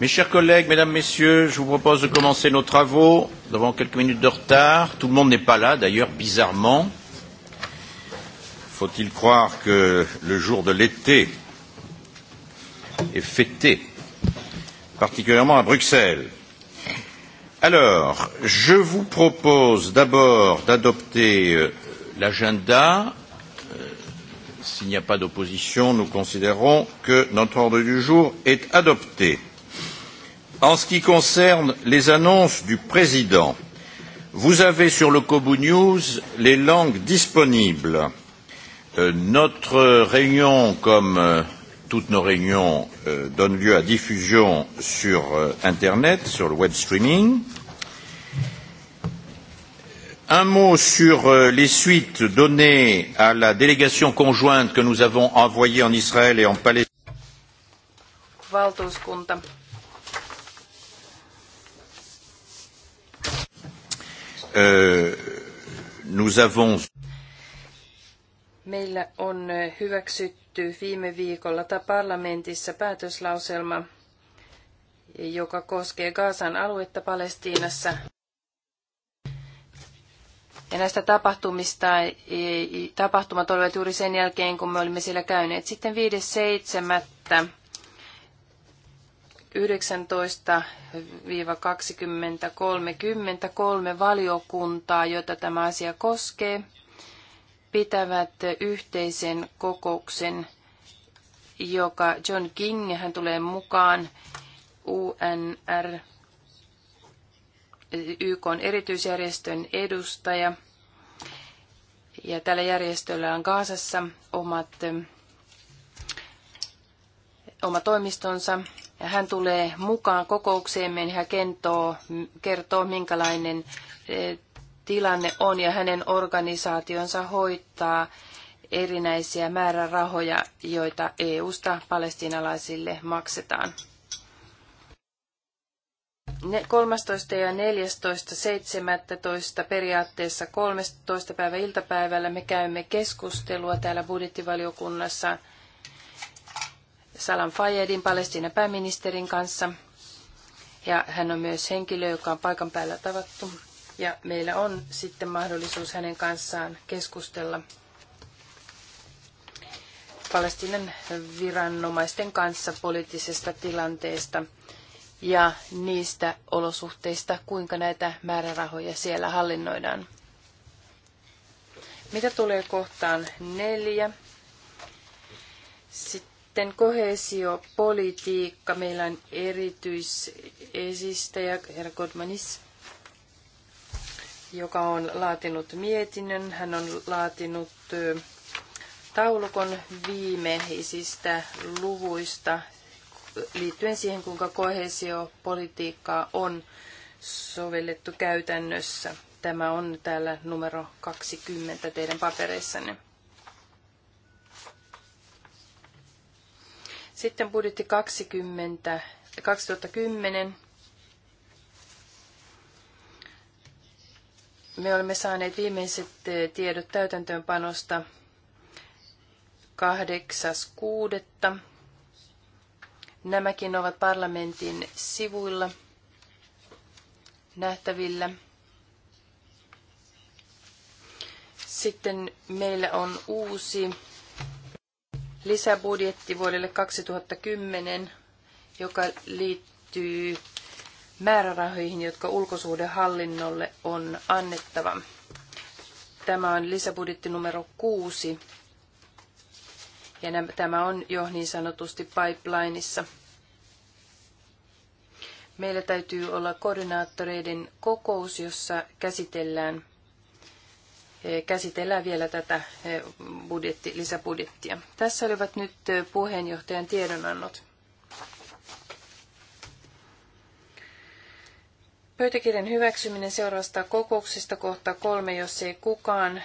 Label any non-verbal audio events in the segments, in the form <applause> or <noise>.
Mes chers collègues, mesdames, messieurs, je vous propose de commencer nos travaux. Nous avons quelques minutes de retard. Tout le monde n'est pas là, d'ailleurs, bizarrement. Faut-il croire que le jour de l'été est fêté, particulièrement à Bruxelles Alors, je vous propose d'abord d'adopter euh, l'agenda. Euh, s'il n'y a pas d'opposition, nous considérons que notre ordre du jour est adopté. En ce qui concerne les annonces du président, vous avez sur le Kobo News les langues disponibles. Euh, notre réunion, comme euh, toutes nos réunions, euh, donne lieu à diffusion sur euh, Internet, sur le web streaming. Un mot sur euh, les suites données à la délégation conjointe que nous avons envoyée en Israël et en Palestine. Valtuuskunta Euh, nous avons... Meillä on hyväksytty viime viikolla parlamentissa päätöslauselma, joka koskee Gaasan aluetta Palestiinassa. Ja näistä tapahtumista, e, e, tapahtumat olivat juuri sen jälkeen, kun me olimme siellä käyneet. Sitten 19-2030 kolme valiokuntaa, jota tämä asia koskee, pitävät yhteisen kokouksen, joka John King, hän tulee mukaan UNR, YK on erityisjärjestön edustaja. Ja tällä järjestöllä on Gaasassa omat oma toimistonsa hän tulee mukaan kokoukseemme ja hän kertoo, kertoo minkälainen eh, tilanne on ja hänen organisaationsa hoitaa erinäisiä määrärahoja, joita EU-sta palestinalaisille maksetaan. 13. ja 17. periaatteessa 13. päivä iltapäivällä me käymme keskustelua täällä budjettivaliokunnassa – Salam Fayedin, Palestiinan pääministerin kanssa. Ja hän on myös henkilö, joka on paikan päällä tavattu. Ja meillä on sitten mahdollisuus hänen kanssaan keskustella Palestiinan viranomaisten kanssa poliittisesta tilanteesta ja niistä olosuhteista, kuinka näitä määrärahoja siellä hallinnoidaan. Mitä tulee kohtaan neljä? Sitten sitten kohesiopolitiikka. Meillä on erityisesistäjä herra Godmanis, joka on laatinut mietinnön. Hän on laatinut taulukon viimeisistä luvuista liittyen siihen, kuinka kohesiopolitiikkaa on sovellettu käytännössä. Tämä on täällä numero 20 teidän papereissanne. Sitten budjetti 20, 2010. Me olemme saaneet viimeiset eh, tiedot täytäntöönpanosta 8.6. Nämäkin ovat parlamentin sivuilla nähtävillä. Sitten meillä on uusi lisäbudjetti vuodelle 2010, joka liittyy määrärahoihin, jotka ulkosuhdehallinnolle on annettava. Tämä on lisäbudjetti numero 6 ja tämä on jo niin sanotusti pipelineissa. Meillä täytyy olla koordinaattoreiden kokous, jossa käsitellään käsitellään vielä tätä eh, budjetti, lisäbudjettia. Tässä olivat nyt eh, puheenjohtajan tiedonannot. Pöytäkirjan hyväksyminen seuraavasta kokouksesta kohta kolme, jos ei kukaan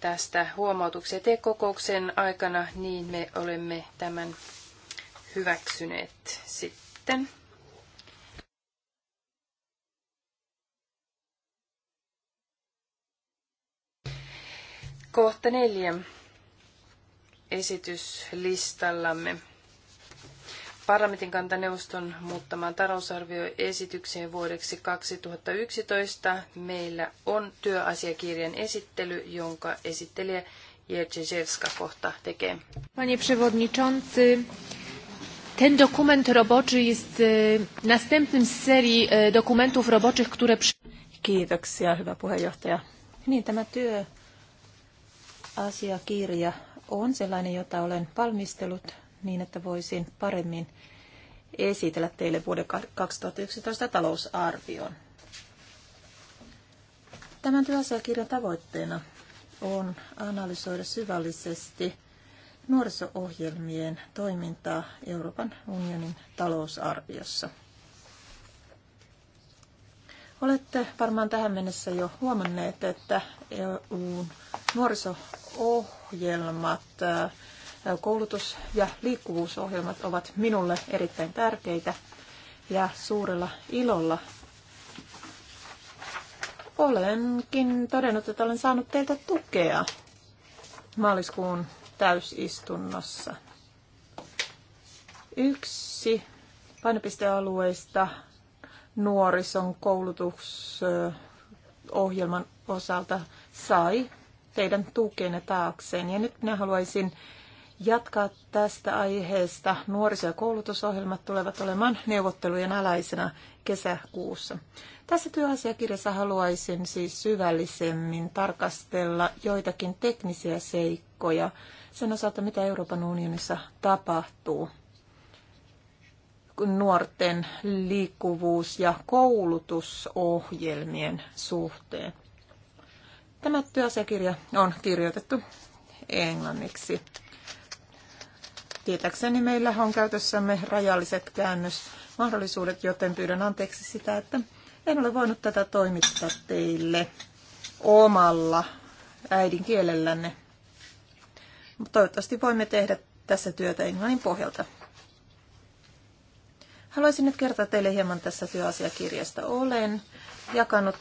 tästä huomautuksia tee kokouksen aikana, niin me olemme tämän hyväksyneet sitten. Kohta neljä esityslistallamme. Parlamentin kantaneuvoston muuttamaan talousarvioesitykseen vuodeksi 2011 meillä on työasiakirjan esittely, jonka esittelijä Jerczyzewska kohta tekee. Panie przewodniczący, ten dokument roboczy jest e, następnym z serii e, dokumentów roboczych, które... Kiitoksia, hyvä puheenjohtaja. Niin, tämä työ asiakirja on sellainen, jota olen valmistellut niin, että voisin paremmin esitellä teille vuoden 2011 talousarvion. Tämän työasiakirjan tavoitteena on analysoida syvällisesti nuoriso-ohjelmien toimintaa Euroopan unionin talousarviossa. Olette varmaan tähän mennessä jo huomanneet, että EUn nuoriso ohjelmat, äh, koulutus- ja liikkuvuusohjelmat ovat minulle erittäin tärkeitä ja suurella ilolla olenkin todennut, että olen saanut teiltä tukea maaliskuun täysistunnossa. Yksi painopistealueista nuorison koulutusohjelman osalta sai teidän tukenne taakseen. Ja nyt minä haluaisin jatkaa tästä aiheesta. Nuoriso- ja koulutusohjelmat tulevat olemaan neuvottelujen alaisena kesäkuussa. Tässä työasiakirjassa haluaisin siis syvällisemmin tarkastella joitakin teknisiä seikkoja sen osalta, mitä Euroopan unionissa tapahtuu. Nuorten liikkuvuus- ja koulutusohjelmien suhteen. Tämä työasiakirja on kirjoitettu englanniksi. Tietääkseni meillä on käytössämme rajalliset käännösmahdollisuudet, joten pyydän anteeksi sitä, että en ole voinut tätä toimittaa teille omalla äidinkielellänne. Toivottavasti voimme tehdä tässä työtä englannin pohjalta. Haluaisin nyt kertoa teille hieman tässä työasiakirjasta. Olen jakanut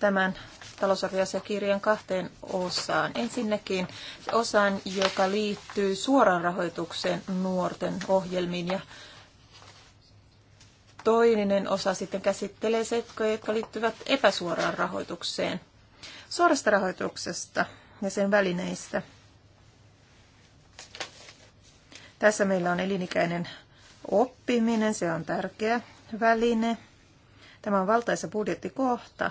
tämän talousarvioasiakirjan kahteen osaan. Ensinnäkin osan, joka liittyy suoraan rahoitukseen nuorten ohjelmiin ja toinen osa sitten käsittelee seikkoja, jotka liittyvät epäsuoraan rahoitukseen. Suorasta rahoituksesta ja sen välineistä. Tässä meillä on elinikäinen oppiminen, se on tärkeä väline. Tämä on valtaisa budjettikohta.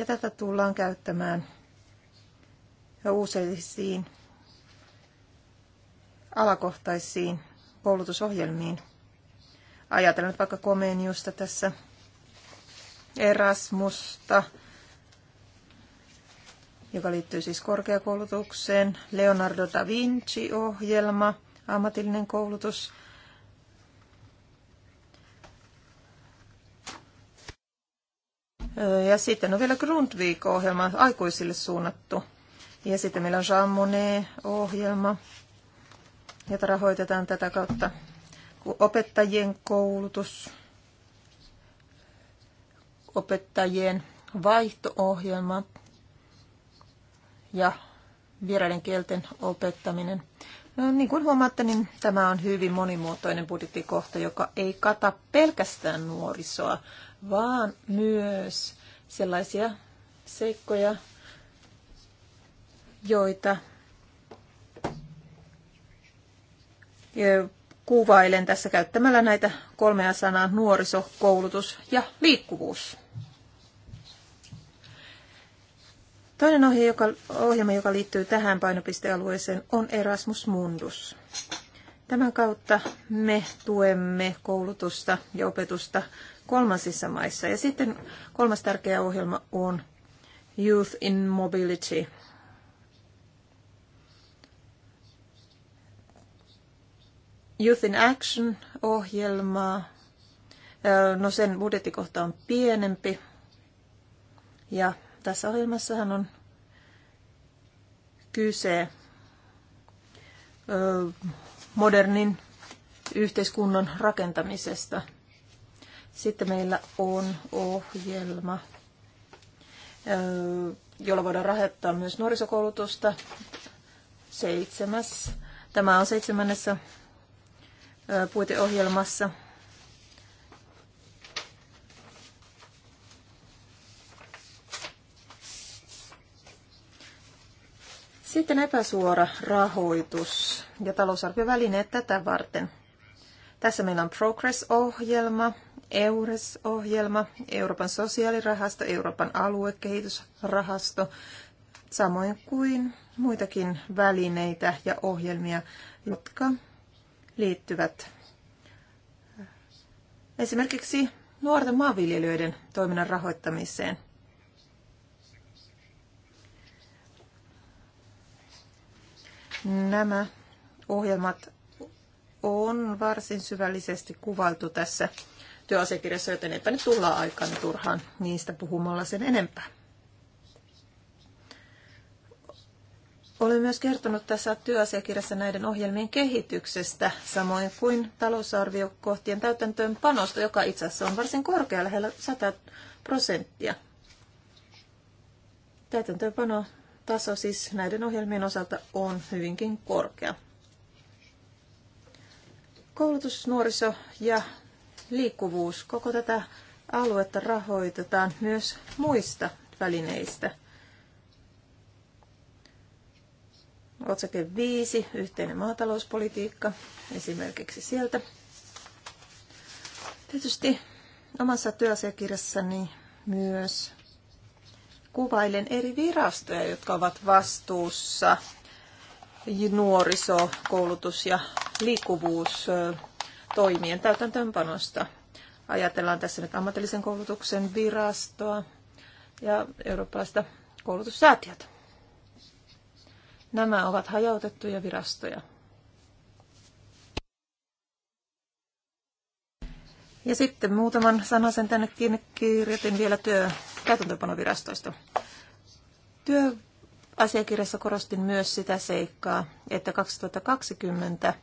Ja tätä tullaan käyttämään useisiin alakohtaisiin koulutusohjelmiin. Ajatellaan vaikka Komeniusta tässä, Erasmusta, joka liittyy siis korkeakoulutukseen, Leonardo da Vinci-ohjelma, ammatillinen koulutus, Ja sitten on vielä Grundvik-ohjelma, aikuisille suunnattu. Ja sitten meillä on Jean Monnet-ohjelma, jota rahoitetaan tätä kautta. Opettajien koulutus, opettajien vaihto-ohjelma ja vieraiden kielten opettaminen. No, niin kuin huomaatte, niin tämä on hyvin monimuotoinen budjettikohta, joka ei kata pelkästään nuorisoa, vaan myös sellaisia seikkoja, joita kuvailen tässä käyttämällä näitä kolmea sanaa nuoriso, koulutus ja liikkuvuus. Toinen ohje, joka, ohjelma, joka liittyy tähän painopistealueeseen, on Erasmus Mundus. Tämän kautta me tuemme koulutusta ja opetusta kolmansissa maissa. Ja sitten kolmas tärkeä ohjelma on Youth in Mobility. Youth in action ohjelma, No sen budjettikohta on pienempi. Ja tässä ohjelmassahan on kyse modernin yhteiskunnan rakentamisesta – sitten meillä on ohjelma, jolla voidaan rahoittaa myös nuorisokoulutusta. Seitsemäs. Tämä on seitsemännessä puiteohjelmassa. Sitten epäsuora rahoitus ja talousarviovälineet tätä varten. Tässä meillä on Progress-ohjelma, EURES-ohjelma, Euroopan sosiaalirahasto, Euroopan aluekehitysrahasto, samoin kuin muitakin välineitä ja ohjelmia, jotka liittyvät esimerkiksi nuorten maanviljelijöiden toiminnan rahoittamiseen. Nämä ohjelmat on varsin syvällisesti kuvailtu tässä työasiakirjassa, joten eipä nyt tuhlaa aikaan turhaan niistä puhumalla sen enempää. Olen myös kertonut tässä työasiakirjassa näiden ohjelmien kehityksestä, samoin kuin talousarviokohtien panosta, joka itse asiassa on varsin korkea, lähellä 100 prosenttia. Täytäntöönpano taso siis näiden ohjelmien osalta on hyvinkin korkea. Koulutus, nuoriso ja liikkuvuus, koko tätä aluetta rahoitetaan myös muista välineistä. Otsake 5, yhteinen maatalouspolitiikka, esimerkiksi sieltä. Tietysti omassa työasiakirjassani myös kuvailen eri virastoja, jotka ovat vastuussa nuoriso, koulutus ja liikkuvuus toimien täytäntöönpanosta. Ajatellaan tässä nyt ammatillisen koulutuksen virastoa ja eurooppalaista koulutussäätiötä. Nämä ovat hajautettuja virastoja. Ja sitten muutaman sanasen tänne kirjoitin vielä työ, täytäntöönpanovirastoista. Työasiakirjassa korostin myös sitä seikkaa, että 2020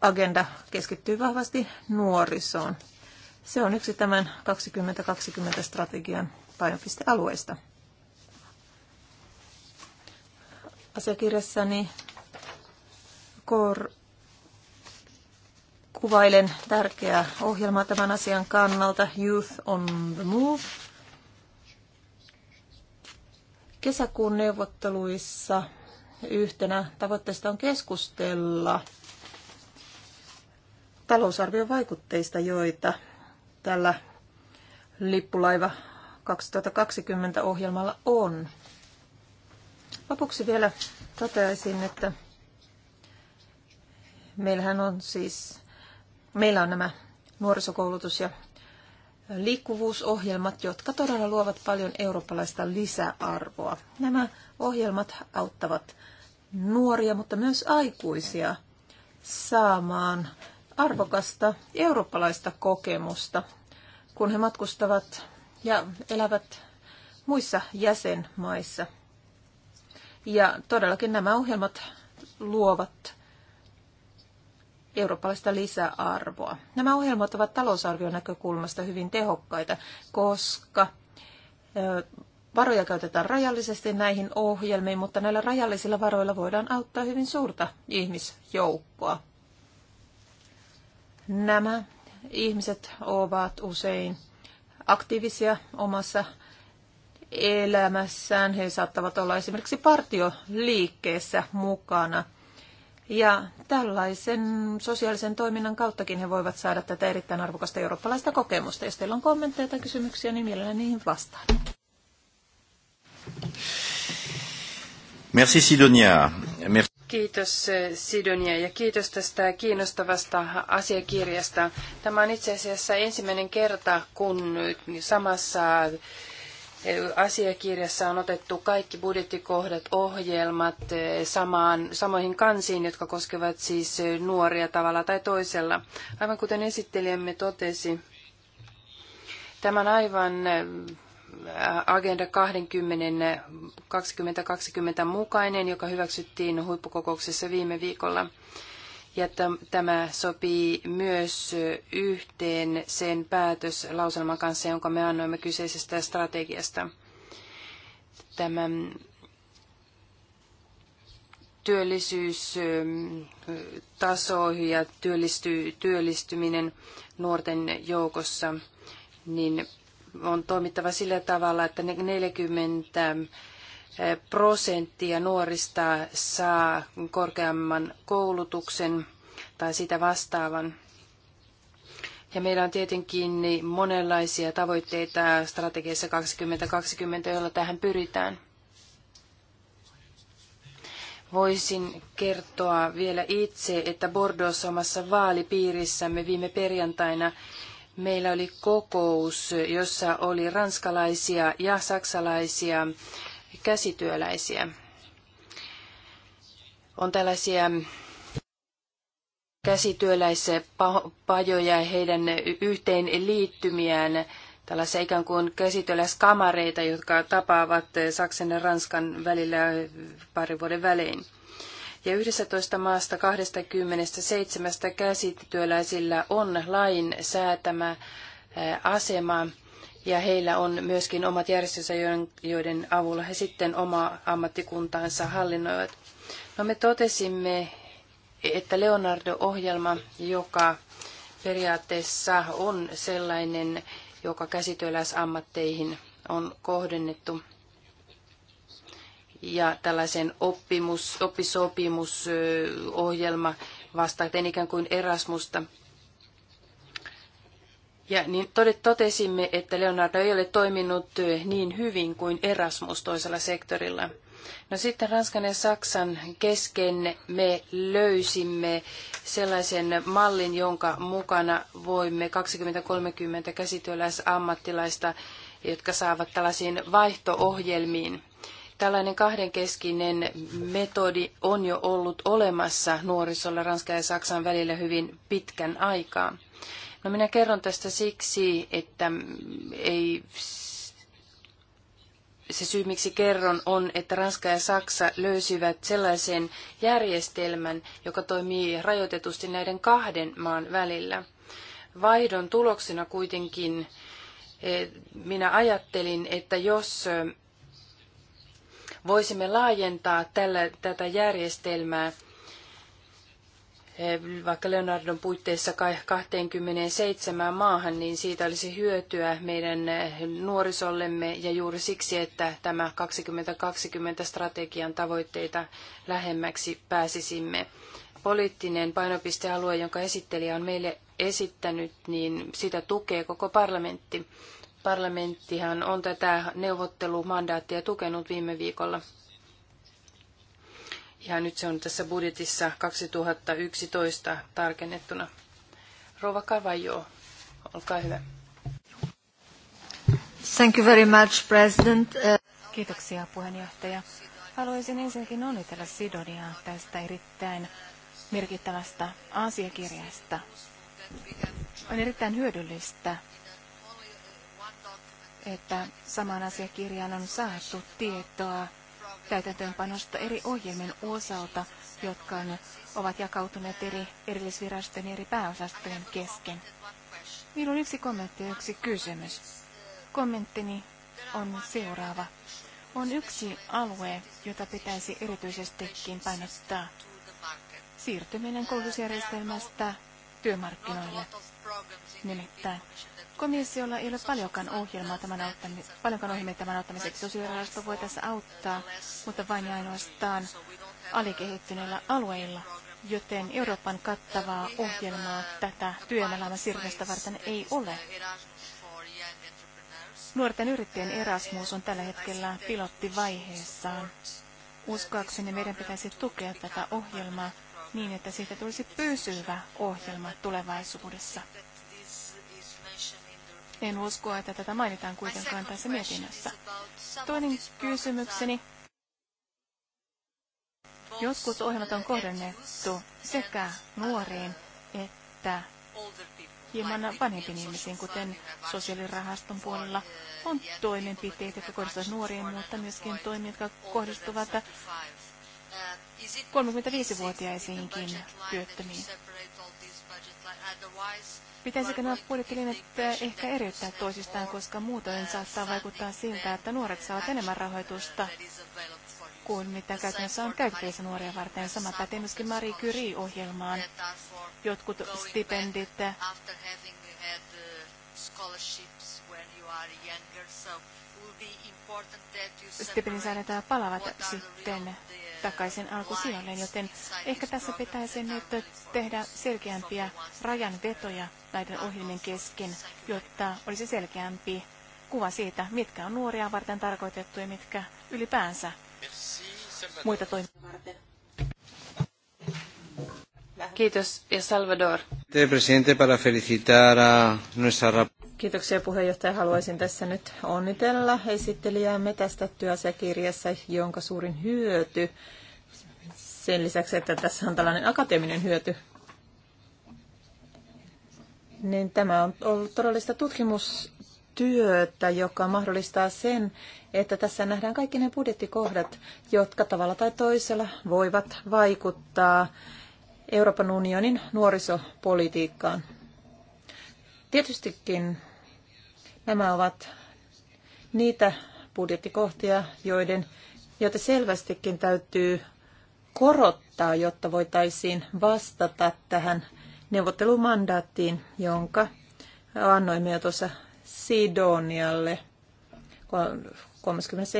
agenda keskittyy vahvasti nuorisoon. Se on yksi tämän 2020-strategian painopistealueista. Asiakirjassani kor- kuvailen tärkeää ohjelmaa tämän asian kannalta Youth on the Move. Kesäkuun neuvotteluissa yhtenä tavoitteesta on keskustella – talousarvion vaikutteista, joita tällä lippulaiva 2020 ohjelmalla on. Lopuksi vielä toteaisin, että meillähän on siis, meillä on nämä nuorisokoulutus ja liikkuvuusohjelmat, jotka todella luovat paljon eurooppalaista lisäarvoa. Nämä ohjelmat auttavat nuoria, mutta myös aikuisia saamaan arvokasta eurooppalaista kokemusta, kun he matkustavat ja elävät muissa jäsenmaissa. Ja todellakin nämä ohjelmat luovat eurooppalaista lisäarvoa. Nämä ohjelmat ovat talousarvion näkökulmasta hyvin tehokkaita, koska varoja käytetään rajallisesti näihin ohjelmiin, mutta näillä rajallisilla varoilla voidaan auttaa hyvin suurta ihmisjoukkoa. Nämä ihmiset ovat usein aktiivisia omassa elämässään. He saattavat olla esimerkiksi partioliikkeessä mukana. Ja tällaisen sosiaalisen toiminnan kauttakin he voivat saada tätä erittäin arvokasta eurooppalaista kokemusta. Jos teillä on kommentteja tai kysymyksiä, niin mielelläni niihin vastaan. Merci Sidonia. Merci. Kiitos eh, Sidonia ja kiitos tästä kiinnostavasta asiakirjasta. Tämä on itse asiassa ensimmäinen kerta, kun samassa eh, asiakirjassa on otettu kaikki budjettikohdat, ohjelmat eh, samaan, samoihin kansiin, jotka koskevat siis nuoria tavalla tai toisella. Aivan kuten esittelijämme totesi, tämän aivan Agenda 2020 mukainen, joka hyväksyttiin huippukokouksessa viime viikolla. Ja tämä sopii myös yhteen sen päätöslauselman kanssa, jonka me annoimme kyseisestä strategiasta. Tämä mm, työllisyystaso mm, ja työllisty, työllistyminen nuorten joukossa, niin on toimittava sillä tavalla, että 40 eh, prosenttia nuorista saa korkeamman koulutuksen tai sitä vastaavan. Ja meillä on tietenkin monenlaisia tavoitteita strategiassa 2020, joilla tähän pyritään. Voisin kertoa vielä itse, että Bordeaux omassa vaalipiirissämme viime perjantaina meillä oli kokous, jossa oli ranskalaisia ja saksalaisia käsityöläisiä. On tällaisia käsityöläisiä pajoja ja heidän yhteen liittymiään, tällaisia ikään kuin käsityöläiskamareita, jotka tapaavat Saksan ja Ranskan välillä parin vuoden välein ja 11 maasta 27 käsityöläisillä on lain säätämä asema ja heillä on myöskin omat järjestönsä, joiden avulla he sitten omaa ammattikuntaansa hallinnoivat. No me totesimme, että Leonardo-ohjelma, joka periaatteessa on sellainen, joka käsityöläisammatteihin on kohdennettu, ja tällaisen oppimus, oppisopimusohjelma vastaa ikään kuin Erasmusta. Ja niin totesimme, että Leonardo ei ole toiminut niin hyvin kuin Erasmus toisella sektorilla. No sitten Ranskan ja Saksan kesken me löysimme sellaisen mallin, jonka mukana voimme 20-30 käsityöläisammattilaista, jotka saavat tällaisiin vaihtoohjelmiin. Tällainen kahdenkeskinen metodi on jo ollut olemassa nuorisolla Ranskan ja Saksan välillä hyvin pitkän aikaa. No minä kerron tästä siksi, että ei se syy, miksi kerron, on, että Ranska ja Saksa löysivät sellaisen järjestelmän, joka toimii rajoitetusti näiden kahden maan välillä. Vaihdon tuloksena kuitenkin eh, minä ajattelin, että jos eh, voisimme laajentaa tällä, tätä järjestelmää eh, vaikka Leonardon puitteissa 27 maahan, niin siitä olisi hyötyä meidän eh, nuorisollemme ja juuri siksi, että tämä 2020-strategian tavoitteita lähemmäksi pääsisimme. Poliittinen painopistealue, jonka esittelijä on meille esittänyt, niin sitä tukee koko parlamentti. Parlamenttihan on tätä neuvottelumandaattia tukenut viime viikolla. Ja nyt se on tässä budjetissa 2011 tarkennettuna. Rova Kavajo, olkaa hyvä. Thank you very much, President. Kiitoksia, puheenjohtaja. Haluaisin ensinnäkin onnitella Sidonia tästä erittäin merkittävästä asiakirjasta. On erittäin hyödyllistä, että samaan asiakirjaan on saatu tietoa täytäntöönpanosta eri ohjelmien osalta, jotka on, ovat jakautuneet eri erillisvirastojen ja eri pääosastojen kesken. Minulla on yksi kommentti ja yksi kysymys. Kommenttini on seuraava. On yksi alue, jota pitäisi erityisestikin painottaa. Siirtyminen koulutusjärjestelmästä työmarkkinoille. Nimittäin Komissiolla ei ole paljonkaan ohjelmaa tämän, auttami, paljonkaan ohjelmia tämän auttamiseksi. Sosiaalirahasto voi tässä auttaa, mutta vain ja ainoastaan alikehittyneillä alueilla, joten Euroopan kattavaa ohjelmaa tätä työelämän siirtymistä varten ei ole. Nuorten yrittäjien Erasmus on tällä hetkellä pilottivaiheessaan. Uskoakseni meidän pitäisi tukea tätä ohjelmaa niin, että siitä tulisi pysyvä ohjelma tulevaisuudessa. En usko, että tätä mainitaan kuitenkaan tässä mietinnössä. Toinen kysymykseni. Jotkut ohjelmat on kohdennettu sekä nuoriin että hieman vanhempiin ihmisiin, kuten sosiaalirahaston puolella on toimenpiteitä, jotka kohdistuvat nuoriin, mutta myöskin toimia, jotka kohdistuvat 35-vuotiaisiinkin työttömiin. Pitäisikö nämä budjettilinjat eh, ehkä eriyttää toisistaan, koska muutoin saattaa vaikuttaa siltä, että nuoret saavat enemmän rahoitusta kuin mitä käytännössä on käytettävissä nuoria varten. Sama pätee myöskin Marie Curie-ohjelmaan. Jotkut stipendit eh, stipendin saaneet eh, palavat sitten takaisin alkusijalleen, joten ehkä tässä pitäisi nyt tehdä selkeämpiä rajanvetoja näiden ohjelmien kesken, jotta olisi selkeämpi kuva siitä, mitkä on nuoria varten tarkoitettu ja mitkä ylipäänsä muita toimia varten. Kiitos ja Salvador. Te Presidente, para felicitar a nuestra Kiitoksia puheenjohtaja. Haluaisin tässä nyt onnitella esittelijäämme tästä työasiakirjassa, jonka suurin hyöty, sen lisäksi, että tässä on tällainen akateeminen hyöty, niin tämä on ollut todellista tutkimustyötä, joka mahdollistaa sen, että tässä nähdään kaikki ne budjettikohdat, jotka tavalla tai toisella voivat vaikuttaa Euroopan unionin nuorisopolitiikkaan. Tietystikin Nämä ovat niitä budjettikohtia, joiden, joita selvästikin täytyy korottaa, jotta voitaisiin vastata tähän neuvottelumandaattiin, jonka annoimme jo tuossa Sidonialle 31.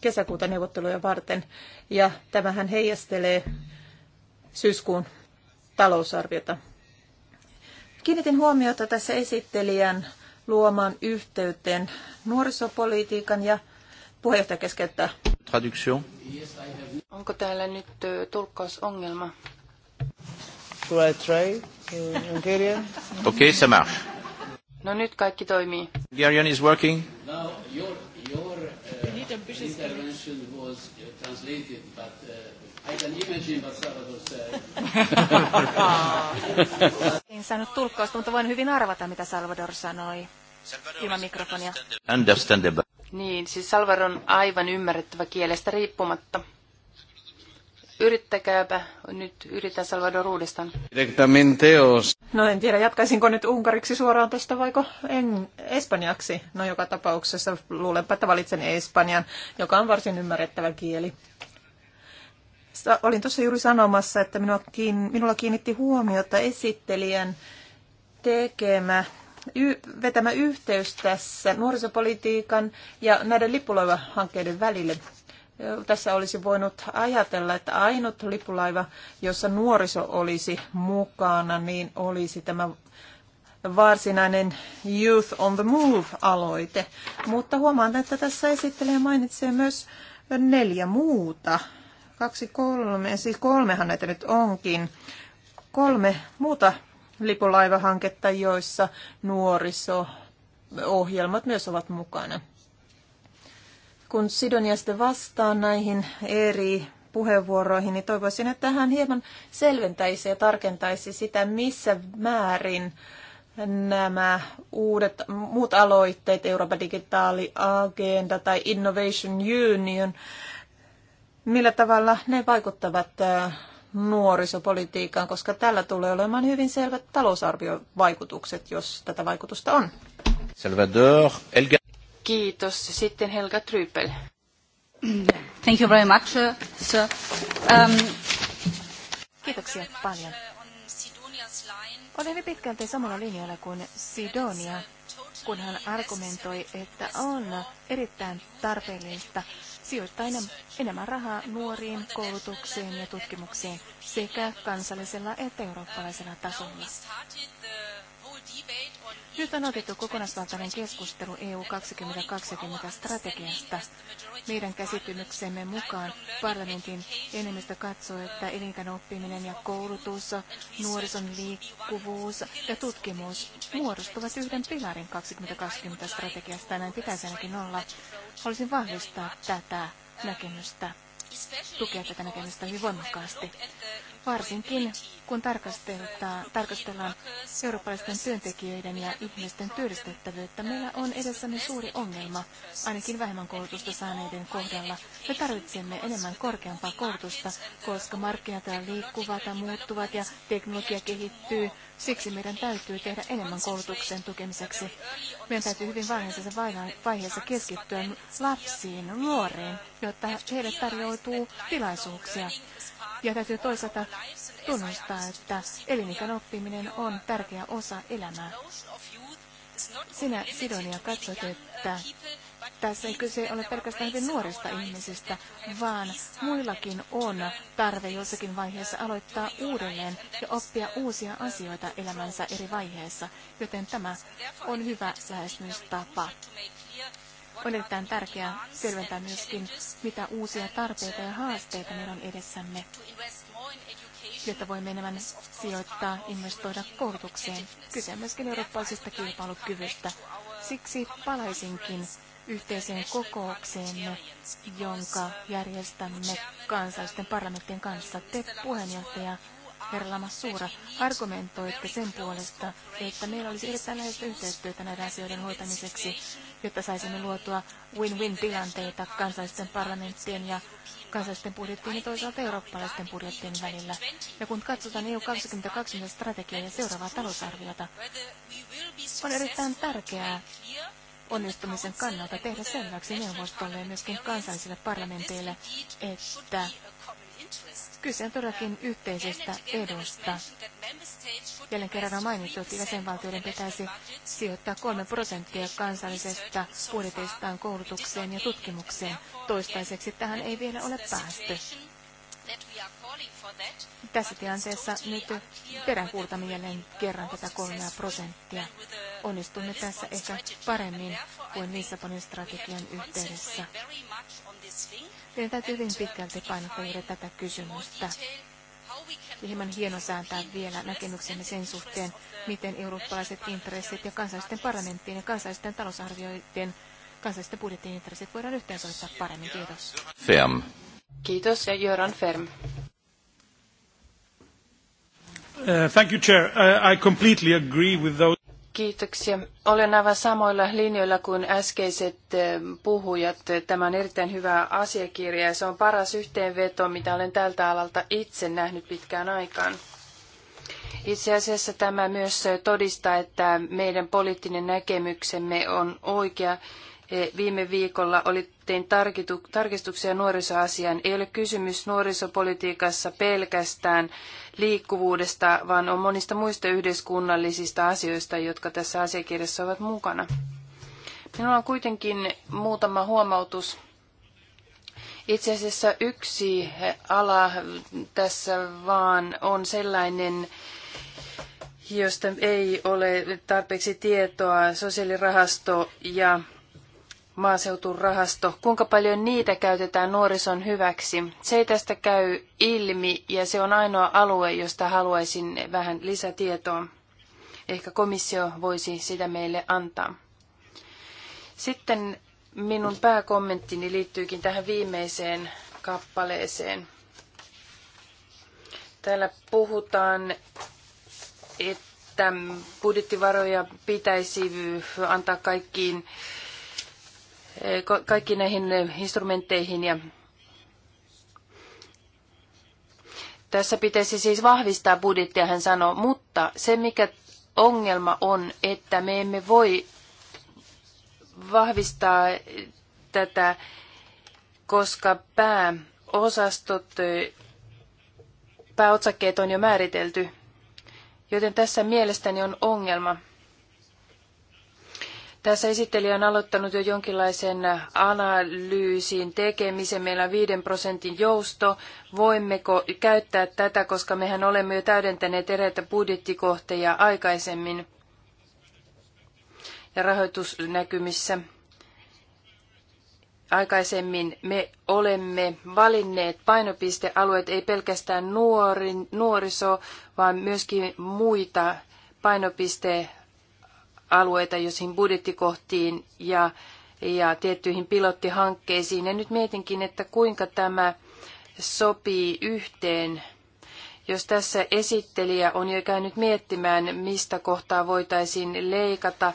kesäkuuta neuvotteluja varten. Ja tämähän heijastelee syyskuun talousarviota. Kiinnitin huomiota tässä esittelijän luomaan yhteyteen nuorisopolitiikan ja puheenjohtaja keskeyttää. Traduction. Onko täällä nyt tulkkausongelma? Should I try Hungarian? Okei, okay, se marche. No nyt kaikki toimii. Hungarian is working. Now your, your uh, intervention was uh, translated, but uh, I can <laughs> en saanut tulkkausta, mutta voin hyvin arvata, mitä Salvador sanoi. Ilman mikrofonia. Understandable. Niin, siis Salvador on aivan ymmärrettävä kielestä riippumatta. Yrittäkääpä, nyt yritän Salvador uudestaan. Directamente os. No en tiedä, jatkaisinko nyt unkariksi suoraan tästä vaiko en, espanjaksi. No joka tapauksessa luulenpa, että valitsen espanjan, joka on varsin ymmärrettävä kieli olin tuossa juuri sanomassa, että minua kiin, minulla kiinnitti huomiota esittelijän tekemä y, vetämä yhteys tässä nuorisopolitiikan ja näiden lippulaivahankkeiden välille. Tässä olisi voinut ajatella, että ainut lippulaiva, jossa nuoriso olisi mukana, niin olisi tämä varsinainen Youth on the Move-aloite. Mutta huomaan, että tässä esittelee mainitsee myös neljä muuta kaksi, kolme, siis kolmehan näitä nyt onkin, kolme muuta lipulaivahanketta, joissa nuoriso-ohjelmat myös ovat mukana. Kun Sidonia sitten vastaa näihin eri puheenvuoroihin, niin toivoisin, että hän hieman selventäisi ja tarkentaisi sitä, missä määrin nämä uudet, muut aloitteet, Euroopan digitaali agenda tai Innovation Union, millä tavalla ne vaikuttavat nuorisopolitiikkaan, koska tällä tulee olemaan hyvin selvät talousarviovaikutukset, jos tätä vaikutusta on. Salvador Elga. Kiitos. Sitten Helga Trypel. Thank you very much, sir. Um, Kiitoksia paljon. Olen hyvin pitkälti samalla linjalla kuin Sidonia, kun hän argumentoi, että on erittäin tarpeellista sijoittaa enemmän rahaa nuoriin, koulutukseen ja tutkimukseen sekä kansallisella että eurooppalaisella tasolla. Nyt on otettu kokonaisvaltainen keskustelu EU 2020 strategiasta. Meidän käsitymyksemme mukaan parlamentin enemmistö katsoo, että elinkeinooppiminen ja koulutus, nuorison liikkuvuus ja tutkimus muodostuvat yhden pilarin 2020 strategiasta. Näin pitäisi ainakin olla. Haluaisin vahvistaa tätä näkemystä, tukea tätä näkemystä hyvin voimakkaasti varsinkin kun tarkastellaan eurooppalaisten työntekijöiden ja ihmisten työllistettävyyttä, meillä on edessämme suuri ongelma, ainakin vähemmän koulutusta saaneiden kohdalla. Me tarvitsemme enemmän korkeampaa koulutusta, koska markkinat liikkuvat ja muuttuvat ja teknologia kehittyy. Siksi meidän täytyy tehdä enemmän koulutuksen tukemiseksi. Meidän täytyy hyvin varhaisessa vaiheessa keskittyä lapsiin, nuoriin, jotta heille tarjoutuu tilaisuuksia. Ja täytyy toisaalta tunnustaa, että elinikän oppiminen on tärkeä osa elämää. Sinä, Sidonia, katsot, että tässä ei kyse ole pelkästään hyvin nuorista ihmisistä, vaan muillakin on tarve jossakin vaiheessa aloittaa uudelleen ja oppia uusia asioita elämänsä eri vaiheessa, joten tämä on hyvä lähestymistapa. On erittäin tärkeää selventää myöskin, mitä uusia tarpeita ja haasteita meillä on edessämme, jotta voimme enemmän sijoittaa, investoida koulutukseen. Kyse on myöskin eurooppalaisesta kilpailukyvystä. Siksi palaisinkin yhteiseen kokoukseemme, jonka järjestämme kansallisten parlamenttien kanssa. Te puheenjohtaja herra Lamassuura, argumentoitte sen puolesta, että meillä olisi erittäin läheistä yhteistyötä näiden asioiden hoitamiseksi, jotta saisimme luotua win-win-tilanteita kansallisten parlamenttien ja kansallisten budjettien ja toisaalta eurooppalaisten budjettien välillä. Ja kun katsotaan EU 2020 strategiaa ja seuraavaa talousarviota, on erittäin tärkeää onnistumisen kannalta tehdä selväksi neuvostolle ja myöskin kansallisille parlamenteille, että Kyse on todellakin yhteisestä edusta. Jälleen kerran on mainittu, että jäsenvaltioiden pitäisi sijoittaa 3 prosenttia kansallisesta budjetistaan koulutukseen ja tutkimukseen. Toistaiseksi tähän ei vielä ole päästy. Tässä tilanteessa nyt peräänkuultamme jälleen kerran tätä kolmea prosenttia. Onnistumme tässä ehkä paremmin kuin Lissabonin strategian yhteydessä. Meidän täytyy hyvin pitkälti painottaa juuri tätä kysymystä. Ja hieman hienosääntää vielä näkemyksemme sen suhteen, miten eurooppalaiset intressit ja kansallisten parlamenttien ja kansallisten talousarvioiden kansallisten budjettien intressit voidaan yhteensoittaa paremmin. Kiitos. Ferm. Kiitos ja Jöran Ferm. Uh, thank you, Chair. Uh, I completely agree with those... Kiitoksia. Olen aivan samoilla linjoilla kuin äskeiset eh, puhujat. Tämä on erittäin hyvä asiakirja ja se on paras yhteenveto, mitä olen tältä alalta itse nähnyt pitkään aikaan. Itse asiassa tämä myös todistaa, että meidän poliittinen näkemyksemme on oikea. Eh, viime viikolla oli tein tarkistuksia nuorisoasiaan. Ei ole kysymys nuorisopolitiikassa pelkästään liikkuvuudesta, vaan on monista muista yhteiskunnallisista asioista, jotka tässä asiakirjassa ovat mukana. Minulla on kuitenkin muutama huomautus. Itse asiassa yksi ala tässä vaan on sellainen, josta ei ole tarpeeksi tietoa, sosiaalirahasto ja maaseuturahasto, kuinka paljon niitä käytetään nuorison hyväksi. Se ei tästä käy ilmi ja se on ainoa alue, josta haluaisin vähän lisätietoa. Ehkä komissio voisi sitä meille antaa. Sitten minun pääkommenttini liittyykin tähän viimeiseen kappaleeseen. Täällä puhutaan, että budjettivaroja pitäisi antaa kaikkiin kaikki näihin eh, instrumentteihin ja Tässä pitäisi siis vahvistaa budjettia, hän sanoo, mutta se mikä ongelma on, että me emme voi vahvistaa tätä, koska pääosastot, eh, pääotsakkeet on jo määritelty. Joten tässä mielestäni on ongelma. Tässä esittelijä on aloittanut jo jonkinlaisen analyysin tekemisen. Meillä on 5 prosentin jousto. Voimmeko käyttää tätä, koska mehän olemme jo täydentäneet eräitä budjettikohteja aikaisemmin ja rahoitusnäkymissä. Aikaisemmin me olemme valinneet painopistealueet ei pelkästään nuori, nuoriso, vaan myöskin muita painopistealueita alueita joihin budjettikohtiin ja, ja tiettyihin pilottihankkeisiin. Ja nyt mietinkin, että kuinka tämä sopii yhteen jos tässä esittelijä on jo käynyt miettimään, mistä kohtaa voitaisiin leikata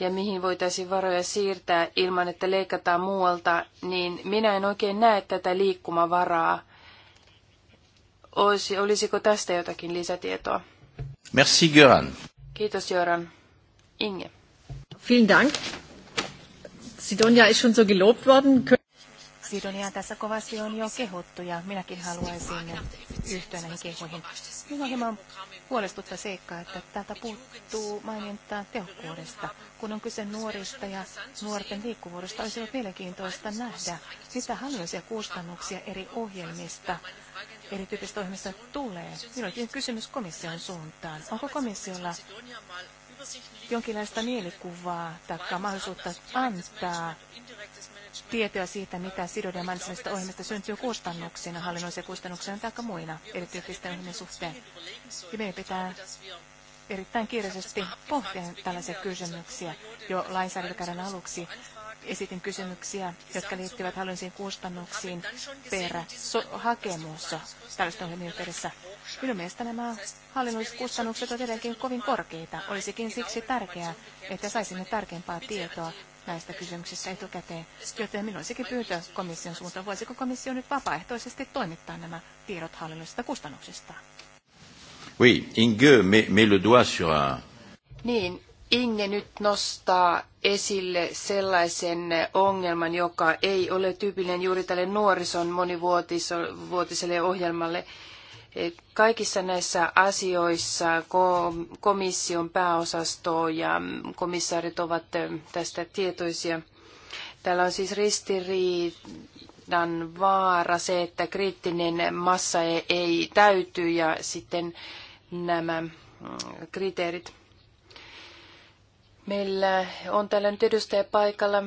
ja mihin voitaisiin varoja siirtää ilman, että leikataan muualta, niin minä en oikein näe tätä liikkumavaraa. Olisi, olisiko tästä jotakin lisätietoa? Merci, Göran. Kiitos, Göran. Inge. Vielen Dank. Sidonia ist schon so gelobt worden. Sidonia tässä kovasti on jo kehottu ja minäkin haluaisin yhtyä näihin kehoihin. Minua hieman huolestuttaa seikka, että täältä puuttuu mainintaa tehokkuudesta. Kun on kyse nuorista ja nuorten liikkuvuudesta, olisi ollut mielenkiintoista nähdä, mitä hallinnollisia kustannuksia eri ohjelmista erityyppisistä ohjelmista tulee. Minulla on kysymys komission suuntaan. Onko komissiolla jonkinlaista mielikuvaa tai mahdollisuutta antaa tietoa siitä, mitä sidoiden mainitsemista ohjelmista syntyy kustannuksina, hallinnollisia kustannuksina tai muina erityyppisten ohjelmien suhteen. Ja meidän pitää erittäin kiireisesti pohtia tällaisia kysymyksiä jo lainsäädäntökäden aluksi esitin kysymyksiä, jotka liittyvät hallinnollisiin kustannuksiin per so- hakemus tällaisten ohjelmien yhteydessä. Minun mielestä nämä hallinnolliset kustannukset ovat edelleenkin kovin korkeita. Olisikin siksi tärkeää, että saisimme tarkempaa tietoa näistä kysymyksistä etukäteen, joten minun olisikin pyytö komission suuntaan, voisiko komissio nyt vapaaehtoisesti toimittaa nämä tiedot hallinnollisista kustannuksista. Oui, Inge mais, met le doigt sur un... Niin, Inge nyt nostaa esille sellaisen ongelman, joka ei ole tyypillinen juuri tälle nuorison monivuotiselle ohjelmalle. E, kaikissa näissä asioissa komission pääosasto ja komissaarit ovat tästä tietoisia. Täällä on siis ristiriidan vaara se, että kriittinen massa ei täyty ja sitten nämä mm, kriteerit. Meillä on täällä nyt edustaja paikalla.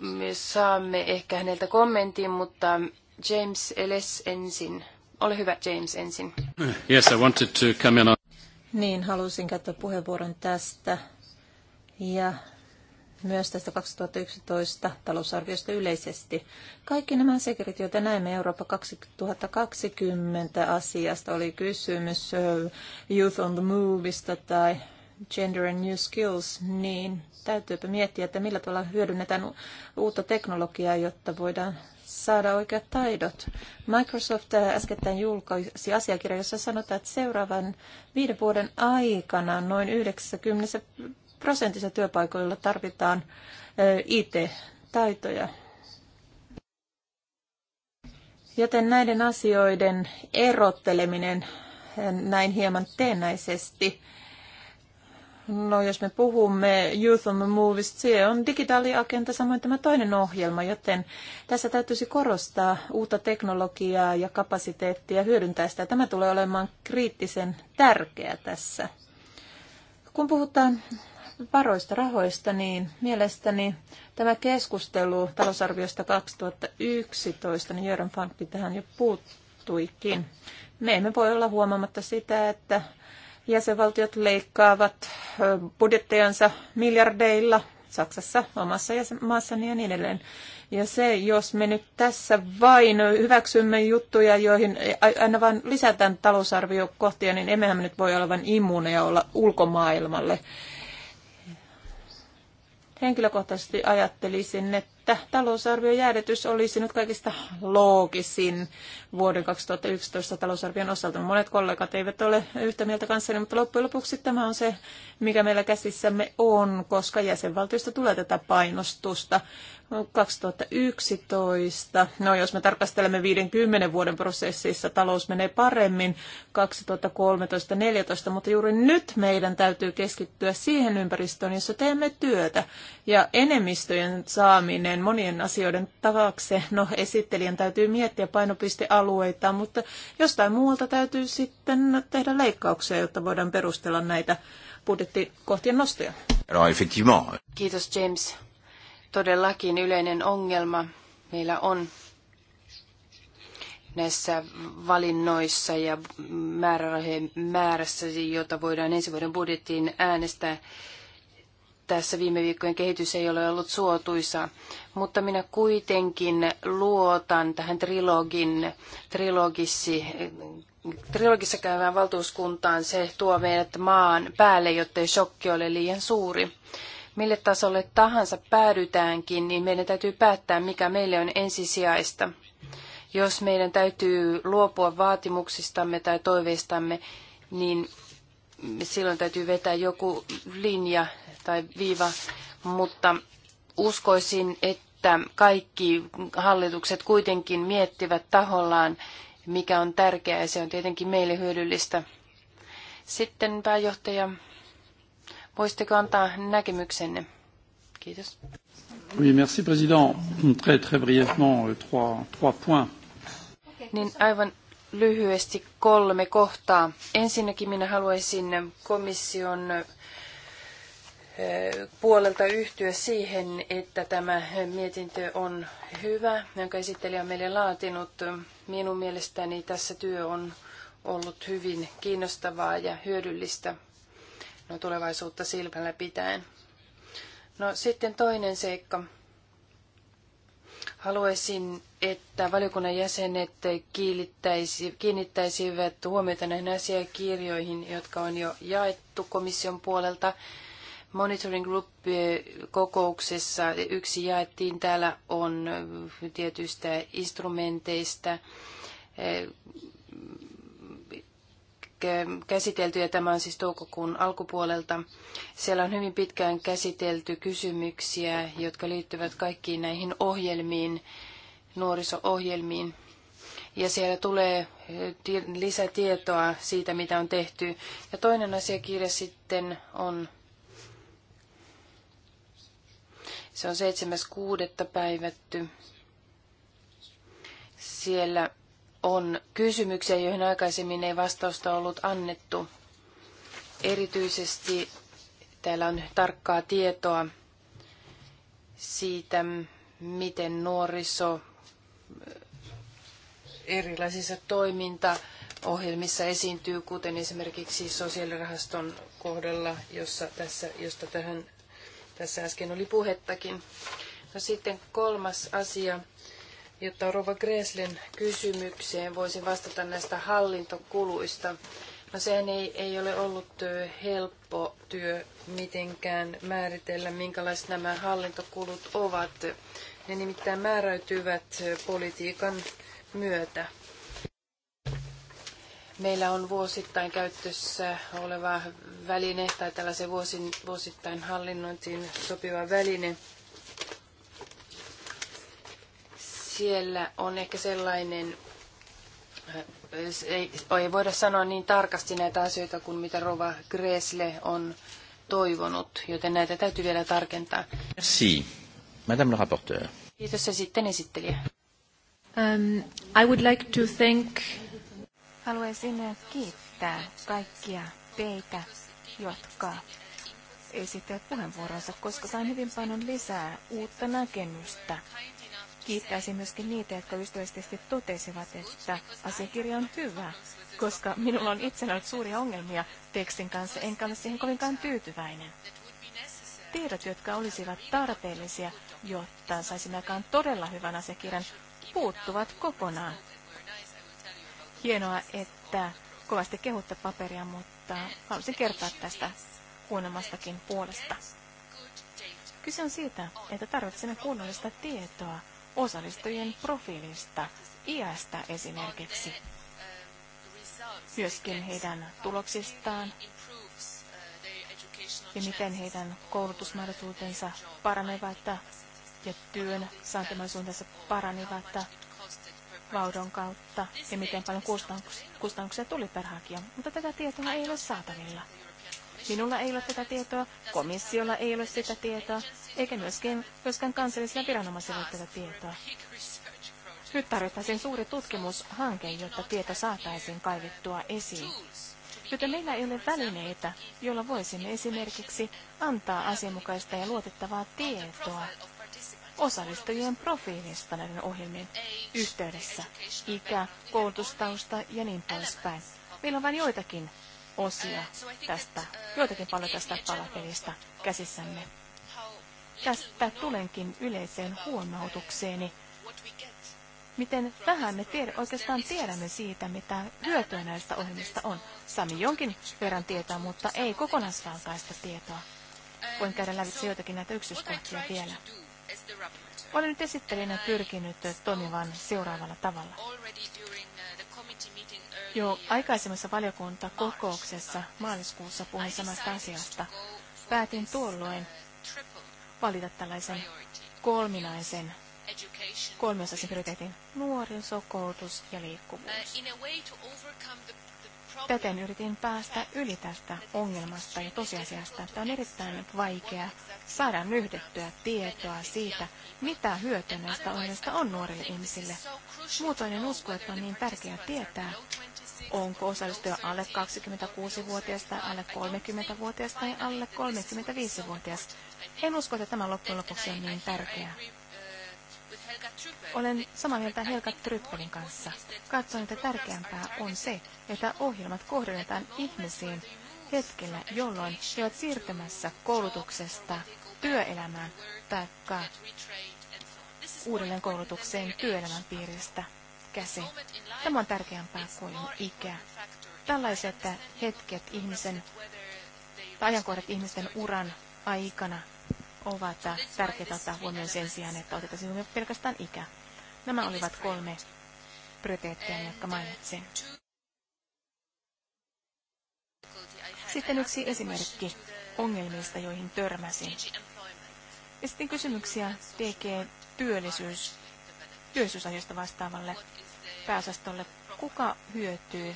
Me saamme ehkä häneltä kommentin, mutta James Ellis ensin. Ole hyvä, James, ensin. Yes, I wanted to come in on... Niin, halusin käyttää puheenvuoron tästä ja myös tästä 2011 talousarviosta yleisesti. Kaikki nämä sekerit, joita näemme Eurooppa 2020 asiasta, oli kysymys Youth on the Moveista tai Gender and New Skills, niin täytyypä miettiä, että millä tavalla hyödynnetään uutta teknologiaa, jotta voidaan saada oikeat taidot. Microsoft äh, äskettäin julkaisi asiakirja, jossa sanotaan, että seuraavan viiden vuoden aikana noin 90 prosentissa työpaikoilla tarvitaan äh, IT-taitoja. Joten näiden asioiden erotteleminen äh, näin hieman teennäisesti No jos me puhumme Youth on the Movies, se on digitaaliagenta samoin tämä toinen ohjelma, joten tässä täytyisi korostaa uutta teknologiaa ja kapasiteettia hyödyntää sitä. Tämä tulee olemaan kriittisen tärkeä tässä. Kun puhutaan varoista rahoista, niin mielestäni tämä keskustelu talousarviosta 2011, niin Jörn Pankki tähän jo puuttuikin. Me emme voi olla huomaamatta sitä, että Jäsenvaltiot leikkaavat budjettejansa miljardeilla Saksassa, omassa maassani ja niin edelleen. Ja se, jos me nyt tässä vain hyväksymme juttuja, joihin e, aina vain lisätään talousarviokohtia, niin emmehän me nyt voi olla vain immuuneja olla ulkomaailmalle henkilökohtaisesti ajattelisin, että talousarviojäädytys olisi nyt kaikista loogisin vuoden 2011 talousarvion osalta. Monet kollegat eivät ole yhtä mieltä kanssani, mutta loppujen lopuksi tämä on se, mikä meillä käsissämme on, koska jäsenvaltiosta tulee tätä painostusta 2011, no jos me tarkastelemme 50 vuoden prosessissa, talous menee paremmin 2013-2014, mutta juuri nyt meidän täytyy keskittyä siihen ympäristöön, jossa teemme työtä. Ja enemmistöjen saaminen monien asioiden taakse, no esittelijän täytyy miettiä painopistealueita, mutta jostain muualta täytyy sitten tehdä leikkauksia, jotta voidaan perustella näitä budjettikohtien nostoja. Euh, Kiitos James todellakin yleinen ongelma meillä on näissä valinnoissa ja määrärahojen määrässä, jota voidaan ensi vuoden budjettiin äänestää. Tässä viime viikkojen kehitys ei ole ollut suotuisa, mutta minä kuitenkin luotan tähän trilogin, trilogissi, trilogissa käyvään valtuuskuntaan. Se tuo meidät maan päälle, jottei shokki ole liian suuri mille tasolle tahansa päädytäänkin, niin meidän täytyy päättää, mikä meille on ensisijaista. Jos meidän täytyy luopua vaatimuksistamme tai toiveistamme, niin silloin täytyy vetää joku linja tai viiva, mutta uskoisin, että kaikki hallitukset kuitenkin miettivät tahollaan, mikä on tärkeää ja se on tietenkin meille hyödyllistä. Sitten pääjohtaja Voisitteko antaa näkemyksenne? Kiitos. Oui, merci président. Très très brièvement euh, trois, trois points. Niin aivan lyhyesti kolme kohtaa. Ensinnäkin minä haluaisin komission puolelta yhtyä siihen, että tämä mietintö on hyvä, jonka esittelijä on meille laatinut. Minun mielestäni tässä työ on ollut hyvin kiinnostavaa ja hyödyllistä no, tulevaisuutta silmällä pitäen. No sitten toinen seikka. Haluaisin, että valiokunnan jäsenet kiinnittäisivät huomiota näihin asiakirjoihin, jotka on jo jaettu komission puolelta. Monitoring Group-kokouksessa eh, yksi jaettiin. Täällä on tietyistä instrumenteista eh, käsitelty, ja tämä on siis toukokuun alkupuolelta. Siellä on hyvin pitkään käsitelty kysymyksiä, jotka liittyvät kaikkiin näihin ohjelmiin, nuoriso-ohjelmiin. Ja siellä tulee lisätietoa siitä, mitä on tehty. Ja toinen asiakirja sitten on, se on 7.6. päivätty. Siellä on kysymyksiä, joihin aikaisemmin ei vastausta ollut annettu. Erityisesti täällä on tarkkaa tietoa siitä, miten nuoriso erilaisissa toimintaohjelmissa esiintyy, kuten esimerkiksi sosiaalirahaston kohdalla, jossa tässä, josta tähän, tässä äsken oli puhettakin. No sitten kolmas asia jotta Rova Greslen kysymykseen voisin vastata näistä hallintokuluista. No sehän ei, ei ole ollut helppo työ mitenkään määritellä, minkälaiset nämä hallintokulut ovat. Ne nimittäin määräytyvät politiikan myötä. Meillä on vuosittain käytössä oleva väline tai tällaisen vuosittain hallinnointiin sopiva väline – Siellä on ehkä sellainen, ei, ei voida sanoa niin tarkasti näitä asioita kuin mitä Rova Gresle on toivonut, joten näitä täytyy vielä tarkentaa. Merci. Madame la rapporteur. Kiitos ja sitten esittelijä. Um, I would like to thank... Haluaisin kiittää kaikkia teitä, jotka esittävät puheenvuoronsa, koska sain hyvin paljon lisää uutta näkemystä kiittäisin myöskin niitä, jotka ystävällisesti totesivat, että asiakirja on hyvä, koska minulla on itsellä ollut suuria ongelmia tekstin kanssa, enkä ole siihen kovinkaan tyytyväinen. Tiedot, jotka olisivat tarpeellisia, jotta saisimme aikaan todella hyvän asiakirjan, puuttuvat kokonaan. Hienoa, että kovasti kehutte paperia, mutta haluaisin kertoa tästä huonommastakin puolesta. Kyse on siitä, että tarvitsemme kunnollista tietoa osallistujien profiilista, iästä esimerkiksi, myöskin heidän tuloksistaan ja miten heidän koulutusmahdollisuutensa paranevat ja työn saantamaisuutensa paranevat vaudon kautta ja miten paljon kustannuksia tuli per hakija, mutta tätä tietoa ei ole saatavilla. Minulla ei ole tätä tietoa, komissiolla ei ole sitä tietoa, eikä myöskään, myöskään kansallisilla viranomaisilla ole tätä tietoa. Nyt tarvittaisiin suuri tutkimushanke, jotta tieto saataisiin kaivettua esiin. Joten meillä ei ole välineitä, joilla voisimme esimerkiksi antaa asianmukaista ja luotettavaa tietoa osallistujien profiilista näiden ohjelmien yhteydessä, ikä, koulutustausta ja niin poispäin. Meillä on vain joitakin osia tästä, joitakin paljon tästä palapelistä käsissämme. Tästä tulenkin yleiseen huomautukseeni, miten vähän me tiedä, oikeastaan tiedämme siitä, mitä hyötyä näistä ohjelmista on. Sami jonkin verran tietoa, mutta ei kokonaisvaltaista tietoa. Voin käydä lävitse joitakin näitä yksityiskohtia vielä. Olen nyt esittelijänä pyrkinyt toimivan seuraavalla tavalla jo aikaisemmassa valiokuntakokouksessa maaliskuussa puhuin samasta asiasta. Päätin tuolloin valita tällaisen kolminaisen kolmiosaisen prioriteetin nuorisokoulutus ja liikkuvuus. Uh, Täten yritin päästä yli tästä ongelmasta ja tosiasiasta, että on erittäin vaikea saada yhdettyä tietoa siitä, mitä hyötyä näistä ohjelmista on nuorille ihmisille. Muutoin en usko, että on niin tärkeää tietää, onko osallistuja alle 26-vuotias tai alle 30-vuotias tai alle 35-vuotias. En usko, että tämä loppujen lopuksi on niin tärkeää. Olen samaa mieltä Helga Tryppelin kanssa. Katson, että tärkeämpää on se, että ohjelmat kohdennetaan ihmisiin hetkellä, jolloin he ovat siirtymässä koulutuksesta työelämään tai uudelleen koulutukseen työelämän piiristä ikäsi. Tämä on tärkeämpää kuin ikä. Tällaiset hetket ihmisen tai ajankohdat ihmisten uran aikana ovat tärkeitä ottaa huomioon sen sijaan, että otettaisiin huomioon pelkästään ikä. Nämä olivat kolme prioriteettia, jotka mainitsin. Sitten yksi esimerkki ongelmista, joihin törmäsin. Esitin kysymyksiä TG työllisyys, työllisyysasioista vastaavalle pääosastolle, kuka hyötyy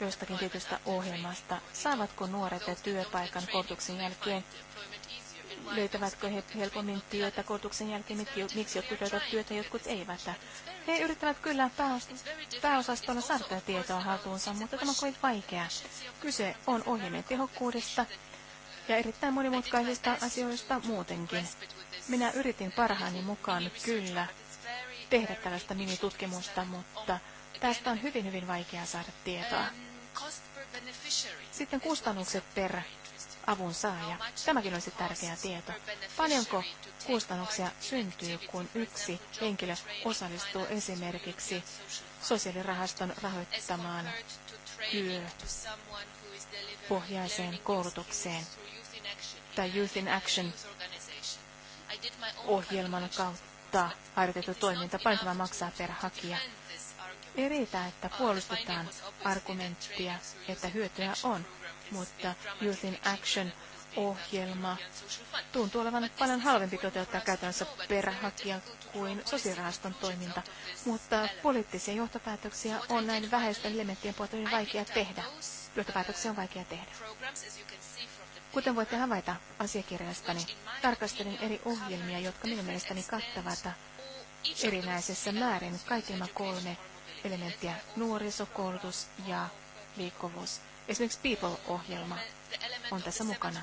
jostakin tietystä ohjelmasta? Saavatko nuoret työpaikan koulutuksen jälkeen? Löytävätkö he helpommin työtä koulutuksen jälkeen? Miksi jotkut löytävät työtä, jotkut eivät? He yrittävät kyllä pääosastolla saada tietoa haltuunsa, mutta tämä on kovin vaikea. Kyse on ohjelmien tehokkuudesta ja erittäin monimutkaisista asioista muutenkin. Minä yritin parhaani mukaan kyllä tehdä tällaista nimitutkimusta, mutta tästä on hyvin, hyvin vaikea saada tietoa. Sitten kustannukset per avun saaja. Tämäkin olisi tärkeä tieto. Paljonko kustannuksia syntyy, kun yksi henkilö osallistuu esimerkiksi sosiaalirahaston rahoittamaan pohjaiseen koulutukseen tai Youth in Action ohjelman kautta muuttaa harjoitettu toiminta, paljon maksaa per hakija. Ei riitä, että puolustetaan argumenttia, että hyötyä on, mutta Youth in Action ohjelma tuntuu olevan paljon halvempi toteuttaa käytännössä perhakia kuin sosiaalirahaston toiminta, mutta poliittisia johtopäätöksiä on näin vähäisten elementtien puolta vaikea tehdä. Johtopäätöksiä on vaikea tehdä. Kuten voitte havaita asiakirjastani, tarkastelin eri ohjelmia, jotka minun mielestäni kattavat erinäisessä määrin kaikki nämä kolme elementtiä, nuorisokoulutus ja liikkuvuus. Esimerkiksi People-ohjelma on tässä mukana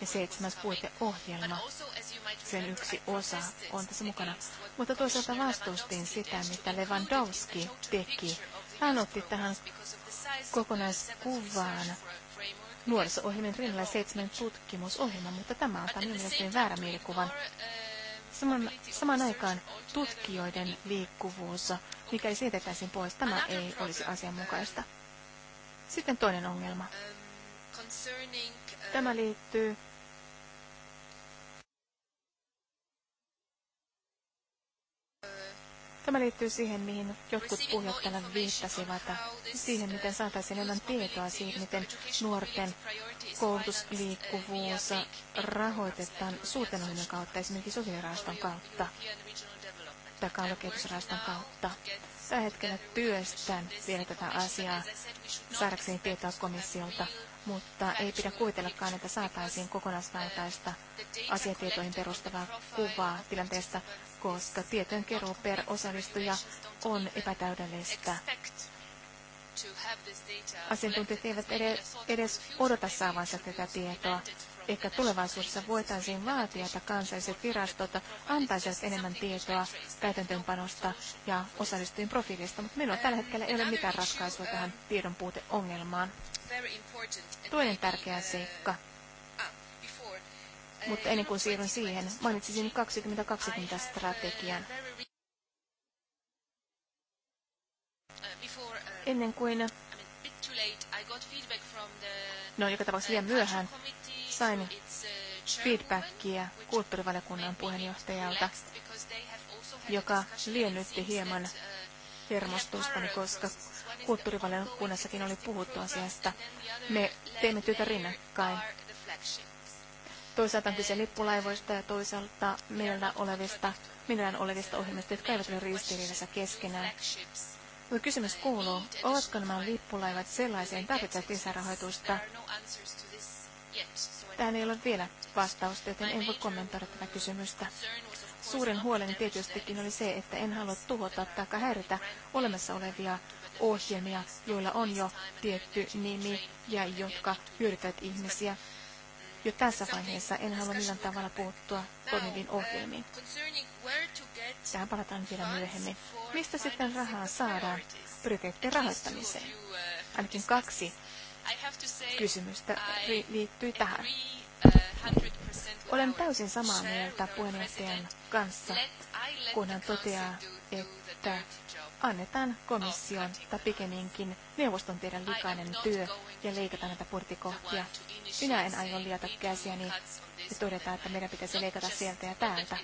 ja seitsemäs puiteohjelma, sen yksi osa, on tässä mukana. Mutta toisaalta vastustin sitä, mitä Lewandowski teki. Hän otti tähän kokonaiskuvaan nuoriso-ohjelmien rinnalla seitsemän tutkimusohjelman, mutta tämä antaa minun mielestäni väärän mielikuvan. Saman, saman aikaan tutkijoiden liikkuvuus, mikäli siirtettäisiin pois, tämä ei olisi asianmukaista. Sitten toinen ongelma. Tämä liittyy Tämä liittyy siihen, mihin jotkut puhujat tänään viittasivat, siihen, miten saataisiin enemmän tietoa siitä, miten nuorten koulutusliikkuvuus rahoitetaan suurten ohjelmien kautta, esimerkiksi sosiaaliraaston kautta tai kehitysrahaston kautta. Tällä hetkellä työstän vielä tätä asiaa saadakseen tietoa komissiolta, mutta ei pidä kuvitellakaan, että saataisiin kokonaisvaltaista asiatietoihin perustavaa kuvaa tilanteesta koska tieteen kero per osallistuja on epätäydellistä. Asiantuntijat eivät edes odota saavansa tätä tietoa. Ehkä tulevaisuudessa voitaisiin vaatia, että kansalliset virastot antaisivat enemmän tietoa täytäntöönpanosta ja osallistujien profiilista, mutta on tällä hetkellä ei ole mitään ratkaisua tähän tiedon puuteongelmaan. Toinen tärkeä seikka mutta ennen kuin siirryn siihen, mainitsisin 2020-strategian. Ennen kuin... No, joka tapauksessa liian myöhään sain feedbackia kulttuurivaliokunnan puheenjohtajalta, joka liennytti hieman hermostustani, koska kulttuurivaliokunnassakin oli puhuttu asiasta. Me teemme työtä rinnakkain Toisaalta on kyse lippulaivoista ja toisaalta meillä olevista, millään olevista ohjelmista, jotka eivät ole ristiriidassa keskenään. Mutta kysymys kuuluu, ovatko nämä lippulaivat sellaiseen tarvitsevat lisärahoitusta? Tähän ei ole vielä vastausta, joten en voi kommentoida tätä kysymystä. Suurin huoleni tietystikin oli se, että en halua tuhota tai häiritä olemassa olevia ohjelmia, joilla on jo tietty nimi ja jotka hyödyttävät ihmisiä jo tässä vaiheessa. En halua millään tavalla puuttua toimiviin ohjelmiin. Tähän palataan vielä myöhemmin. Mistä sitten rahaa saadaan prioriteettien rahoittamiseen? Ainakin kaksi kysymystä liittyy tähän. Olen täysin samaa mieltä puheenjohtajan kanssa, kun hän toteaa, että annetaan komission tai pikemminkin neuvoston tehdä likainen työ ja leikata näitä purtikohtia. Minä en aio liata käsiäni ja todeta, että meidän pitäisi leikata sieltä ja täältä.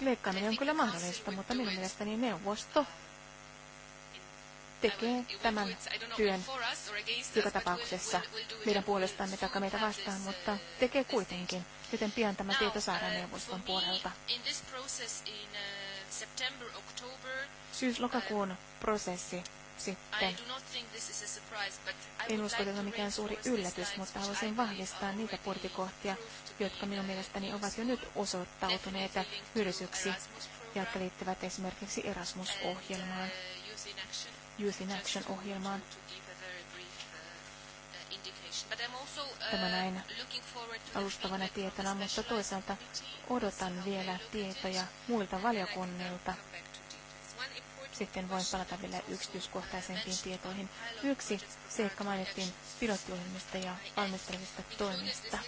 Leikkaaminen on kyllä mahdollista, mutta minun mielestäni neuvosto tekee tämän työn joka tapauksessa meidän puolestamme tai meitä vastaan, mutta tekee kuitenkin miten pian tämä tieto saadaan uh, neuvoston puolelta. Uh, Syys-lokakuun uh, prosessi sitten. En usko, että on mikään suuri yllätys, mutta haluaisin vahvistaa niitä purtikohtia, jotka minun mielestäni ovat jo nyt osoittautuneet hyödyllisiksi, jotka liittyvät esimerkiksi Erasmus-ohjelmaan, Youth in Action-ohjelmaan. Tämä näin uh, alustavana tietona, mutta toisaalta odotan vielä tietoja muilta valiokunnilta. Sitten voin palata vielä yksityiskohtaisempiin tietoihin. Yksi seikka mainittiin pilottiohjelmista ja valmistelevista toimista.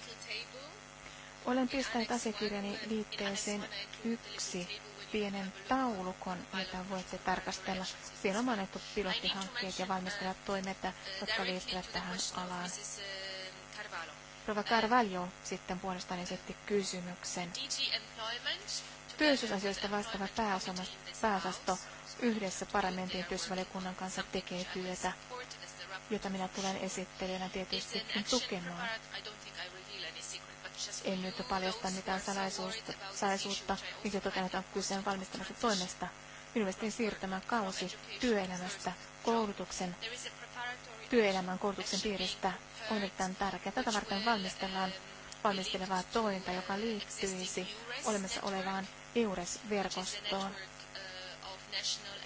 Olen pistänyt asiakirjani liitteeseen yksi pienen taulukon, jota voitte tarkastella. Siellä on mainittu pilottihankkeet ja uh, valmistelevat toimet, jotka liittyvät tähän alaan. Uh, Rova Carvalho sitten puolestaan esitti kysymyksen. Työllisyysasioista vastaava pääosasto yhdessä parlamentin työllisyysvaliokunnan kanssa tekee työtä, jota minä tulen esittelijänä tietysti tukemaan. En nyt paljasta mitään salaisuutta, niin salaisuutta mikä toteutetaan kyseen valmistamasta toimesta. Minun mielestäni kausi työelämästä koulutuksen, työelämän koulutuksen piiristä on erittäin tärkeää Tätä varten valmistellaan valmistelevaa tointa, joka liittyisi olemassa olevaan EURES-verkostoon.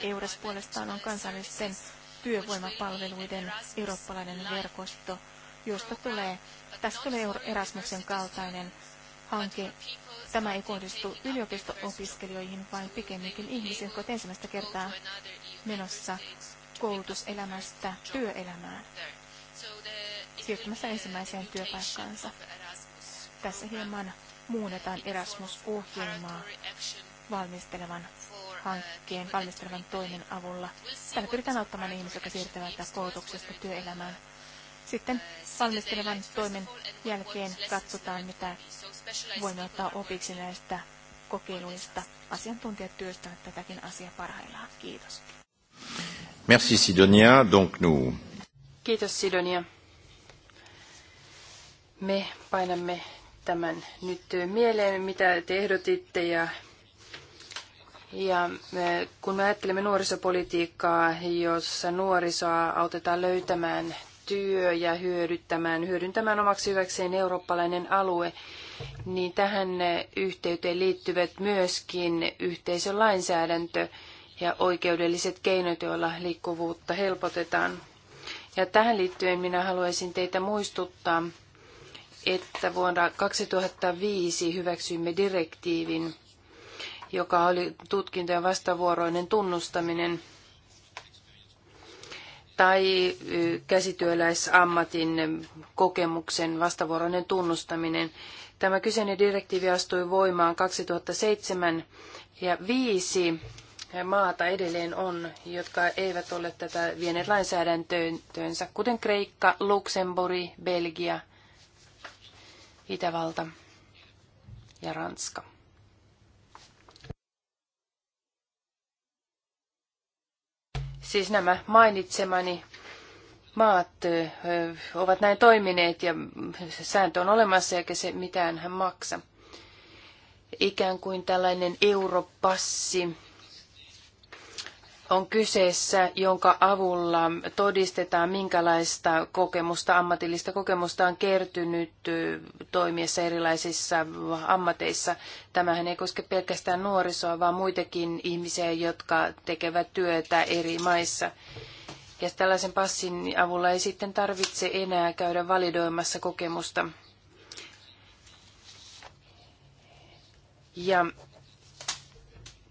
EURES puolestaan on kansallisten työvoimapalveluiden eurooppalainen verkosto, josta tulee, tästä tulee Erasmuksen kaltainen hanke. Tämä ei kohdistu yliopisto-opiskelijoihin, vaan pikemminkin ihmisiin, jotka ovat ensimmäistä kertaa menossa koulutuselämästä työelämään siirtymässä ensimmäiseen työpaikkaansa. Tässä hieman muunnetaan Erasmus-ohjelmaa valmistelevan hankkeen, valmistelevan toimen avulla. Täällä pyritään auttamaan ihmisiä, jotka siirtyvät koulutuksesta työelämään. Sitten valmistelevan toimen jälkeen katsotaan, mitä voimme ottaa opiksi näistä kokeiluista. Asiantuntijat työstävät tätäkin asiaa parhaillaan. Kiitos. Merci Sidonia. Donc nous... Kiitos Sidonia. Me painamme tämän nyt mieleen, mitä te ehdotitte ja ja kun me ajattelemme nuorisopolitiikkaa, jossa nuorisoa autetaan löytämään työ ja hyödyttämään, hyödyntämään omaksi hyväkseen eurooppalainen alue, niin tähän yhteyteen liittyvät myöskin yhteisön lainsäädäntö ja oikeudelliset keinot, joilla liikkuvuutta helpotetaan. Ja tähän liittyen minä haluaisin teitä muistuttaa että vuonna 2005 hyväksyimme direktiivin, joka oli tutkintojen vastavuoroinen tunnustaminen tai käsityöläisammatin kokemuksen vastavuoroinen tunnustaminen. Tämä kyseinen direktiivi astui voimaan 2007 ja viisi maata edelleen on, jotka eivät ole tätä vieneet lainsäädäntöönsä, kuten Kreikka, Luxemburg, Belgia – Itävalta ja Ranska. Siis nämä mainitsemani maat ovat näin toimineet ja sääntö on olemassa eikä se mitään hän maksa. Ikään kuin tällainen europassi on kyseessä, jonka avulla todistetaan, minkälaista kokemusta, ammatillista kokemusta on kertynyt toimiessa erilaisissa ammateissa. Tämähän ei koske pelkästään nuorisoa, vaan muitakin ihmisiä, jotka tekevät työtä eri maissa. Ja tällaisen passin avulla ei sitten tarvitse enää käydä validoimassa kokemusta. Ja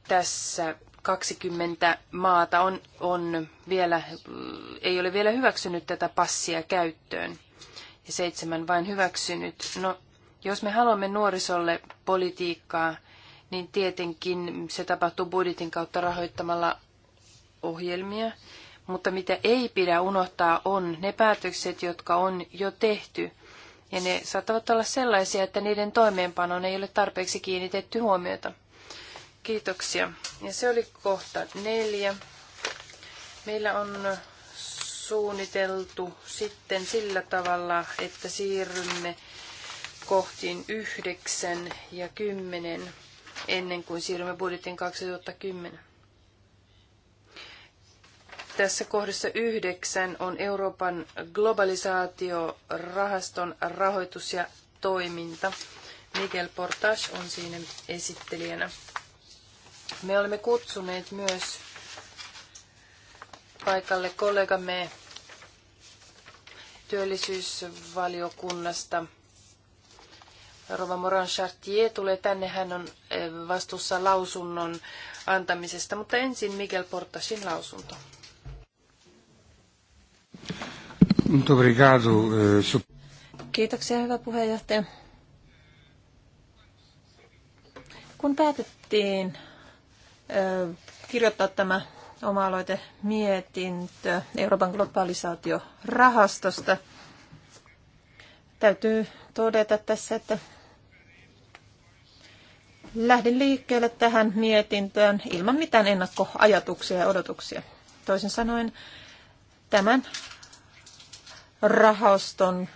tässä 20 maata on, on vielä, ei ole vielä hyväksynyt tätä passia käyttöön ja seitsemän vain hyväksynyt. No, jos me haluamme nuorisolle politiikkaa, niin tietenkin se tapahtuu budjetin kautta rahoittamalla ohjelmia. Mutta mitä ei pidä unohtaa on ne päätökset, jotka on jo tehty. Ja ne saattavat olla sellaisia, että niiden toimeenpanoon ei ole tarpeeksi kiinnitetty huomiota. Kiitoksia. Ja se oli kohta neljä. Meillä on suunniteltu sitten sillä tavalla, että siirrymme kohtiin yhdeksän ja kymmenen ennen kuin siirrymme budjetin 2010. Tässä kohdassa yhdeksän on Euroopan globalisaatiorahaston rahoitus ja toiminta. Miguel Portas on siinä esittelijänä. Me olemme kutsuneet myös paikalle kollegamme työllisyysvaliokunnasta. Rova Moran Chartier tulee tänne. Hän on eh, vastuussa lausunnon antamisesta, mutta ensin Miguel Portasin lausunto. Eh, Kiitoksia, hyvä puheenjohtaja. Kun päätettiin kirjoittaa tämä oma-aloite mietintö Euroopan globalisaatiorahastosta. Täytyy todeta tässä, että lähdin liikkeelle tähän mietintöön ilman mitään ennakkoajatuksia ja odotuksia. Toisin sanoen tämän rahaston,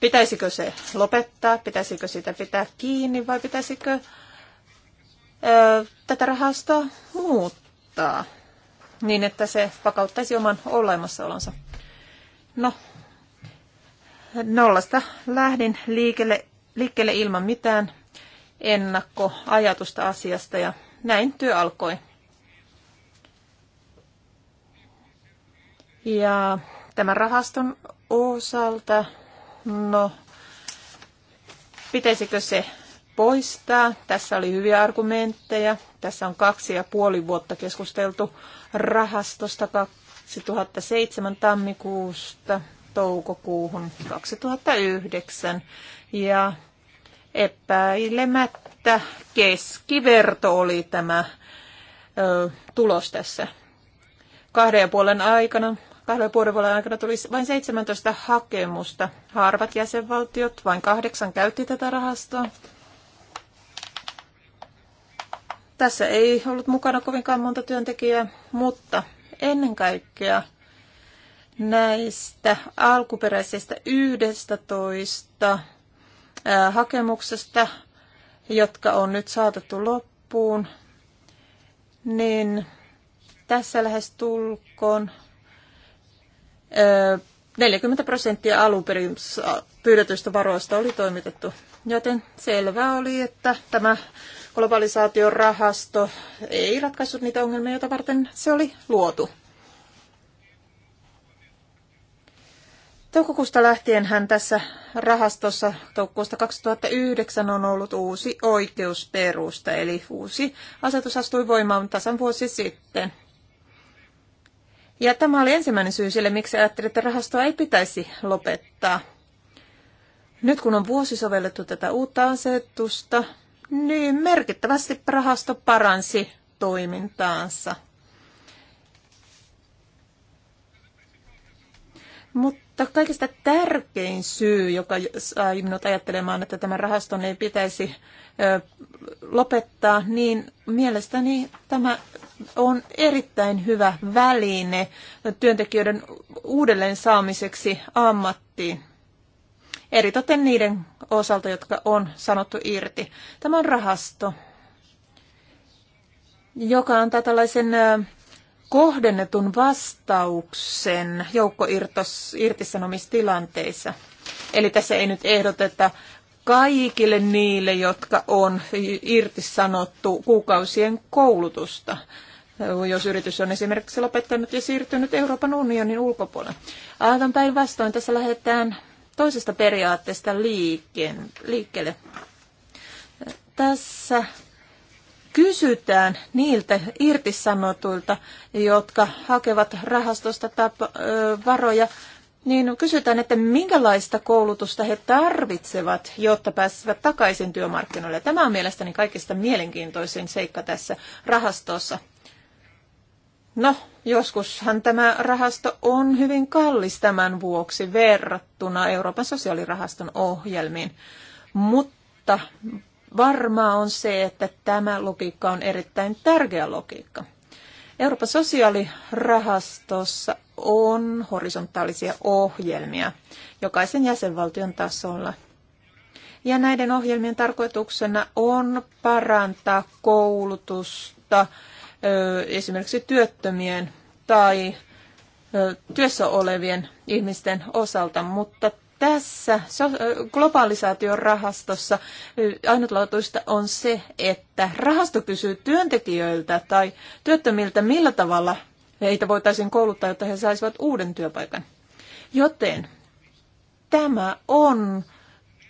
pitäisikö se lopettaa, pitäisikö sitä pitää kiinni vai pitäisikö tätä rahastoa muuttaa niin, että se vakauttaisi oman olemassaolonsa. No, nollasta lähdin liikelle, liikkeelle ilman mitään ennakkoajatusta asiasta ja näin työ alkoi. Ja tämän rahaston osalta, no pitäisikö se poistaa. Tässä oli hyviä argumentteja. Tässä on kaksi ja puoli vuotta keskusteltu rahastosta 2007 tammikuusta toukokuuhun 2009. Ja epäilemättä keskiverto oli tämä ö, tulos tässä. Kahden ja puolen aikana kahden ja puolen vuoden aikana tuli vain 17 hakemusta. Harvat jäsenvaltiot, vain kahdeksan käytti tätä rahastoa. Tässä ei ollut mukana kovinkaan monta työntekijää, mutta ennen kaikkea näistä alkuperäisistä 11 hakemuksesta, jotka on nyt saatettu loppuun, niin tässä lähes tulkoon 40 prosenttia alunperin pyydetyistä varoista oli toimitettu. Joten selvää oli, että tämä globalisaation rahasto ei ratkaissut niitä ongelmia, joita varten se oli luotu. Toukokuusta lähtien hän tässä rahastossa toukokuusta 2009 on ollut uusi oikeusperusta, eli uusi asetus astui voimaan tasan vuosi sitten. Ja tämä oli ensimmäinen syy sille, miksi ajattelin, että rahastoa ei pitäisi lopettaa. Nyt kun on vuosi sovellettu tätä uutta asetusta, niin merkittävästi rahasto paransi toimintaansa. Mutta kaikista tärkein syy, joka sai minut ajattelemaan, että tämän rahaston ei pitäisi lopettaa, niin mielestäni tämä on erittäin hyvä väline työntekijöiden uudelleen saamiseksi ammattiin eritoten niiden osalta, jotka on sanottu irti. Tämä on rahasto, joka antaa tällaisen kohdennetun vastauksen joukkoirtisanomistilanteissa. Eli tässä ei nyt ehdoteta kaikille niille, jotka on irtisanottu kuukausien koulutusta, jos yritys on esimerkiksi lopettanut ja siirtynyt Euroopan unionin ulkopuolelle. Aivan päinvastoin tässä lähdetään toisesta periaatteesta liikkeen, liikkeelle. Tässä kysytään niiltä irtisanotuilta, jotka hakevat rahastosta tapa, varoja, niin kysytään, että minkälaista koulutusta he tarvitsevat, jotta pääsevät takaisin työmarkkinoille. Tämä on mielestäni kaikista mielenkiintoisin seikka tässä rahastossa. No, joskushan tämä rahasto on hyvin kallis tämän vuoksi verrattuna Euroopan sosiaalirahaston ohjelmiin. Mutta varmaa on se, että tämä logiikka on erittäin tärkeä logiikka. Euroopan sosiaalirahastossa on horisontaalisia ohjelmia jokaisen jäsenvaltion tasolla. Ja näiden ohjelmien tarkoituksena on parantaa koulutusta, esimerkiksi työttömien tai työssä olevien ihmisten osalta, mutta tässä globalisaation rahastossa ainutlaatuista on se, että rahasto kysyy työntekijöiltä tai työttömiltä, millä tavalla heitä voitaisiin kouluttaa, jotta he saisivat uuden työpaikan. Joten tämä on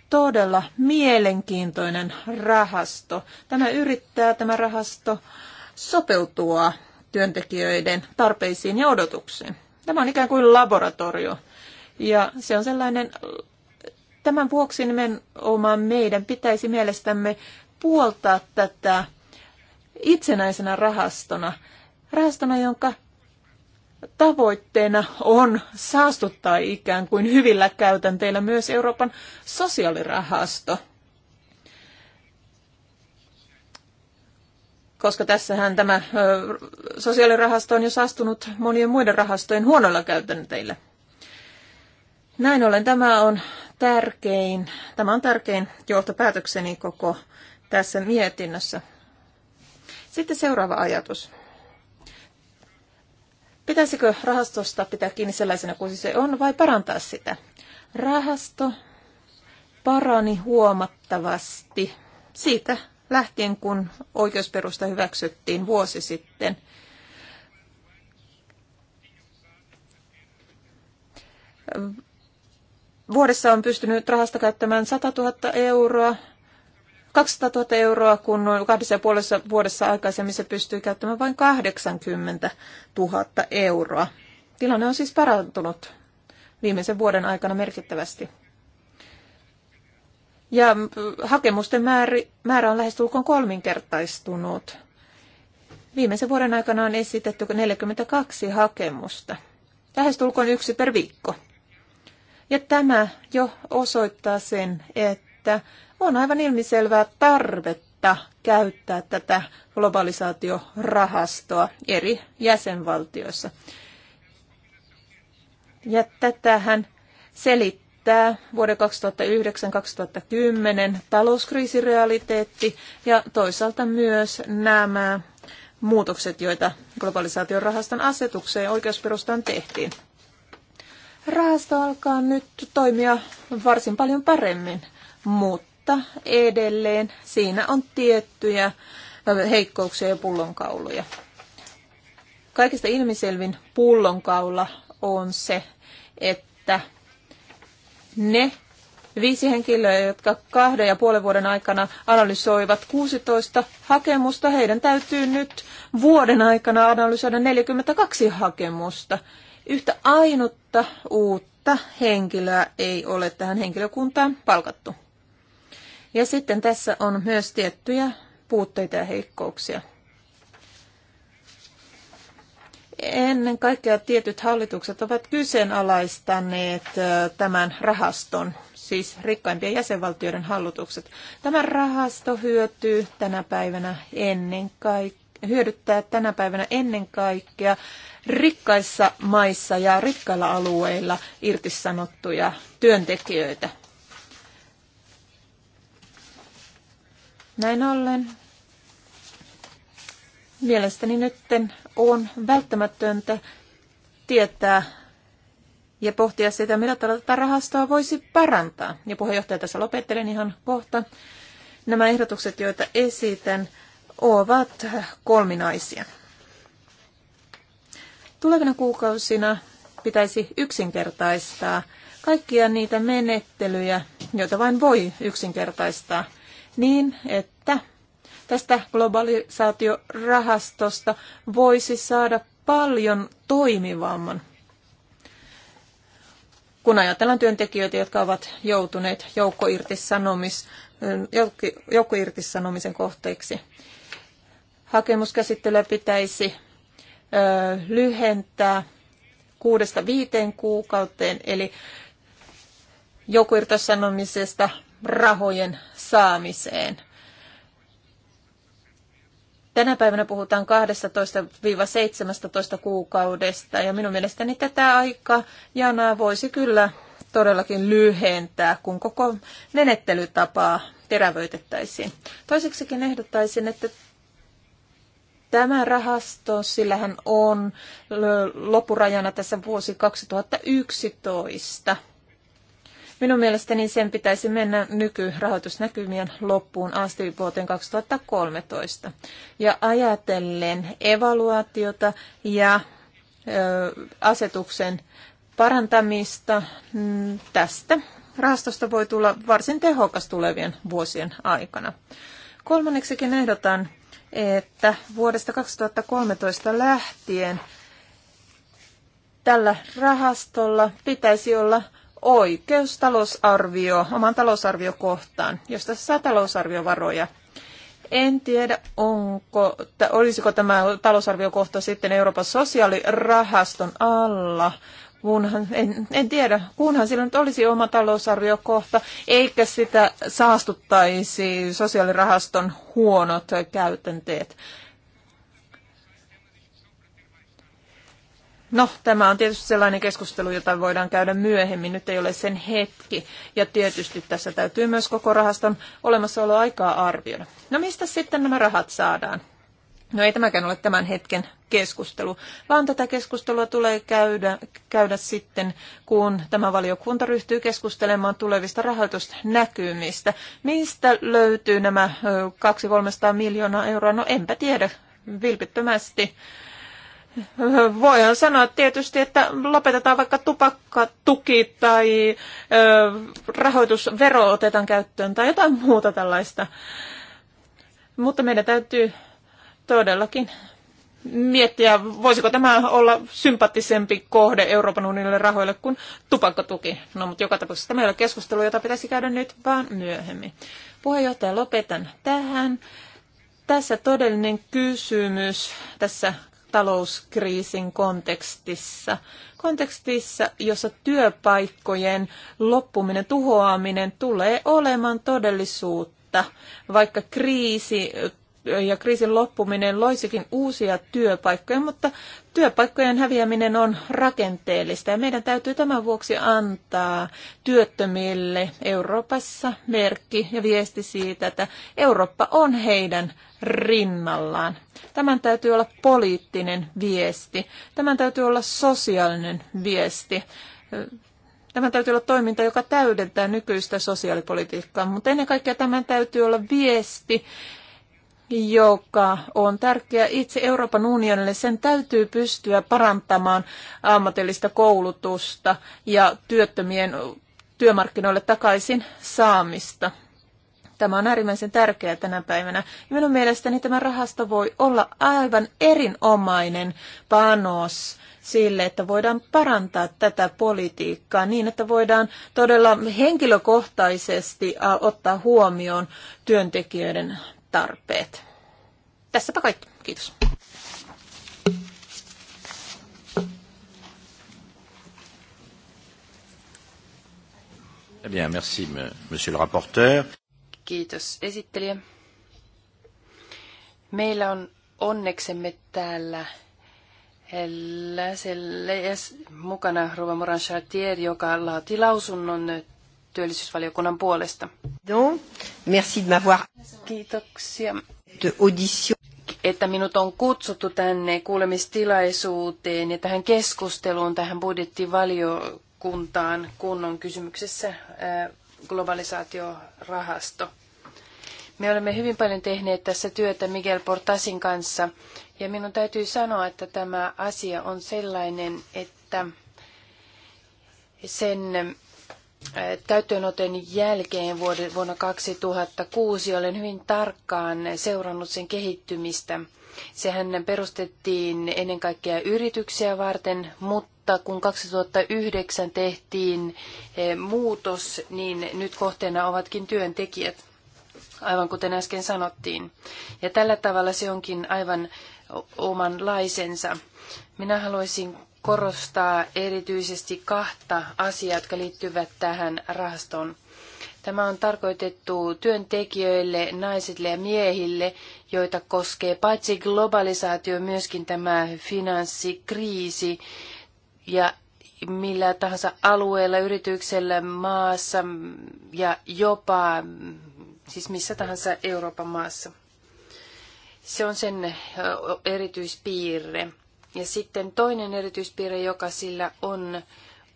todella mielenkiintoinen rahasto. Tämä yrittää tämä rahasto sopeutua työntekijöiden tarpeisiin ja odotuksiin. Tämä on ikään kuin laboratorio. Ja se on sellainen, tämän vuoksi nimenomaan meidän pitäisi mielestämme puoltaa tätä itsenäisenä rahastona. Rahastona, jonka tavoitteena on saastuttaa ikään kuin hyvillä käytänteillä myös Euroopan sosiaalirahasto. koska tässähän tämä sosiaalirahasto on jo sastunut monien muiden rahastojen huonoilla käytänteillä. Näin ollen tämä on tärkein, tämä on tärkein johtopäätökseni koko tässä mietinnössä. Sitten seuraava ajatus. Pitäisikö rahastosta pitää kiinni sellaisena kuin se on vai parantaa sitä? Rahasto parani huomattavasti siitä lähtien, kun oikeusperusta hyväksyttiin vuosi sitten. Vuodessa on pystynyt rahasta käyttämään 100 000 euroa, 200 000 euroa, kun kahdessa ja puolessa vuodessa aikaisemmin se pystyi käyttämään vain 80 000 euroa. Tilanne on siis parantunut viimeisen vuoden aikana merkittävästi. Ja hakemusten määrä on lähestulkoon kolminkertaistunut. Viimeisen vuoden aikana on esitetty 42 hakemusta. Lähestulkoon yksi per viikko. Ja tämä jo osoittaa sen, että on aivan ilmiselvää tarvetta käyttää tätä globalisaatiorahastoa eri jäsenvaltioissa. Ja tätähän selittää selittää vuoden 2009-2010 talouskriisirealiteetti ja toisaalta myös nämä muutokset, joita globalisaation rahaston asetukseen oikeusperustaan tehtiin. Rahasto alkaa nyt toimia varsin paljon paremmin, mutta edelleen siinä on tiettyjä heikkouksia ja pullonkauluja. Kaikista ilmiselvin pullonkaula on se, että ne viisi henkilöä, jotka kahden ja puolen vuoden aikana analysoivat 16 hakemusta, heidän täytyy nyt vuoden aikana analysoida 42 hakemusta. Yhtä ainutta uutta henkilöä ei ole tähän henkilökuntaan palkattu. Ja sitten tässä on myös tiettyjä puutteita ja heikkouksia. Ennen kaikkea tietyt hallitukset ovat kyseenalaistaneet tämän rahaston, siis rikkaimpien jäsenvaltioiden hallitukset. Tämä rahasto hyötyy tänä päivänä ennen kaikkea hyödyttää tänä päivänä ennen kaikkea rikkaissa maissa ja rikkailla alueilla irtisanottuja työntekijöitä. Näin ollen Mielestäni nyt on välttämätöntä tietää ja pohtia sitä, millä tavalla tätä rahastoa voisi parantaa. Ja puheenjohtaja tässä lopettelen ihan kohta. Nämä ehdotukset, joita esitän, ovat kolminaisia. Tulevina kuukausina pitäisi yksinkertaistaa kaikkia niitä menettelyjä, joita vain voi yksinkertaistaa, niin että tästä globalisaatiorahastosta voisi saada paljon toimivamman kun ajatellaan työntekijöitä, jotka ovat joutuneet joukkoirtisanomis, joukkoirtisanomisen kohteeksi. Hakemuskäsittelyä pitäisi ö, lyhentää kuudesta viiteen kuukauteen, eli joukkoirtisanomisesta rahojen saamiseen. Tänä päivänä puhutaan 12-17 kuukaudesta ja minun mielestäni tätä aikaa janaa voisi kyllä todellakin lyhentää, kun koko menettelytapaa terävöitettäisiin. Toiseksikin ehdottaisin, että tämä rahasto, sillähän on lopurajana tässä vuosi 2011. Minun mielestäni sen pitäisi mennä nykyrahoitusnäkymien loppuun asti vuoteen 2013. Ja ajatellen evaluaatiota ja asetuksen parantamista mm, tästä rahastosta voi tulla varsin tehokas tulevien vuosien aikana. Kolmanneksikin ehdotan, että vuodesta 2013 lähtien tällä rahastolla pitäisi olla oikeus talousarvio, oman talousarviokohtaan, josta saa talousarviovaroja. En tiedä, onko, olisiko tämä talousarviokohta sitten Euroopan sosiaalirahaston alla, kunhan, en, en tiedä, kunhan sillä nyt olisi oma talousarviokohta, eikä sitä saastuttaisi sosiaalirahaston huonot käytänteet. No, tämä on tietysti sellainen keskustelu, jota voidaan käydä myöhemmin. Nyt ei ole sen hetki. Ja tietysti tässä täytyy myös koko rahaston olemassaoloaikaa arvioida. No mistä sitten nämä rahat saadaan? No ei tämäkään ole tämän hetken keskustelu, vaan tätä keskustelua tulee käydä, käydä sitten, kun tämä valiokunta ryhtyy keskustelemaan tulevista rahoitusnäkymistä. Mistä löytyy nämä 200-300 miljoonaa euroa? No enpä tiedä vilpittömästi. Voihan sanoa tietysti, että lopetetaan vaikka tupakkatuki tai ö, rahoitusvero otetaan käyttöön tai jotain muuta tällaista. Mutta meidän täytyy todellakin miettiä, voisiko tämä olla sympaattisempi kohde Euroopan unionille rahoille kuin tupakkatuki. No, mutta joka tapauksessa tämä ei ole keskustelu, jota pitäisi käydä nyt, vaan myöhemmin. Puheenjohtaja, lopetan tähän. Tässä todellinen kysymys tässä talouskriisin kontekstissa. Kontekstissa, jossa työpaikkojen loppuminen, tuhoaminen tulee olemaan todellisuutta, vaikka kriisi ja kriisin loppuminen loisikin uusia työpaikkoja, mutta työpaikkojen häviäminen on rakenteellista ja meidän täytyy tämän vuoksi antaa työttömille Euroopassa merkki ja viesti siitä, että Eurooppa on heidän rinnallaan. Tämän täytyy olla poliittinen viesti, tämän täytyy olla sosiaalinen viesti. Tämän täytyy olla toiminta, joka täydentää nykyistä sosiaalipolitiikkaa, mutta ennen kaikkea tämän täytyy olla viesti, joka on tärkeä itse Euroopan unionille. Sen täytyy pystyä parantamaan ammatillista koulutusta ja työttömien työmarkkinoille takaisin saamista. Tämä on äärimmäisen tärkeää tänä päivänä. minun mielestäni tämä rahasto voi olla aivan erinomainen panos sille, että voidaan parantaa tätä politiikkaa niin, että voidaan todella henkilökohtaisesti ottaa huomioon työntekijöiden tarpeet. Tässäpä kaikki. Kiitos. Eh bien, merci, monsieur le rapporteur. Kiitos esittelijä. Meillä on onneksemme täällä Läselle mukana Rova Moran Chartier, joka laati lausunnon työllisyysvaliokunnan puolesta. Donc, merci de m'avoir. Kiitoksia. De audition. Että minut on kutsuttu tänne kuulemistilaisuuteen ja tähän keskusteluun, tähän budjettivaliokuntaan, kun on kysymyksessä globalisaatiorahasto. Me olemme hyvin paljon tehneet tässä työtä Miguel Portasin kanssa ja minun täytyy sanoa, että tämä asia on sellainen, että sen käyttöönoton jälkeen vuonna 2006 olen hyvin tarkkaan seurannut sen kehittymistä. Sehän perustettiin ennen kaikkea yrityksiä varten, mutta kun 2009 tehtiin eh, muutos, niin nyt kohteena ovatkin työntekijät, aivan kuten äsken sanottiin. Ja tällä tavalla se onkin aivan omanlaisensa. Minä haluaisin korostaa erityisesti kahta asiaa, jotka liittyvät tähän rahastoon. Tämä on tarkoitettu työntekijöille, naisille ja miehille, joita koskee paitsi globalisaatio, myöskin tämä finanssikriisi ja millä tahansa alueella, yrityksellä, maassa ja jopa siis missä tahansa Euroopan maassa. Se on sen erityispiirre. Ja sitten toinen erityispiirre, joka sillä on,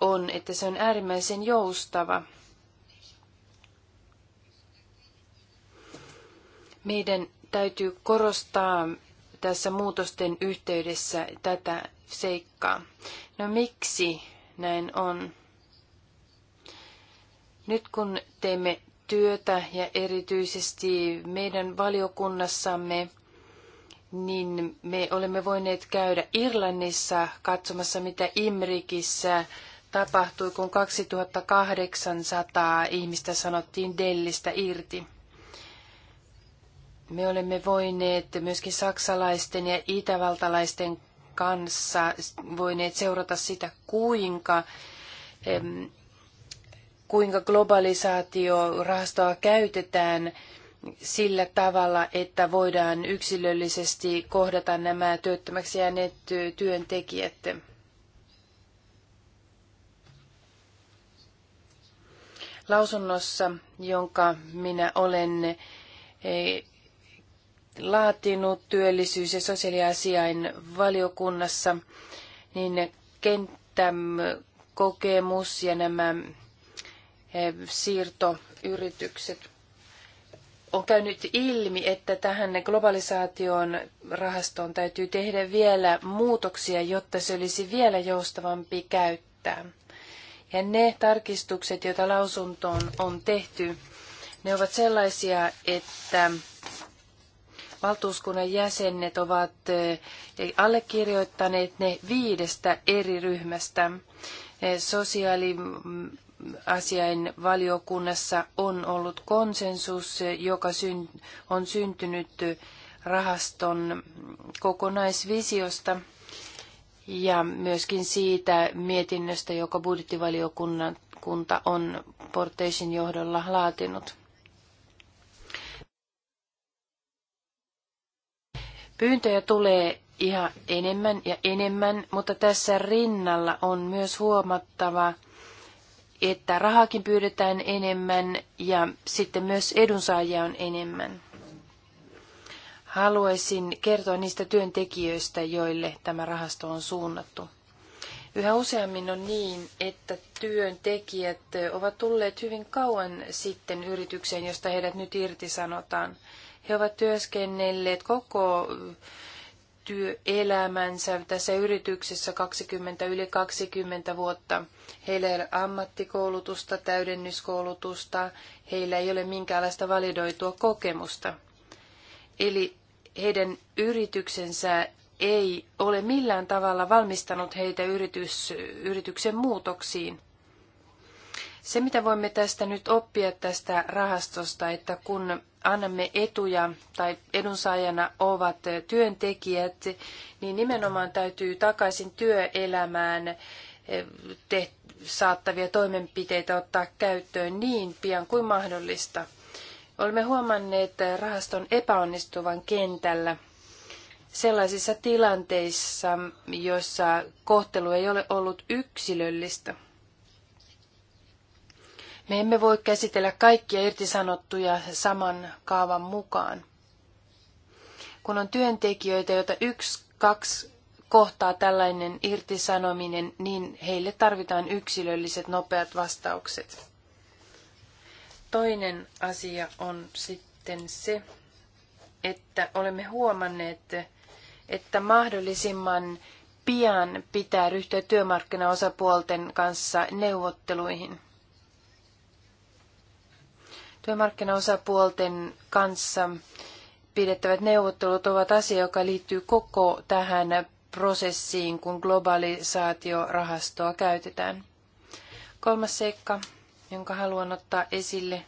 on, että se on äärimmäisen joustava. Meidän täytyy korostaa tässä muutosten yhteydessä tätä seikkaa. No miksi näin on? Nyt kun teemme työtä ja erityisesti meidän valiokunnassamme niin me olemme voineet käydä Irlannissa katsomassa, mitä Imrikissä tapahtui, kun 2800 ihmistä sanottiin Dellistä irti. Me olemme voineet myöskin saksalaisten ja itävaltalaisten kanssa voineet seurata sitä, kuinka, kuinka globalisaatiorahastoa käytetään – sillä tavalla, että voidaan yksilöllisesti kohdata nämä työttömäksi jääneet työntekijät. Lausunnossa, jonka minä olen eh, laatinut työllisyys- ja sosiaaliasiain valiokunnassa, niin kenttäkokemus ja nämä eh, siirtoyritykset on käynyt ilmi, että tähän globalisaation rahastoon täytyy tehdä vielä muutoksia, jotta se olisi vielä joustavampi käyttää. Ja ne tarkistukset, joita lausuntoon on tehty, ne ovat sellaisia, että valtuuskunnan jäsenet ovat e, allekirjoittaneet ne viidestä eri ryhmästä. E, sosiaali, asiain valiokunnassa on ollut konsensus, joka on syntynyt rahaston kokonaisvisiosta ja myöskin siitä mietinnöstä, joka budjettivaliokunta on Porteisin johdolla laatinut. Pyyntöjä tulee ihan enemmän ja enemmän, mutta tässä rinnalla on myös huomattava että rahakin pyydetään enemmän ja sitten myös edunsaajia on enemmän. Haluaisin kertoa niistä työntekijöistä, joille tämä rahasto on suunnattu. Yhä useammin on niin, että työntekijät ovat tulleet hyvin kauan sitten yritykseen, josta heidät nyt irtisanotaan. He ovat työskennelleet koko työelämänsä tässä yrityksessä 20 yli 20 vuotta. Heillä ei ole ammattikoulutusta, täydennyskoulutusta, heillä ei ole minkäänlaista validoitua kokemusta. Eli heidän yrityksensä ei ole millään tavalla valmistanut heitä yritys, yrityksen muutoksiin. Se, mitä voimme tästä nyt oppia tästä rahastosta, että kun annamme etuja tai edunsaajana ovat työntekijät, niin nimenomaan täytyy takaisin työelämään eh, te- saattavia toimenpiteitä ottaa käyttöön niin pian kuin mahdollista. Olemme huomanneet rahaston epäonnistuvan kentällä sellaisissa tilanteissa, joissa kohtelu ei ole ollut yksilöllistä. Me emme voi käsitellä kaikkia irtisanottuja saman kaavan mukaan. Kun on työntekijöitä, joita yksi, kaksi kohtaa tällainen irtisanominen, niin heille tarvitaan yksilölliset nopeat vastaukset. Toinen asia on sitten se, että olemme huomanneet, että mahdollisimman pian pitää ryhtyä työmarkkinaosapuolten kanssa neuvotteluihin. Työmarkkinaosapuolten kanssa pidettävät neuvottelut ovat asia, joka liittyy koko tähän prosessiin, kun globalisaatiorahastoa käytetään. Kolmas seikka, jonka haluan ottaa esille,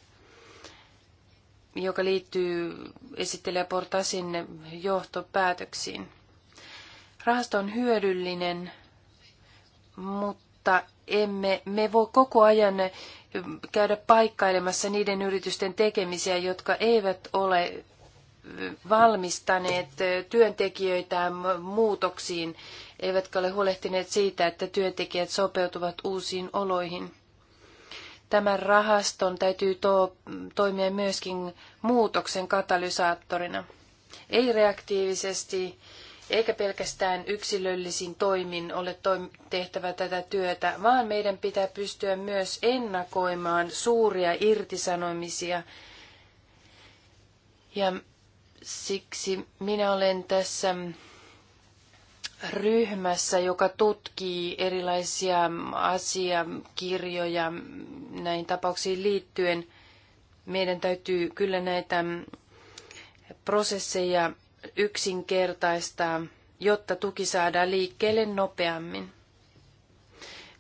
joka liittyy esittelijä Portasin johtopäätöksiin. Rahasto on hyödyllinen, mutta emme me voi koko ajan käydä paikkailemassa niiden yritysten tekemisiä, jotka eivät ole valmistaneet työntekijöitä muutoksiin, eivätkä ole huolehtineet siitä, että työntekijät sopeutuvat uusiin oloihin. Tämän rahaston täytyy to- toimia myöskin muutoksen katalysaattorina. Ei reaktiivisesti eikä pelkästään yksilöllisin toimin ole tehtävä tätä työtä, vaan meidän pitää pystyä myös ennakoimaan suuria irtisanomisia. Ja siksi minä olen tässä ryhmässä, joka tutkii erilaisia asiakirjoja näihin tapauksiin liittyen. Meidän täytyy kyllä näitä prosesseja yksinkertaistaa, jotta tuki saadaan liikkeelle nopeammin.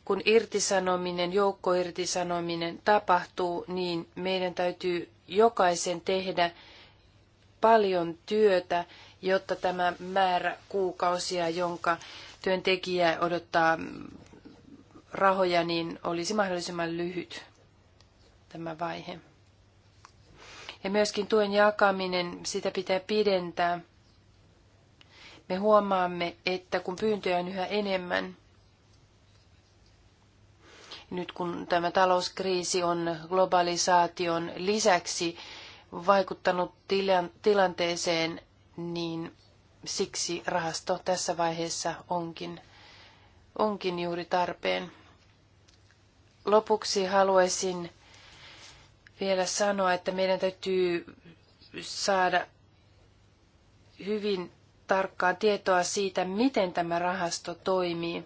Kun irtisanominen, joukkoirtisanominen tapahtuu, niin meidän täytyy jokaisen tehdä paljon työtä, jotta tämä määrä kuukausia, jonka työntekijä odottaa rahoja, niin olisi mahdollisimman lyhyt tämä vaihe. Ja myöskin tuen jakaminen, sitä pitää pidentää me huomaamme, että kun pyyntöjä on yhä enemmän, nyt kun tämä talouskriisi on globalisaation lisäksi vaikuttanut tilanteeseen, niin siksi rahasto tässä vaiheessa onkin, onkin juuri tarpeen. Lopuksi haluaisin vielä sanoa, että meidän täytyy saada hyvin tarkkaa tietoa siitä, miten tämä rahasto toimii.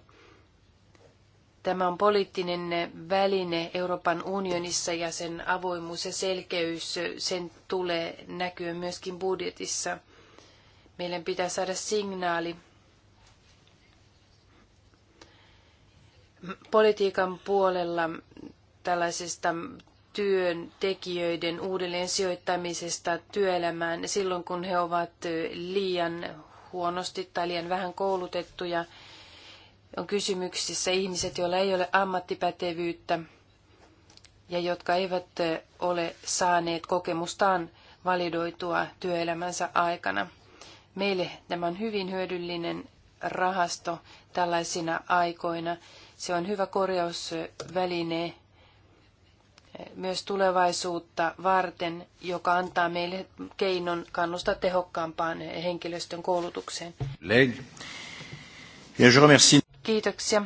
Tämä on poliittinen väline Euroopan unionissa ja sen avoimuus ja selkeys, sen tulee näkyä myöskin budjetissa. Meidän pitää saada signaali politiikan puolella tällaisesta työntekijöiden uudelleen sijoittamisesta työelämään silloin, kun he ovat liian huonosti tai liian vähän koulutettuja. On kysymyksissä ihmiset, joilla ei ole ammattipätevyyttä ja jotka eivät eh, ole saaneet kokemustaan validoitua työelämänsä aikana. Meille tämä on hyvin hyödyllinen rahasto tällaisina aikoina. Se on hyvä korjausväline myös tulevaisuutta varten, joka antaa meille keinon kannustaa tehokkaampaan henkilöstön koulutukseen. Kiitoksia.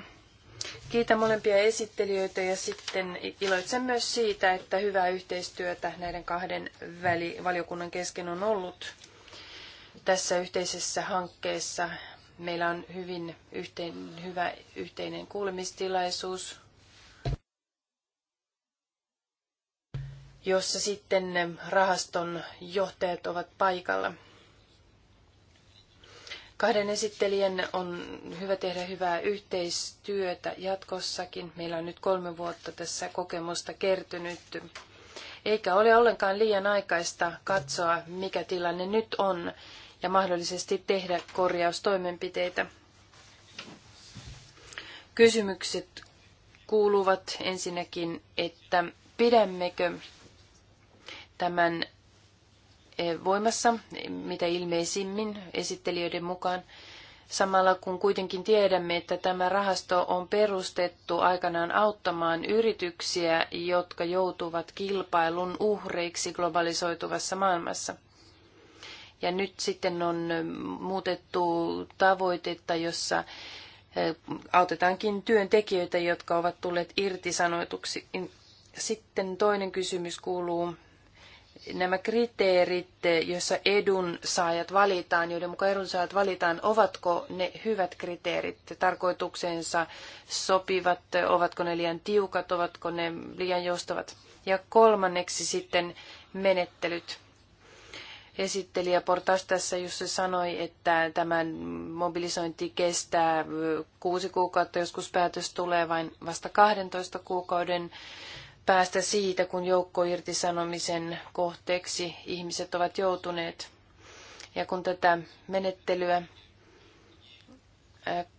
Kiitän molempia esittelijöitä ja sitten iloitsen myös siitä, että hyvää yhteistyötä näiden kahden väli, valiokunnan kesken on ollut tässä yhteisessä hankkeessa. Meillä on hyvin yhteen, hyvä yhteinen kuulemistilaisuus jossa sitten rahaston johtajat ovat paikalla. Kahden esittelijän on hyvä tehdä hyvää yhteistyötä jatkossakin. Meillä on nyt kolme vuotta tässä kokemusta kertynyt. Eikä ole ollenkaan liian aikaista katsoa, mikä tilanne nyt on ja mahdollisesti tehdä korjaustoimenpiteitä. Kysymykset kuuluvat ensinnäkin, että pidämmekö tämän eh, voimassa, mitä ilmeisimmin esittelijöiden mukaan, samalla kun kuitenkin tiedämme, että tämä rahasto on perustettu aikanaan auttamaan yrityksiä, jotka joutuvat kilpailun uhreiksi globalisoituvassa maailmassa. Ja nyt sitten on muutettu tavoitetta, jossa eh, autetaankin työntekijöitä, jotka ovat tulleet irtisanoituksi. Sitten toinen kysymys kuuluu, nämä kriteerit, joissa edunsaajat valitaan, joiden mukaan edunsaajat valitaan, ovatko ne hyvät kriteerit tarkoitukseensa sopivat, ovatko ne liian tiukat, ovatko ne liian joustavat. Ja kolmanneksi sitten menettelyt. Esittelijä Portas tässä just sanoi, että tämän mobilisointi kestää kuusi kuukautta, joskus päätös tulee vain vasta 12 kuukauden päästä siitä, kun irtisanomisen kohteeksi ihmiset ovat joutuneet. Ja kun tätä menettelyä äh,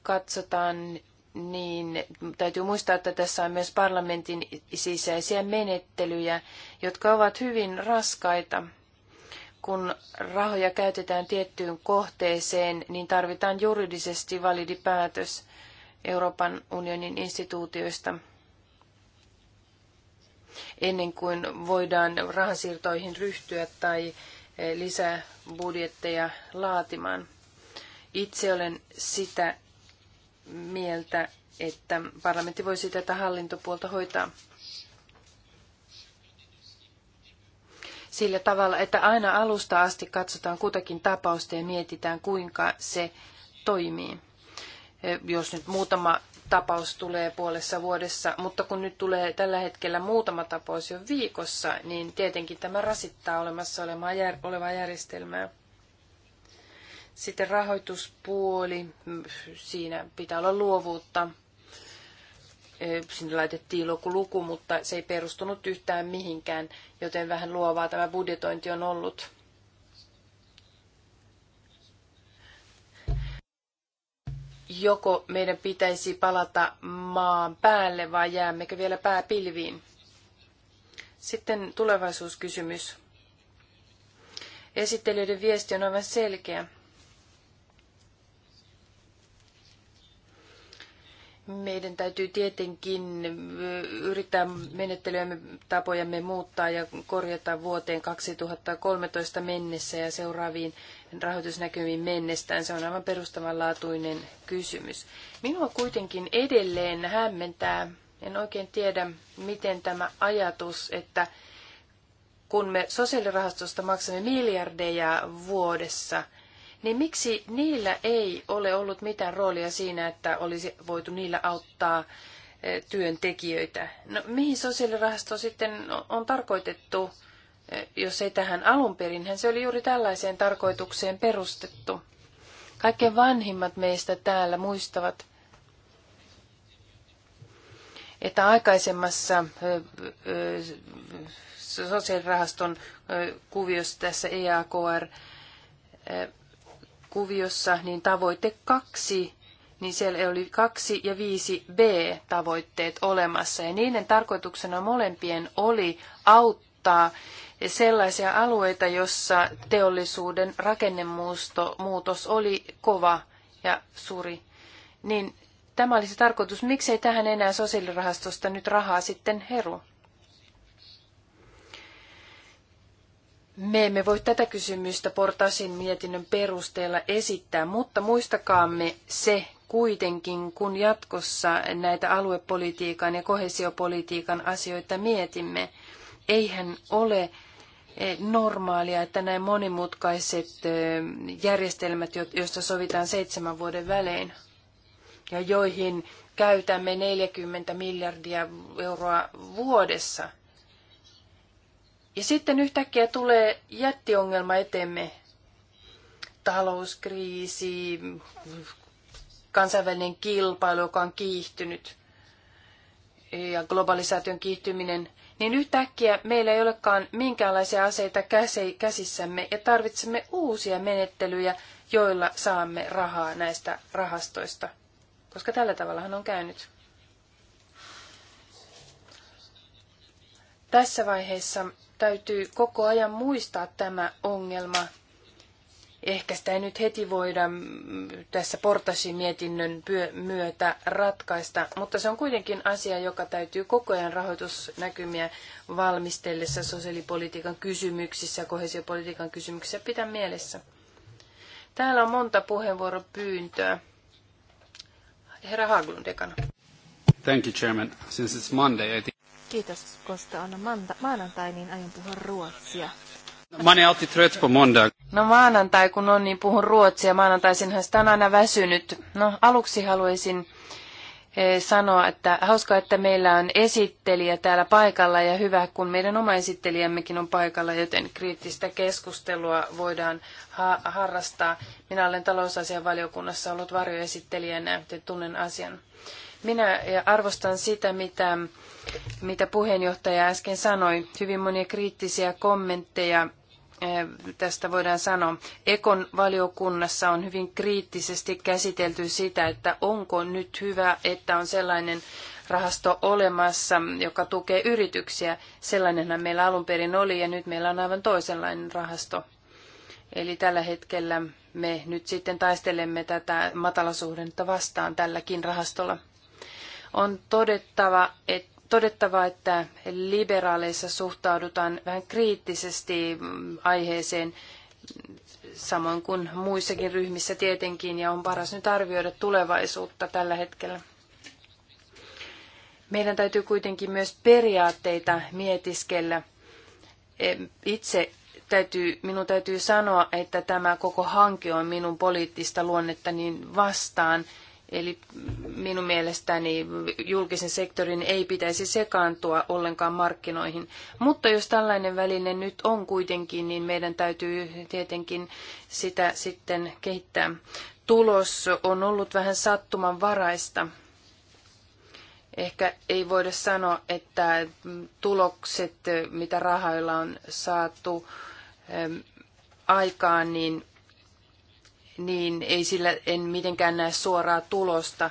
katsotaan, niin täytyy muistaa, että tässä on myös parlamentin sisäisiä menettelyjä, jotka ovat hyvin raskaita. Kun rahoja käytetään tiettyyn kohteeseen, niin tarvitaan juridisesti validi päätös Euroopan unionin instituutioista – ennen kuin voidaan rahansiirtoihin ryhtyä tai eh, lisää budjetteja laatimaan. Itse olen sitä mieltä, että parlamentti voisi tätä hallintopuolta hoitaa sillä tavalla, että aina alusta asti katsotaan kutakin tapausta ja mietitään, kuinka se toimii. Eh, jos nyt muutama tapaus tulee puolessa vuodessa, mutta kun nyt tulee tällä hetkellä muutama tapaus jo viikossa, niin tietenkin tämä rasittaa olemassa olevaa järjestelmää. Sitten rahoituspuoli, mm, siinä pitää olla luovuutta. Sinne laitettiin joku luku, mutta se ei perustunut yhtään mihinkään, joten vähän luovaa tämä budjetointi on ollut. joko meidän pitäisi palata maan päälle vai jäämmekö vielä pääpilviin. Sitten tulevaisuuskysymys. Esittelyiden viesti on aivan selkeä. Meidän täytyy tietenkin yrittää menettelyämme, tapojamme muuttaa ja korjata vuoteen 2013 mennessä ja seuraaviin rahoitusnäkymiin mennestään. Se on aivan perustavanlaatuinen kysymys. Minua kuitenkin edelleen hämmentää, en oikein tiedä, miten tämä ajatus, että kun me sosiaalirahastosta maksamme miljardeja vuodessa, niin miksi niillä ei ole ollut mitään roolia siinä, että olisi voitu niillä auttaa eh, työntekijöitä? No, mihin sosiaalirahasto sitten on tarkoitettu? jos ei tähän alun perin, se oli juuri tällaiseen tarkoitukseen perustettu. Kaikkein vanhimmat meistä täällä muistavat, että aikaisemmassa sosiaalirahaston kuviossa tässä EAKR kuviossa, niin tavoite kaksi, niin siellä oli kaksi ja viisi B-tavoitteet olemassa. Ja niiden tarkoituksena molempien oli auttaa sellaisia alueita, jossa teollisuuden rakennemuutos oli kova ja suuri, niin tämä olisi tarkoitus. Miksei tähän enää sosiaalirahastosta nyt rahaa sitten heru? Me emme voi tätä kysymystä portasin mietinnön perusteella esittää, mutta muistakaamme se kuitenkin, kun jatkossa näitä aluepolitiikan ja kohesiopolitiikan asioita mietimme eihän ole eh, normaalia, että näin monimutkaiset eh, järjestelmät, joista sovitaan seitsemän vuoden välein ja joihin käytämme 40 miljardia euroa vuodessa. Ja sitten yhtäkkiä tulee jättiongelma eteemme. Talouskriisi, kansainvälinen kilpailu, joka on kiihtynyt ja globalisaation kiihtyminen – niin yhtäkkiä meillä ei olekaan minkäänlaisia aseita käsissämme ja tarvitsemme uusia menettelyjä, joilla saamme rahaa näistä rahastoista, koska tällä tavallahan on käynyt. Tässä vaiheessa täytyy koko ajan muistaa tämä ongelma Ehkä sitä ei nyt heti voida mm, tässä portasimietinnön myötä ratkaista, mutta se on kuitenkin asia, joka täytyy koko ajan rahoitusnäkymiä valmistellessa sosiaalipolitiikan kysymyksissä ja kohesiopolitiikan kysymyksissä pitää mielessä. Täällä on monta puheenvuoropyyntöä. Herra Haglund ekana. Thank you, Chairman. Since it's Monday, I think... Kiitos, koska on maanantai, niin aion puhua ruotsia. Mä oon alltid trött på måndag. No maanantai kun on, niin puhun ruotsia. Maanantaisinhan sitä on aina väsynyt. No aluksi haluaisin eh, sanoa, että hauskaa, että meillä on esittelijä täällä paikalla ja hyvä, kun meidän oma esittelijämmekin on paikalla, joten kriittistä keskustelua voidaan ha- harrastaa. Minä olen talousasianvaliokunnassa ollut varjoesittelijänä, joten tunnen asian. Minä eh, arvostan sitä, mitä, mitä puheenjohtaja äsken sanoi. Hyvin monia kriittisiä kommentteja Eh, tästä voidaan sanoa. Ekon valiokunnassa on hyvin kriittisesti käsitelty sitä, että onko nyt hyvä, että on sellainen rahasto olemassa, joka tukee yrityksiä. Sellainenhan meillä alun perin oli ja nyt meillä on aivan toisenlainen rahasto. Eli tällä hetkellä me nyt sitten taistelemme tätä matalasuhdetta vastaan tälläkin rahastolla. On todettava, että todettava, että liberaaleissa suhtaudutaan vähän kriittisesti aiheeseen, samoin kuin muissakin ryhmissä tietenkin, ja on paras nyt arvioida tulevaisuutta tällä hetkellä. Meidän täytyy kuitenkin myös periaatteita mietiskellä. Itse täytyy, minun täytyy sanoa, että tämä koko hanke on minun poliittista luonnettani niin vastaan – Eli minun mielestäni julkisen sektorin ei pitäisi sekaantua ollenkaan markkinoihin. Mutta jos tällainen väline nyt on kuitenkin, niin meidän täytyy tietenkin sitä sitten kehittää. Tulos on ollut vähän sattumanvaraista. Ehkä ei voida sanoa, että tulokset, mitä rahoilla on saatu aikaan, niin niin ei sillä en mitenkään näe suoraa tulosta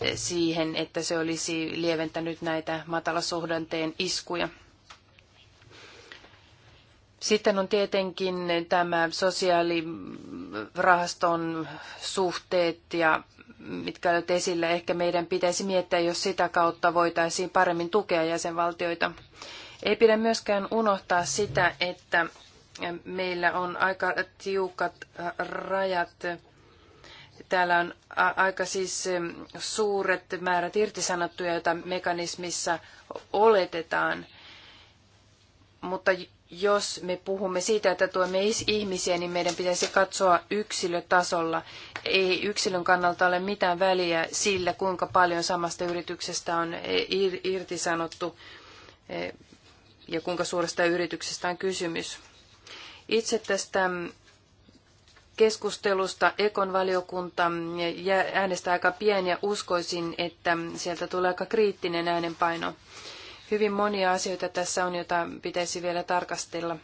eh, siihen, että se olisi lieventänyt näitä matalasuhdanteen iskuja. Sitten on tietenkin tämä sosiaalirahaston suhteet ja mitkä olet esillä. Ehkä meidän pitäisi miettiä, jos sitä kautta voitaisiin paremmin tukea jäsenvaltioita. Ei pidä myöskään unohtaa sitä, että meillä on aika tiukat äh, rajat. Täällä on äh, aika siis ähm, suuret määrät irtisanottuja, joita mekanismissa oletetaan. Mutta jos me puhumme siitä, että tuemme ihmisiä, niin meidän pitäisi katsoa yksilötasolla. Ei yksilön kannalta ole mitään väliä sillä, kuinka paljon samasta yrityksestä on eh, irtisanottu eh, ja kuinka suuresta yrityksestä on kysymys. Itse tästä keskustelusta Ekon valiokunta äänestää aika pieni ja uskoisin, että sieltä tulee aika kriittinen äänenpaino. Hyvin monia asioita tässä on, joita pitäisi vielä tarkastella.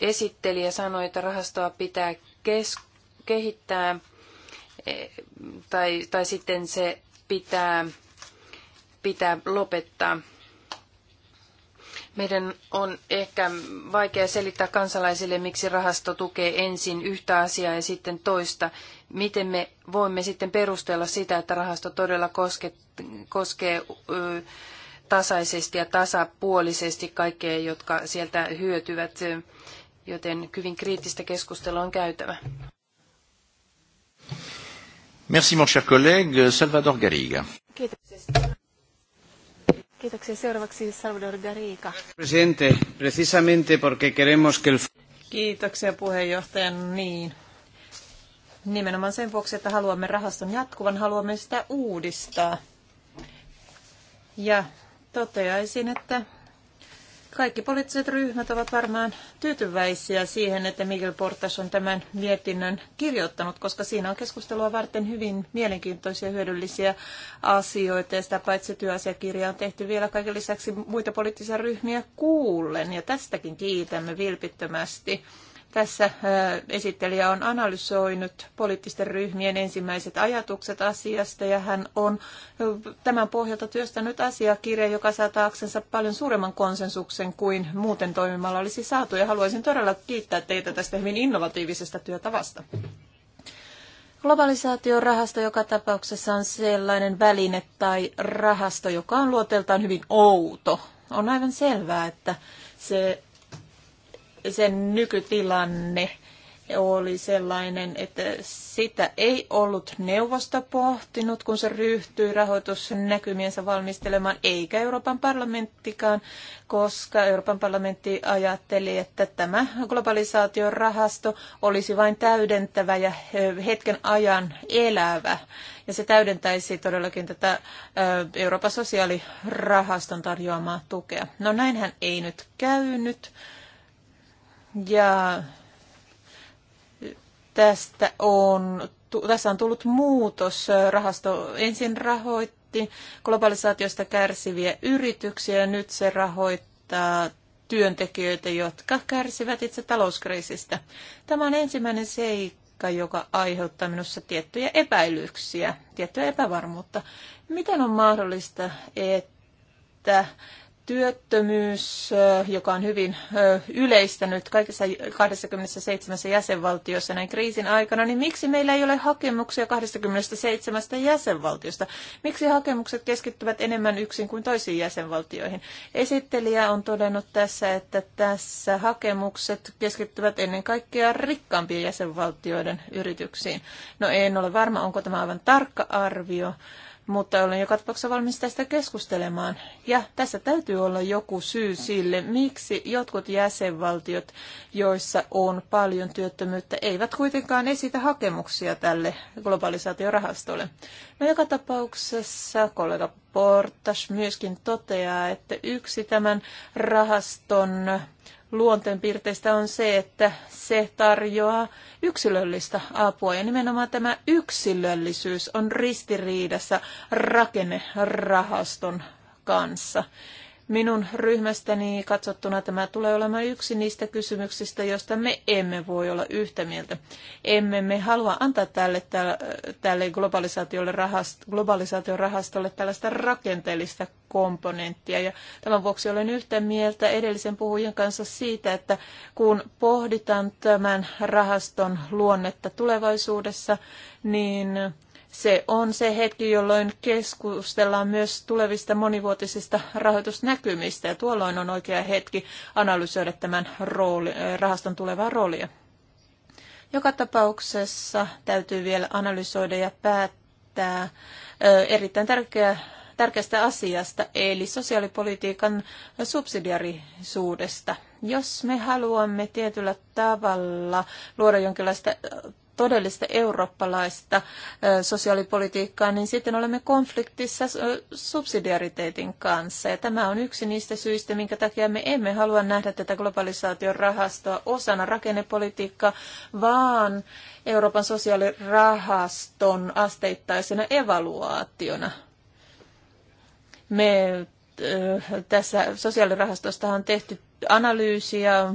Esittelijä sanoi, että rahastoa pitää kehittää e, tai, tai sitten se pitää, pitää lopettaa. Meidän on ehkä vaikea selittää kansalaisille, miksi rahasto tukee ensin yhtä asiaa ja sitten toista. Miten me voimme sitten perustella sitä, että rahasto todella koske, koskee ö, tasaisesti ja tasapuolisesti kaikkea, jotka sieltä hyötyvät, joten hyvin kriittistä keskustelua on käytävä. Merci mon cher collègue Salvador Garriga. Kiitoksia. Seuraavaksi Salvador Garriga. Presidente, precisamente porque queremos que el... Kiitoksia Niin. Nimenomaan sen vuoksi, että haluamme rahaston jatkuvan, haluamme sitä uudistaa. Ja toteaisin, että kaikki poliittiset ryhmät ovat varmaan tyytyväisiä siihen, että Miguel Portas on tämän mietinnön kirjoittanut, koska siinä on keskustelua varten hyvin mielenkiintoisia ja hyödyllisiä asioita. Ja sitä paitsi työasiakirja on tehty vielä kaiken lisäksi muita poliittisia ryhmiä kuullen, ja tästäkin kiitämme vilpittömästi. Tässä esittelijä on analysoinut poliittisten ryhmien ensimmäiset ajatukset asiasta ja hän on tämän pohjalta työstänyt asiakirja, joka saa taaksensa paljon suuremman konsensuksen kuin muuten toimimalla olisi saatu. Ja haluaisin todella kiittää teitä tästä hyvin innovatiivisesta työtavasta. Globalisaatiorahasto joka tapauksessa on sellainen väline tai rahasto, joka on luoteeltaan hyvin outo. On aivan selvää, että se sen nykytilanne oli sellainen, että sitä ei ollut neuvosto pohtinut, kun se ryhtyi rahoitusnäkymiensä valmistelemaan, eikä Euroopan parlamenttikaan, koska Euroopan parlamentti ajatteli, että tämä globalisaation rahasto olisi vain täydentävä ja hetken ajan elävä. Ja se täydentäisi todellakin tätä Euroopan sosiaalirahaston tarjoamaa tukea. No näinhän ei nyt käynyt ja tästä on, tässä on tullut muutos. Rahasto ensin rahoitti globalisaatiosta kärsiviä yrityksiä ja nyt se rahoittaa työntekijöitä, jotka kärsivät itse talouskriisistä. Tämä on ensimmäinen seikka, joka aiheuttaa minussa tiettyjä epäilyksiä, tiettyä epävarmuutta. Miten on mahdollista, että Työttömyys, äh, joka on hyvin äh, yleistä nyt kaikissa 27 jäsenvaltiossa näin kriisin aikana, niin miksi meillä ei ole hakemuksia 27 jäsenvaltiosta? Miksi hakemukset keskittyvät enemmän yksin kuin toisiin jäsenvaltioihin? Esittelijä on todennut tässä, että tässä hakemukset keskittyvät ennen kaikkea rikkaampien jäsenvaltioiden yrityksiin. No en ole varma, onko tämä aivan tarkka arvio mutta olen joka tapauksessa valmis tästä keskustelemaan. Ja tässä täytyy olla joku syy sille, miksi jotkut jäsenvaltiot, joissa on paljon työttömyyttä, eivät kuitenkaan esitä hakemuksia tälle globalisaatiorahastolle. No joka tapauksessa kollega Portas myöskin toteaa, että yksi tämän rahaston luonteenpiirteistä on se, että se tarjoaa yksilöllistä apua. Ja nimenomaan tämä yksilöllisyys on ristiriidassa rakennerahaston kanssa. Minun ryhmästäni katsottuna tämä tulee olemaan yksi niistä kysymyksistä, joista me emme voi olla yhtä mieltä. Emme me halua antaa tälle, tälle globalisaatiolle rahast, globalisaation rahastolle tällaista rakenteellista komponenttia. Ja tämän vuoksi olen yhtä mieltä edellisen puhujan kanssa siitä, että kun pohditaan tämän rahaston luonnetta tulevaisuudessa, niin se on se hetki, jolloin keskustellaan myös tulevista monivuotisista rahoitusnäkymistä ja tuolloin on oikea hetki analysoida tämän rooli, rahaston tulevaa roolia. Joka tapauksessa täytyy vielä analysoida ja päättää erittäin tärkeä, tärkeästä asiasta, eli sosiaalipolitiikan subsidiarisuudesta. Jos me haluamme tietyllä tavalla luoda jonkinlaista todellista eurooppalaista sosiaalipolitiikkaa, niin sitten olemme konfliktissa subsidiariteetin kanssa. Ja tämä on yksi niistä syistä, minkä takia me emme halua nähdä tätä globalisaation rahastoa osana rakennepolitiikkaa, vaan Euroopan sosiaalirahaston asteittaisena evaluaationa. Me tässä sosiaalirahastosta on tehty analyysiä,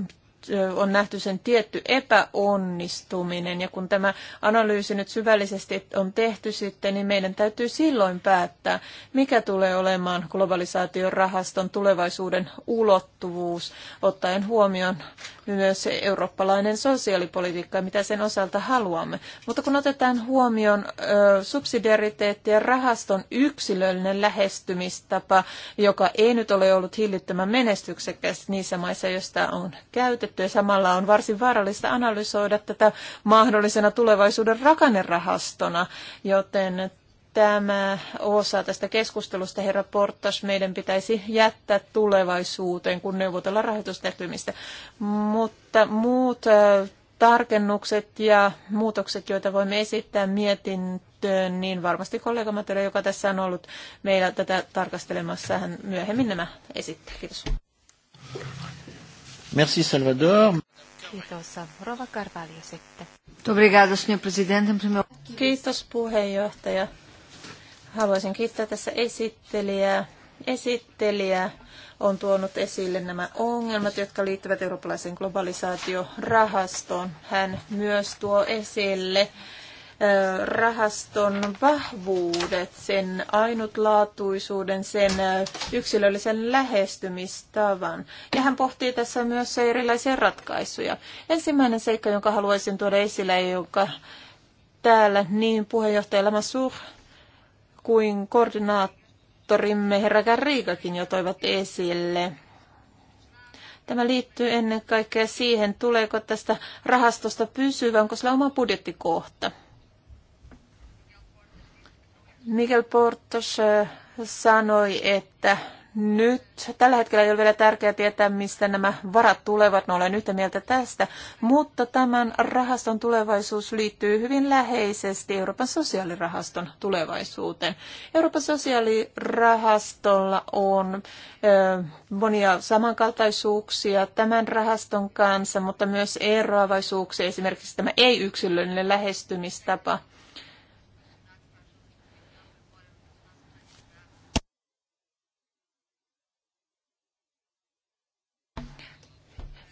on nähty sen tietty epäonnistuminen. Ja kun tämä analyysi nyt syvällisesti on tehty sitten, niin meidän täytyy silloin päättää, mikä tulee olemaan globalisaation rahaston tulevaisuuden ulottuvuus, ottaen huomioon myös eurooppalainen sosiaalipolitiikka ja mitä sen osalta haluamme. Mutta kun otetaan huomioon ö, subsidiariteetti ja rahaston yksilöllinen lähestymistapa, joka ei nyt ole ollut hillittömän menestyksekäs niissä maissa, joista on käytetty, käytetty ja samalla on varsin vaarallista analysoida tätä mahdollisena tulevaisuuden rakennerahastona, joten tämä osa tästä keskustelusta, herra Portas, meidän pitäisi jättää tulevaisuuteen, kun neuvotella rahoitustehtymistä. Mutta muut tarkennukset ja muutokset, joita voimme esittää mietintöön, niin varmasti kollega Matera, joka tässä on ollut meillä tätä tarkastelemassa, hän myöhemmin nämä esittää. Kiitos. Merci Salvador. Kiitos. Kiitos puheenjohtaja. Haluaisin kiittää tässä esittelijää. Esittelijä on tuonut esille nämä ongelmat, jotka liittyvät eurooppalaisen globalisaatiorahastoon. Hän myös tuo esille rahaston vahvuudet, sen ainutlaatuisuuden, sen yksilöllisen lähestymistavan. Ja hän pohtii tässä myös erilaisia ratkaisuja. Ensimmäinen seikka, jonka haluaisin tuoda esille, jonka täällä niin puheenjohtaja suh, kuin koordinaattorimme herra Riikakin jo toivat esille. Tämä liittyy ennen kaikkea siihen, tuleeko tästä rahastosta pysyvä, onko sillä oma budjettikohta. Miguel Portos sanoi, että nyt tällä hetkellä ei ole vielä tärkeää tietää, mistä nämä varat tulevat. No olen yhtä mieltä tästä, mutta tämän rahaston tulevaisuus liittyy hyvin läheisesti Euroopan sosiaalirahaston tulevaisuuteen. Euroopan sosiaalirahastolla on ö, monia samankaltaisuuksia tämän rahaston kanssa, mutta myös eroavaisuuksia, esimerkiksi tämä ei-yksilöllinen lähestymistapa –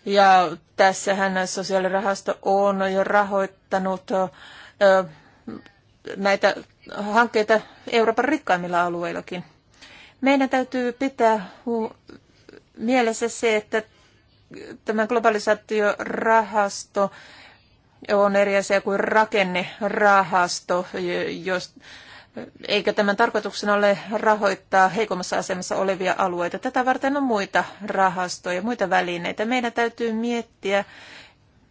Ja tässähän sosiaalirahasto on jo rahoittanut näitä hankkeita Euroopan rikkaimmilla alueillakin. Meidän täytyy pitää mielessä se, että tämä globalisaatiorahasto on eri asia kuin rakennerahasto, jos, eikä tämän tarkoituksena ole rahoittaa heikommassa asemassa olevia alueita. Tätä varten on muita rahastoja, muita välineitä. Meidän täytyy miettiä,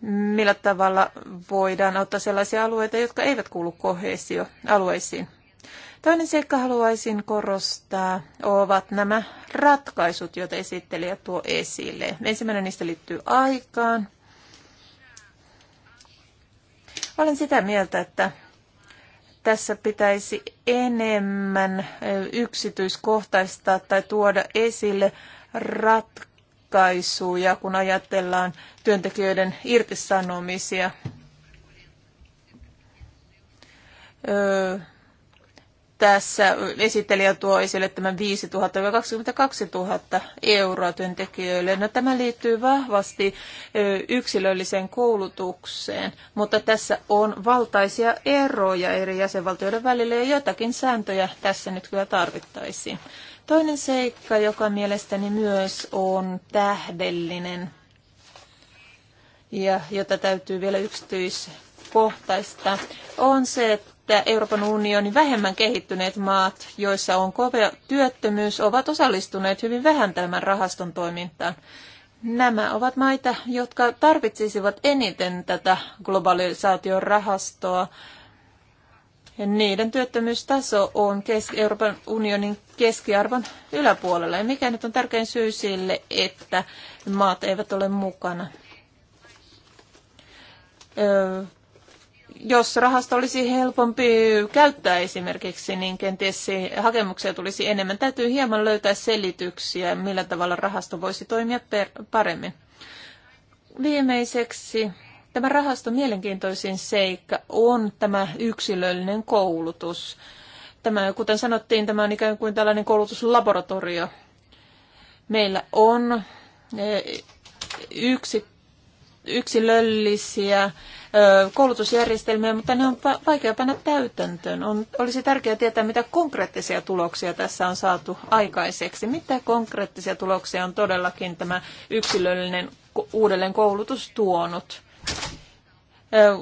millä tavalla voidaan auttaa sellaisia alueita, jotka eivät kuulu kohesioalueisiin. Toinen seikka haluaisin korostaa ovat nämä ratkaisut, joita esittelijä tuo esille. Ensimmäinen niistä liittyy aikaan. Olen sitä mieltä, että tässä pitäisi enemmän yksityiskohtaista tai tuoda esille ratkaisuja, kun ajatellaan työntekijöiden irtisanomisia. Öö, tässä esittelijä tuo esille tämän 5000 ja 22 000 euroa työntekijöille. No, tämä liittyy vahvasti yksilölliseen koulutukseen, mutta tässä on valtaisia eroja eri jäsenvaltioiden välillä ja jotakin sääntöjä tässä nyt kyllä tarvittaisiin. Toinen seikka, joka mielestäni myös on tähdellinen ja jota täytyy vielä yksityiskohtaista, on se, että että Euroopan unionin vähemmän kehittyneet maat, joissa on kova työttömyys, ovat osallistuneet hyvin vähän tämän rahaston toimintaan. Nämä ovat maita, jotka tarvitsisivat eniten tätä globalisaation rahastoa. Ja niiden työttömyystaso on keski- Euroopan unionin keskiarvon yläpuolella. Ja mikä nyt on tärkein syy sille, että maat eivät ole mukana? Öö, jos rahasta olisi helpompi käyttää esimerkiksi, niin kenties hakemuksia tulisi enemmän. Täytyy hieman löytää selityksiä, millä tavalla rahasto voisi toimia paremmin. Viimeiseksi tämä rahaston mielenkiintoisin seikka on tämä yksilöllinen koulutus. Tämä, kuten sanottiin, tämä on ikään kuin tällainen koulutuslaboratorio. Meillä on eh, yksi, yksilöllisiä koulutusjärjestelmiä, mutta ne on vaikea panna täytäntöön. On, olisi tärkeää tietää, mitä konkreettisia tuloksia tässä on saatu aikaiseksi. Mitä konkreettisia tuloksia on todellakin tämä yksilöllinen uudelleen koulutus tuonut?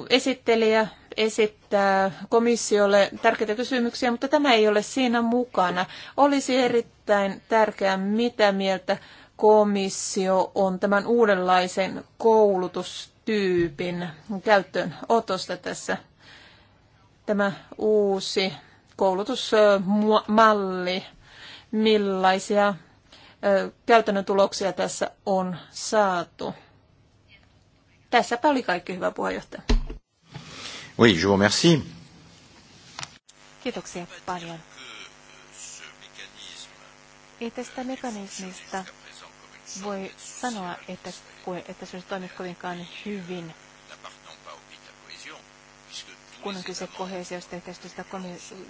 Esittelijä esittää komissiolle tärkeitä kysymyksiä, mutta tämä ei ole siinä mukana. Olisi erittäin tärkeää, mitä mieltä komissio on tämän uudenlaisen koulutus tyypin käyttöönotosta tässä. Tämä uusi koulutusmalli, millaisia käytännön tuloksia tässä on saatu. Tässäpä oli kaikki, hyvä puheenjohtaja. Oui, je vous remercie. Kiitoksia paljon. Itse mekanismista voi sanoa, että, että se olisi toiminut kovinkaan hyvin, kun on kyse kohesiosta yhteistyöstä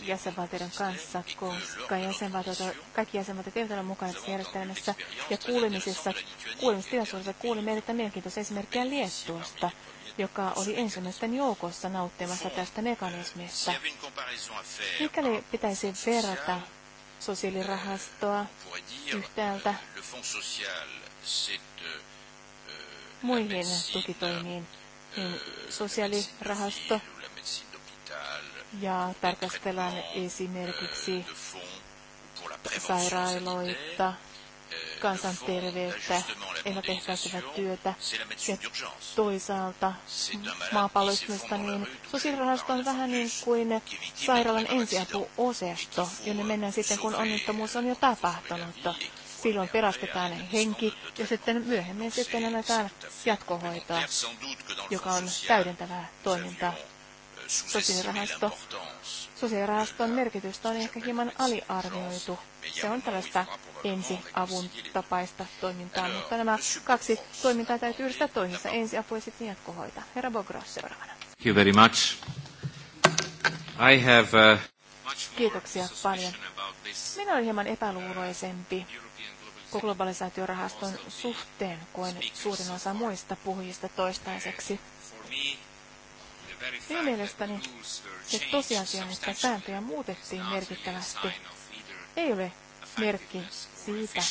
jäsenvaltioiden kanssa, koska jäsenvaltiot, kaikki jäsenvaltiot eivät ole mukana tässä järjestelmässä. Ja kuulemisessa, kuulemistilaisuudessa kuulimme erittäin mielenkiintoisen esimerkkiä Liettuosta, joka oli ensimmäisten joukossa nauttimassa tästä mekanismista. Mikäli pitäisi verrata sosiaalirahastoa yhtäältä muihin tukitoimiin, niin sosiaalirahasto ja tarkastellaan esimerkiksi sairaaloita kansanterveyttä, ennaltaehkäisevät työtä ja toisaalta maapalloistumista, niin sosiaalirahasto on vähän niin kuin sairaalan ensiapuosesto, jonne mennään sitten, kun onnettomuus on jo tapahtunut. Silloin pelastetaan henki ja sitten myöhemmin sitten annetaan jatkohoitoa, joka on täydentävää toimintaa. Euh, sosiaalirahasto Sosiaalirahaston merkitystä on ehkä hieman aliarvioitu. Se on tällaista ensiavun tapaista toimintaa, mutta nämä kaksi toimintaa täytyy yhdistää toihinsa. Ensiapu ja sitten jatkohoita. Herra Bogros seuraavana. Thank you very much. I have, uh... Kiitoksia paljon. Minä olin hieman epäluuloisempi globalisaatiorahaston suhteen kuin suurin osa muista puhujista toistaiseksi. Minun mielestäni se tosiasia, että sääntöjä muutettiin merkittävästi, ei ole merkki siitä,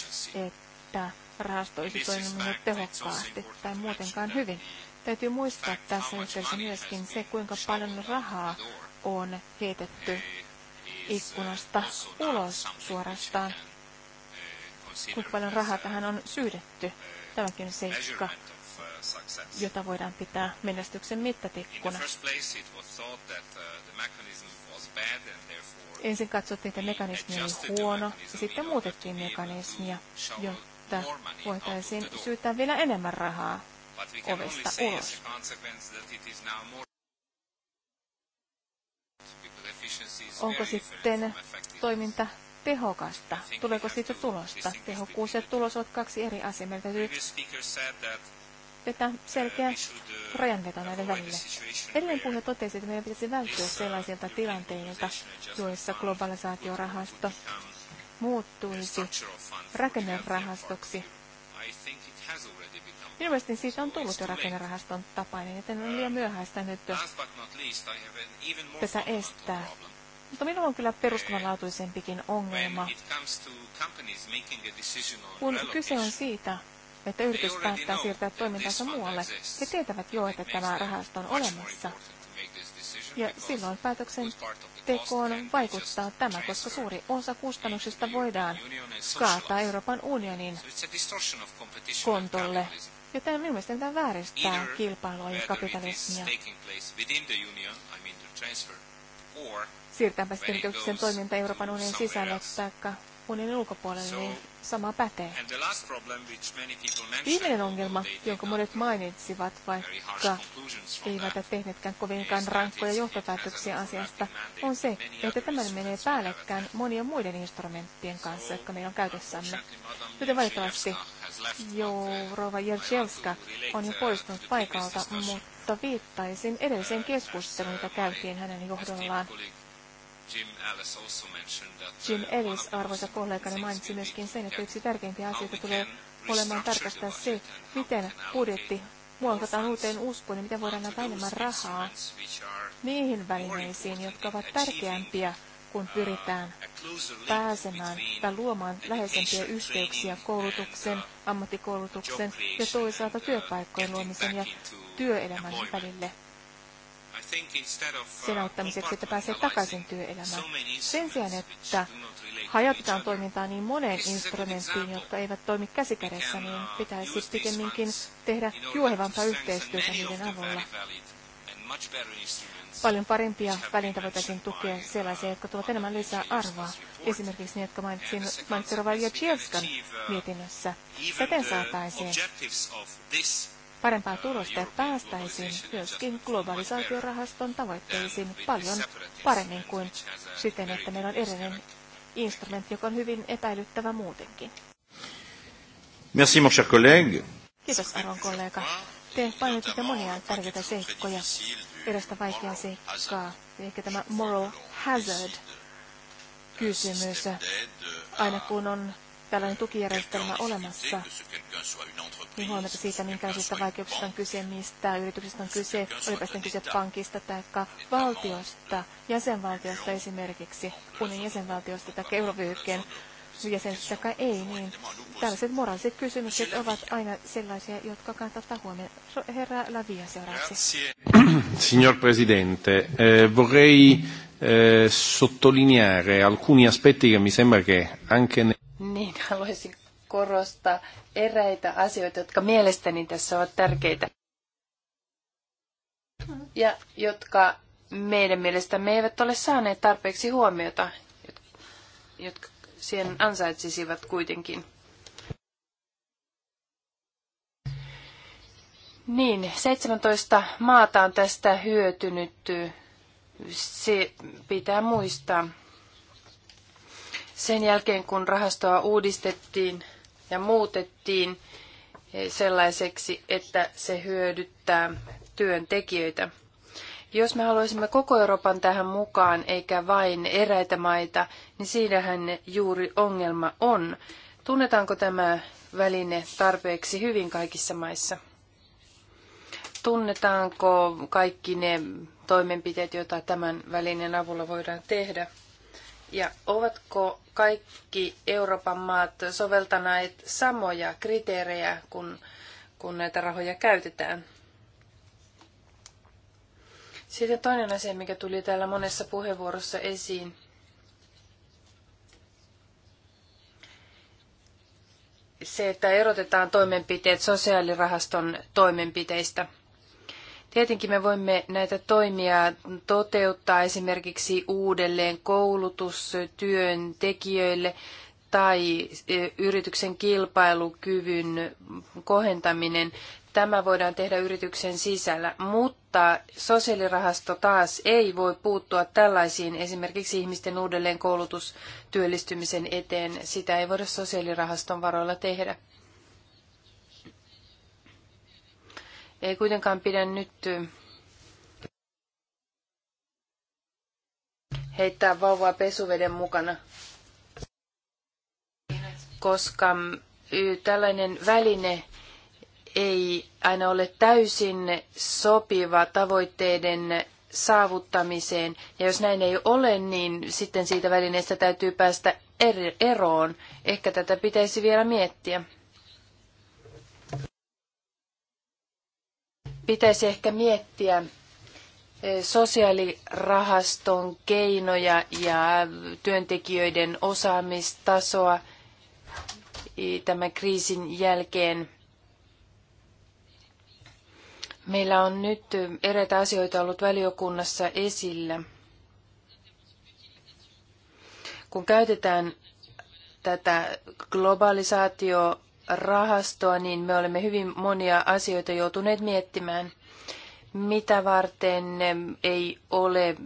että rahasto olisi toiminut tehokkaasti tai muutenkaan hyvin. Täytyy muistaa tässä yhteydessä myöskin se, kuinka paljon rahaa on heitetty ikkunasta ulos suorastaan. Kuinka paljon rahaa tähän on syydetty. Tämäkin seikka, jota voidaan pitää menestyksen mittatikkuna. Ensin katsottiin, että mekanismi oli huono, ja sitten muutettiin mekanismia, jotta voitaisiin syyttää vielä enemmän rahaa ovesta ulos. Onko sitten toiminta tehokasta? Tuleeko siitä tulosta? Tehokkuus ja tulos ovat kaksi eri asiaa. täytyy vetää selkeä rajanveto näiden välille. Edellinen puhuja totesi, että meidän pitäisi välttyä sellaisilta tilanteilta, joissa globalisaatiorahasto muuttuisi rakennerahastoksi. Minun mielestäni siitä on tullut jo rakennerahaston tapainen, joten on liian myöhäistä nyt tätä estää. Mutta minulla on kyllä perustavanlaatuisempikin ongelma, kun kyse on siitä, että yritys päättää siirtää toimintansa muualle. He tietävät jo, että tämä rahasto on olemassa. Ja silloin päätöksen tekoon vaikuttaa tämä, koska suuri osa kustannuksista voidaan kaataa Euroopan unionin kontolle. Joten minun mielestäni tämä vääristää kilpailua ja kapitalismia. Siirtääpä sitten yrityksen toiminta Euroopan unionin sisälle, taikka unionin ulkopuolelle, niin sama pätee. Viimeinen ongelma, jonka monet mainitsivat, vaikka eivät tehneetkään kovinkaan rankkoja johtopäätöksiä asiasta, on se, että tämä menee päällekkään monien muiden instrumenttien kanssa, jotka meillä on käytössämme. Joten valitettavasti Rova Jerzhelska on jo poistunut paikalta, mutta viittaisin edelliseen keskusteluun, jota käytiin hänen johdollaan Jim Ellis, arvoisa kollegani, mainitsi myöskin sen, että yksi tärkeimpiä asioita tulee olemaan tarkastaa se, miten budjetti muokataan uuteen uskoon ja miten voidaan antaa enemmän rahaa niihin välineisiin, jotka ovat tärkeämpiä, kun uh, pyritään pääsemään tai luomaan läheisempiä yhteyksiä uh, koulutuksen, ammattikoulutuksen ja toisaalta uh, työpaikkojen luomisen ja työelämän välille sen auttamiseksi, että pääsee takaisin työelämään. Sen sijaan, että hajautetaan toimintaa niin moneen instrumenttiin, jotka eivät toimi käsikädessä, niin pitäisi pikemminkin tehdä juohevampaa yhteistyötä niiden avulla. Paljon parempia välintä voitaisiin tukea sellaisia, jotka tuovat enemmän lisää arvoa. Esimerkiksi ne, jotka mainitsin, Mantsirova ja Chielskan mietinnössä. Säten saataisiin parempaa tulosta päästäisiin myöskin globalisaatiorahaston tavoitteisiin paljon paremmin kuin siten, että meillä on erinen instrumentti, joka on hyvin epäilyttävä muutenkin. Merci, mon cher collègue. Kiitos, arvon kollega. Te painotitte monia tärkeitä seikkoja. edestä vaikeaa seikkaa, Ehkä tämä moral hazard kysymys. Aina kun on tällainen tukijärjestelmä olemassa, niin huomiota siitä, minkälaisista vaikeuksista on kyse, mistä yrityksestä on kyse, olipa sitten kyse pankista tai valtiosta, jäsenvaltiosta esimerkiksi, unin jäsenvaltiosta tai eurovyöhykkeen jäsenistä tai ei, niin tällaiset moraaliset kysymykset ovat aina sellaisia, jotka kannattaa ottaa huomioon. Herra Lavia seuraavaksi. Signor Presidente, eh, vorrei eh, sottolineare alcuni aspetti che mi sembra che anche... Ne... Niin, haluaisin korostaa eräitä asioita, jotka mielestäni tässä ovat tärkeitä ja jotka meidän mielestämme eivät ole saaneet tarpeeksi huomiota, jotka siihen ansaitsisivat kuitenkin. Niin, 17 maata on tästä hyötynyt. Se pitää muistaa. Sen jälkeen, kun rahastoa uudistettiin, ja muutettiin sellaiseksi, että se hyödyttää työntekijöitä. Jos me haluaisimme koko Euroopan tähän mukaan, eikä vain eräitä maita, niin siinähän juuri ongelma on. Tunnetaanko tämä väline tarpeeksi hyvin kaikissa maissa? Tunnetaanko kaikki ne toimenpiteet, joita tämän välineen avulla voidaan tehdä? Ja ovatko kaikki Euroopan maat soveltaneet samoja kriteerejä, kun, kun näitä rahoja käytetään? Sitten toinen asia, mikä tuli täällä monessa puheenvuorossa esiin. Se, että erotetaan toimenpiteet sosiaalirahaston toimenpiteistä – Tietenkin me voimme näitä toimia toteuttaa esimerkiksi uudelleen koulutustyön tekijöille tai e, yrityksen kilpailukyvyn kohentaminen. Tämä voidaan tehdä yrityksen sisällä, mutta sosiaalirahasto taas ei voi puuttua tällaisiin esimerkiksi ihmisten uudelleen koulutustyöllistymisen eteen. Sitä ei voida sosiaalirahaston varoilla tehdä. Ei kuitenkaan pidä nyt heittää vauvaa pesuveden mukana, koska tällainen väline ei aina ole täysin sopiva tavoitteiden saavuttamiseen. Ja jos näin ei ole, niin sitten siitä välineestä täytyy päästä er-, eroon. Ehkä tätä pitäisi vielä miettiä. pitäisi ehkä miettiä eh, sosiaalirahaston keinoja ja työntekijöiden osaamistasoa tämän kriisin jälkeen. Meillä on nyt eräitä asioita ollut valiokunnassa esillä. Kun käytetään tätä globalisaatio rahastoa, niin me olemme hyvin monia asioita joutuneet miettimään, mitä varten ei ole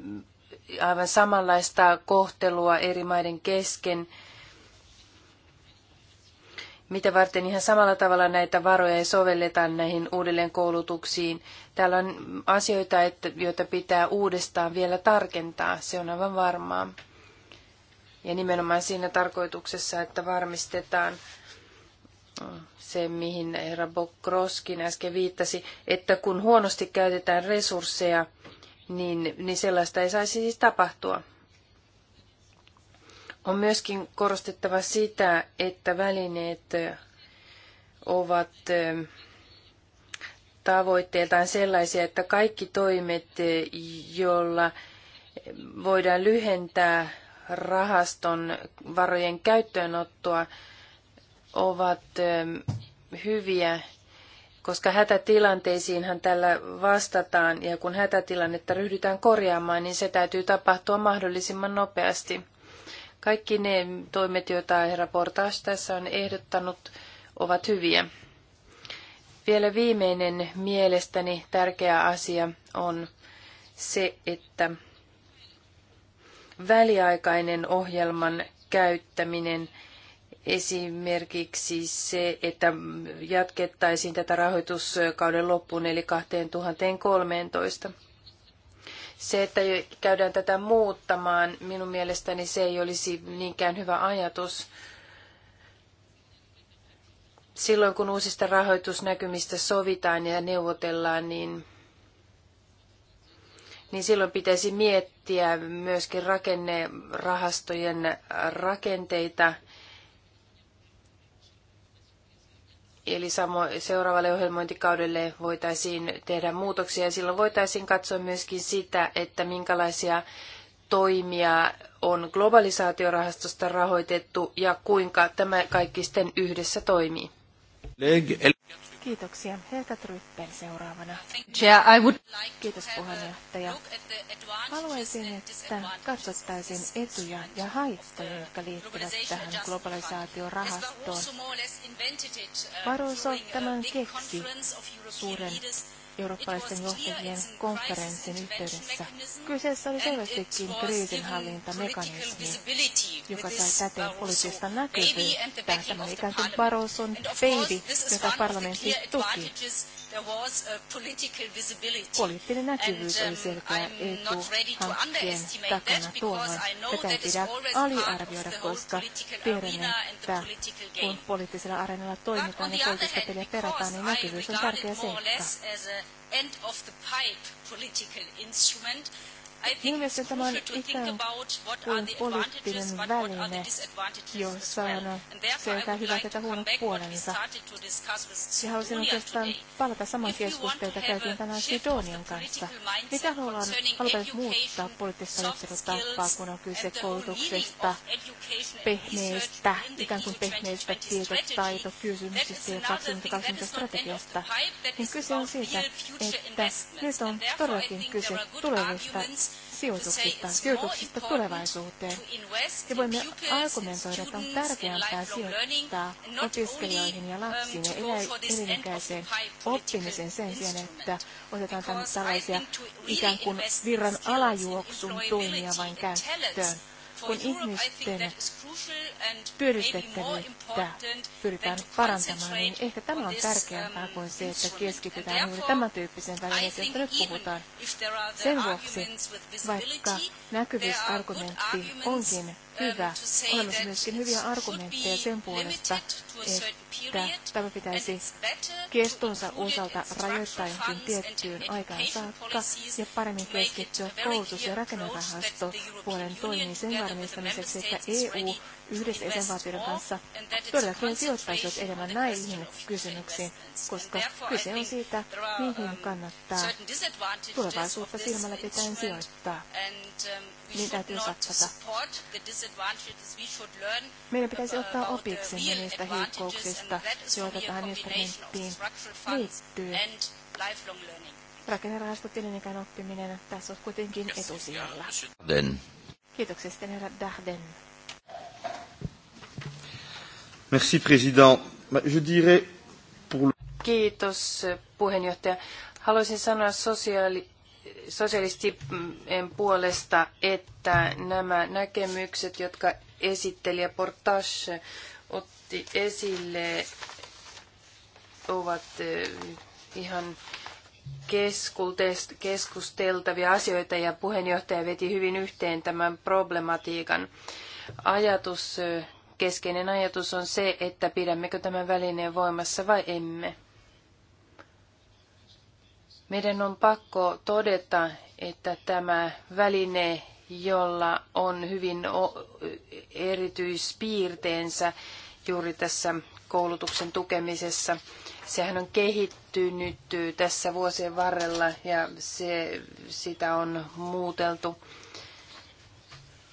aivan samanlaista kohtelua eri maiden kesken, mitä varten ihan samalla tavalla näitä varoja ei sovelleta näihin uudelleenkoulutuksiin. Täällä on asioita, että, joita pitää uudestaan vielä tarkentaa, se on aivan varmaa. Ja nimenomaan siinä tarkoituksessa, että varmistetaan se, mihin herra Bokroskin äsken viittasi, että kun huonosti käytetään resursseja, niin, niin sellaista ei saisi siis tapahtua. On myöskin korostettava sitä, että välineet ovat tavoitteeltaan sellaisia, että kaikki toimet, joilla voidaan lyhentää rahaston varojen käyttöönottoa, ovat ähm, hyviä, koska hätätilanteisiinhan tällä vastataan ja kun hätätilannetta ryhdytään korjaamaan, niin se täytyy tapahtua mahdollisimman nopeasti. Kaikki ne toimet, joita herra Portas tässä on ehdottanut, ovat hyviä. Vielä viimeinen mielestäni tärkeä asia on se, että väliaikainen ohjelman käyttäminen – Esimerkiksi se, että jatkettaisiin tätä rahoituskauden loppuun eli 2013 se, että käydään tätä muuttamaan, minun mielestäni se ei olisi niinkään hyvä ajatus. Silloin kun uusista rahoitusnäkymistä sovitaan ja neuvotellaan, niin, niin silloin pitäisi miettiä myöskin rakennerahastojen rakenteita – Eli samoin seuraavalle ohjelmointikaudelle voitaisiin tehdä muutoksia ja silloin voitaisiin katsoa myöskin sitä, että minkälaisia toimia on globalisaatiorahastosta rahoitettu ja kuinka tämä kaikki sitten yhdessä toimii. Kiitoksia. Herta Tryppel seuraavana. Kiitos puheenjohtaja. Haluaisin, että katsottaisiin etuja ja haittoja, uh, jotka liittyvät tähän globalisaatiorahastoon. Barroso uh, tämän keksi suuren eurooppalaisten johtajien konferenssin yhteydessä. Kyseessä oli selvästikin kriisinhallintamekanismi, joka sai täten poliittista näkyvyyttä. Tämä ikään kuin Barroson baby, jota parlamentti tuki. Poliittinen näkyvyys oli selkeä etu hankkeen takana tuohon. Tätä ei pidä aliarvioida, koska tiedän, että kun poliittisella areenalla toimitaan ja poliittista peliä perataan, niin näkyvyys on tärkeä seikka. Minun mielestäni tämä on ikään kuin poliittinen väline, jossa on sekä hyvät että huonot puolensa. Ja haluaisin oikeastaan palata saman keskustelun, jota käytiin tänään Sidonian kanssa. Mitä haluan, halutaan muuttaa poliittista ajattelutapaa, kun on kyse koulutuksesta, pehmeistä, ikään kuin pehmeistä tietotaitokysymyksistä ja 2020 strategiasta, niin kyse on siitä, että nyt on todellakin kyse tulevista sijoituksista, sijoituksista tulevaisuuteen. Ja voimme argumentoida, että on tärkeämpää sijoittaa opiskelijoihin ja lapsiin ja elinikäiseen oppimiseen sen sijaan, että otetaan tällaisia ikään kuin virran alajuoksun toimia vain käyttöön kun ihmisten työllistettävyyttä pyritään parantamaan, niin ehkä tämä on tärkeämpää um, kuin se, että keskitytään juuri tämän tyyppisen välineeseen, josta nyt puhutaan. Sen vuoksi, vaikka näkyvyysargumentti onkin hyvä. Olemassa myöskin hyviä argumentteja sen puolesta, että tämä pitäisi kestonsa osalta rajoittaa johonkin tiettyyn aikaan saakka ja paremmin keskittyä koulutus- ja rakennerahasto puolen toimiin sen varmistamiseksi, että EU yhdessä jäsenvaltioiden kanssa todellakin sijoittaisivat enemmän näihin kysymyksiin, koska kyse on siitä, mihin kannattaa tulevaisuutta silmällä pitäen sijoittaa. Niin täytyy satsata. Meidän pitäisi ottaa opiksi niistä heikkouksista, joita tähän instrumenttiin liittyy. Rakennerahastot elinikään oppiminen, tässä on kuitenkin etusijalla. Kiitoksia sitten herra Dahden. Merci, président. Je dirais pour... Kiitos, puheenjohtaja. Haluaisin sanoa sosiaali, sosialistien puolesta, että nämä näkemykset, jotka esittelijä Portas otti esille, ovat eh, ihan keskusteltavia asioita ja puheenjohtaja veti hyvin yhteen tämän problematiikan. Ajatus eh, keskeinen ajatus on se, että pidämmekö tämän välineen voimassa vai emme. Meidän on pakko todeta, että tämä väline, jolla on hyvin erityispiirteensä juuri tässä koulutuksen tukemisessa, sehän on kehittynyt tässä vuosien varrella ja se, sitä on muuteltu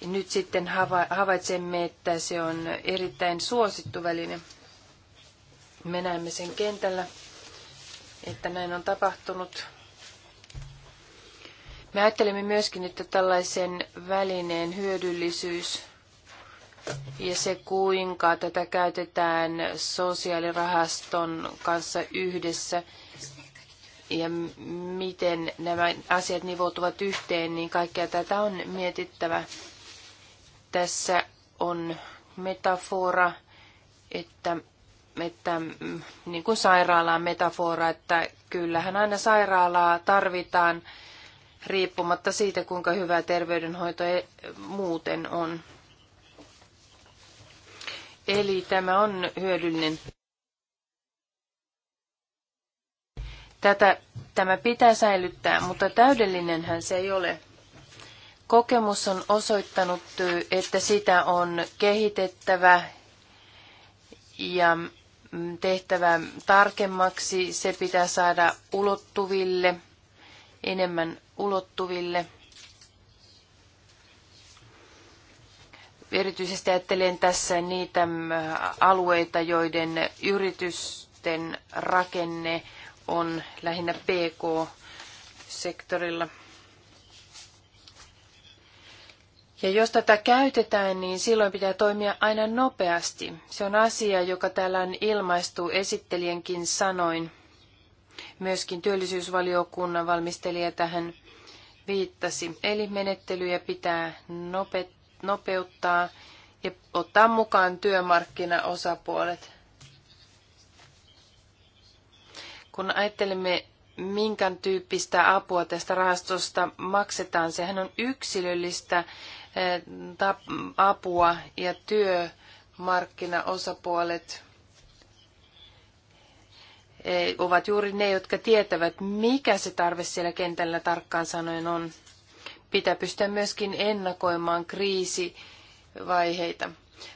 nyt sitten havaitsemme, että se on erittäin suosittu väline. Me näemme sen kentällä, että näin on tapahtunut. Me ajattelemme myöskin, että tällaisen välineen hyödyllisyys ja se, kuinka tätä käytetään sosiaalirahaston kanssa yhdessä ja miten nämä asiat nivoutuvat yhteen, niin kaikkea tätä on mietittävä tässä on metafora, että, että mm, niin kuin sairaalaan metafora, että kyllähän aina sairaalaa tarvitaan riippumatta siitä, kuinka hyvä terveydenhoito e- muuten on. Eli tämä on hyödyllinen. Tätä, tämä pitää säilyttää, mutta täydellinenhän se ei ole. Kokemus on osoittanut, että sitä on kehitettävä ja tehtävä tarkemmaksi. Se pitää saada ulottuville, enemmän ulottuville. Erityisesti ajattelen tässä niitä alueita, joiden yritysten rakenne on lähinnä PK-sektorilla. Ja jos tätä käytetään, niin silloin pitää toimia aina nopeasti. Se on asia, joka täällä on ilmaistu esittelijänkin sanoin. Myöskin työllisyysvaliokunnan valmistelija tähän viittasi. Eli menettelyjä pitää nopeuttaa ja ottaa mukaan työmarkkinaosapuolet. Kun ajattelemme minkä tyyppistä apua tästä rahastosta maksetaan. Sehän on yksilöllistä apua ja työmarkkinaosapuolet e, ovat juuri ne, jotka tietävät, mikä se tarve siellä kentällä tarkkaan sanoen on. Pitää pystyä myöskin ennakoimaan kriisivaiheita.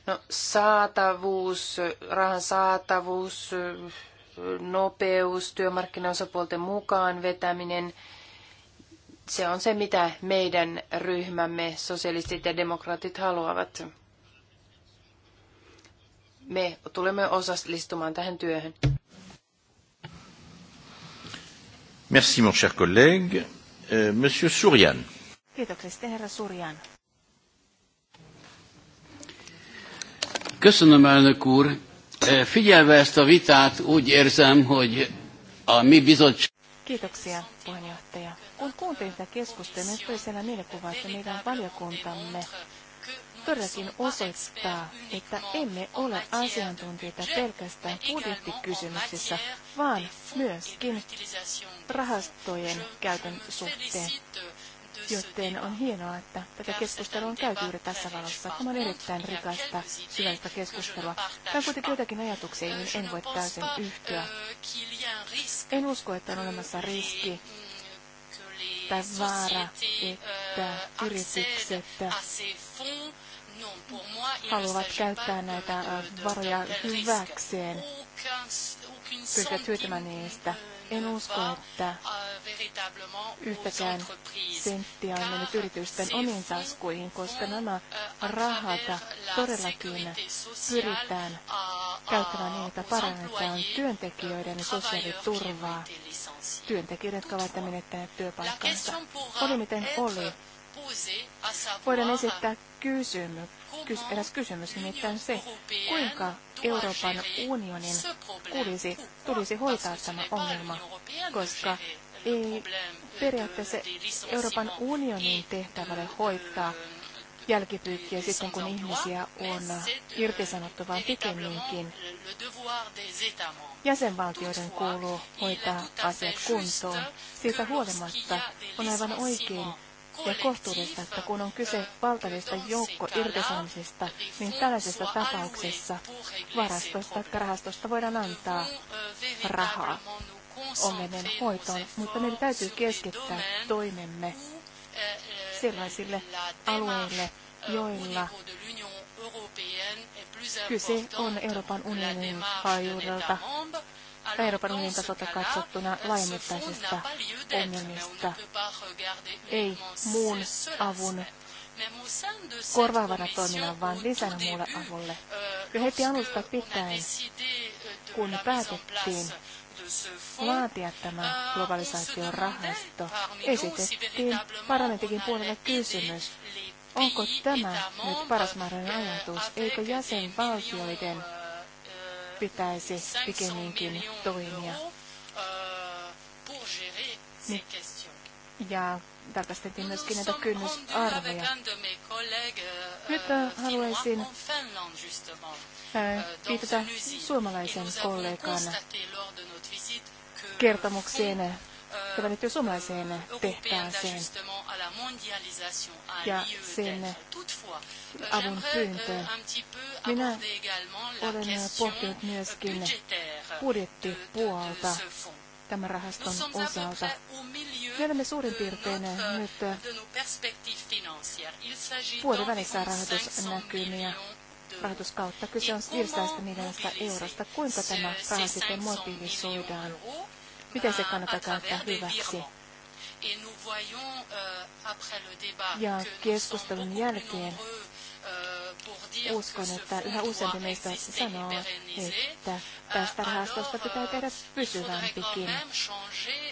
No, saatavuus, rahan saatavuus, nopeus, työmarkkinaosapuolten mukaan vetäminen – se on se, mitä meidän ryhmämme, sosialistit ja demokraatit, haluavat. Me tulemme osallistumaan tähän työhön. Merci, mon cher collègue. Euh, monsieur Surian. Kiitoksia, herra Surian. Köszönöm, elnök úr. E, figyelve ezt a vitát, úgy érzem, hogy a mi bizottság... Kiitoksia, puheenjohtaja. Kun kuuntelin tätä keskustelua, niin tuli siellä mielikuva, että meidän valiokuntamme todellakin osoittaa, että emme ole asiantuntijoita pelkästään budjettikysymyksissä, vaan myöskin rahastojen käytön suhteen. Joten on hienoa, että tätä keskustelua on käyty juuri tässä valossa. Tämä on erittäin rikasta, syvällistä keskustelua. Tämä on kuitenkin joitakin ajatuksia, joihin en voi täysin yhtyä. En usko, että on olemassa riski tai vaara, että yritykset haluavat käyttää näitä varoja hyväkseen, pyrkiä hyötymään niistä. En usko, että yhtäkään senttiä on mennyt yritysten omiin taskuihin, koska nämä rahat todellakin pyritään käyttämään niin, että parannetaan työntekijöiden sosiaaliturvaa, työntekijöiden, jotka ovat menettäneet työpaikkansa. Oli miten oli, voidaan esittää kysymys, kys, eräs kysymys, nimittäin se, kuinka Euroopan unionin tulisi, tulisi hoitaa tämä ongelma, koska ei periaatteessa Euroopan unionin tehtävälle hoitaa jälkipyykkiä sitten, kun ihmisiä on irtisanottu, vaan pikemminkin jäsenvaltioiden kuuluu hoitaa asiat kuntoon. Siitä huolimatta on aivan oikein, ja kohtuudesta, että kun on kyse valtavista joukko irtisanomisista, niin tällaisessa tapauksessa varastosta tai rahastosta voidaan antaa rahaa ongelmien hoitoon, mutta meidän täytyy keskittää toimemme sellaisille alueille, joilla kyse on Euroopan unionin hajuudelta Euroopan unionin tasolta katsottuna laajamittaisista ongelmista, ei muun avun korvaavana toiminnan, vaan lisänä muulle avulle. Jo heti alusta pitäen, kun päätettiin laatia tämä globalisaation rahasto, esitettiin parlamentikin puolelle kysymys, onko tämä nyt paras mahdollinen ajatus, eikö jäsenvaltioiden pitäisi pikemminkin toimia. Niin. Ja tarkasteltiin myöskin näitä kynnysarvoja. Nyt äh, haluaisin äh, viitata suomalaisen kollegan kertomukseen. Tämä liittyy suomalaiseen tehtaaseen ja sen avun pyyntöön. Minä olen pohtinut myöskin budjettipuolta tämän rahaston osalta. Euh, Me olemme suurin piirtein euh, nyt vuoden välissä rahoitusnäkymiä rahoituskautta. Kyse on 500 miljoonasta eurosta. Kuinka tämä raha sitten motivisoidaan? Miten se kannattaa käyttää hyväksi? Euh, ja keskustelun jälkeen euh, uskon, että yhä useampi meistä sanoo, että euh, tästä rahastosta pitää tehdä pysyvämpikin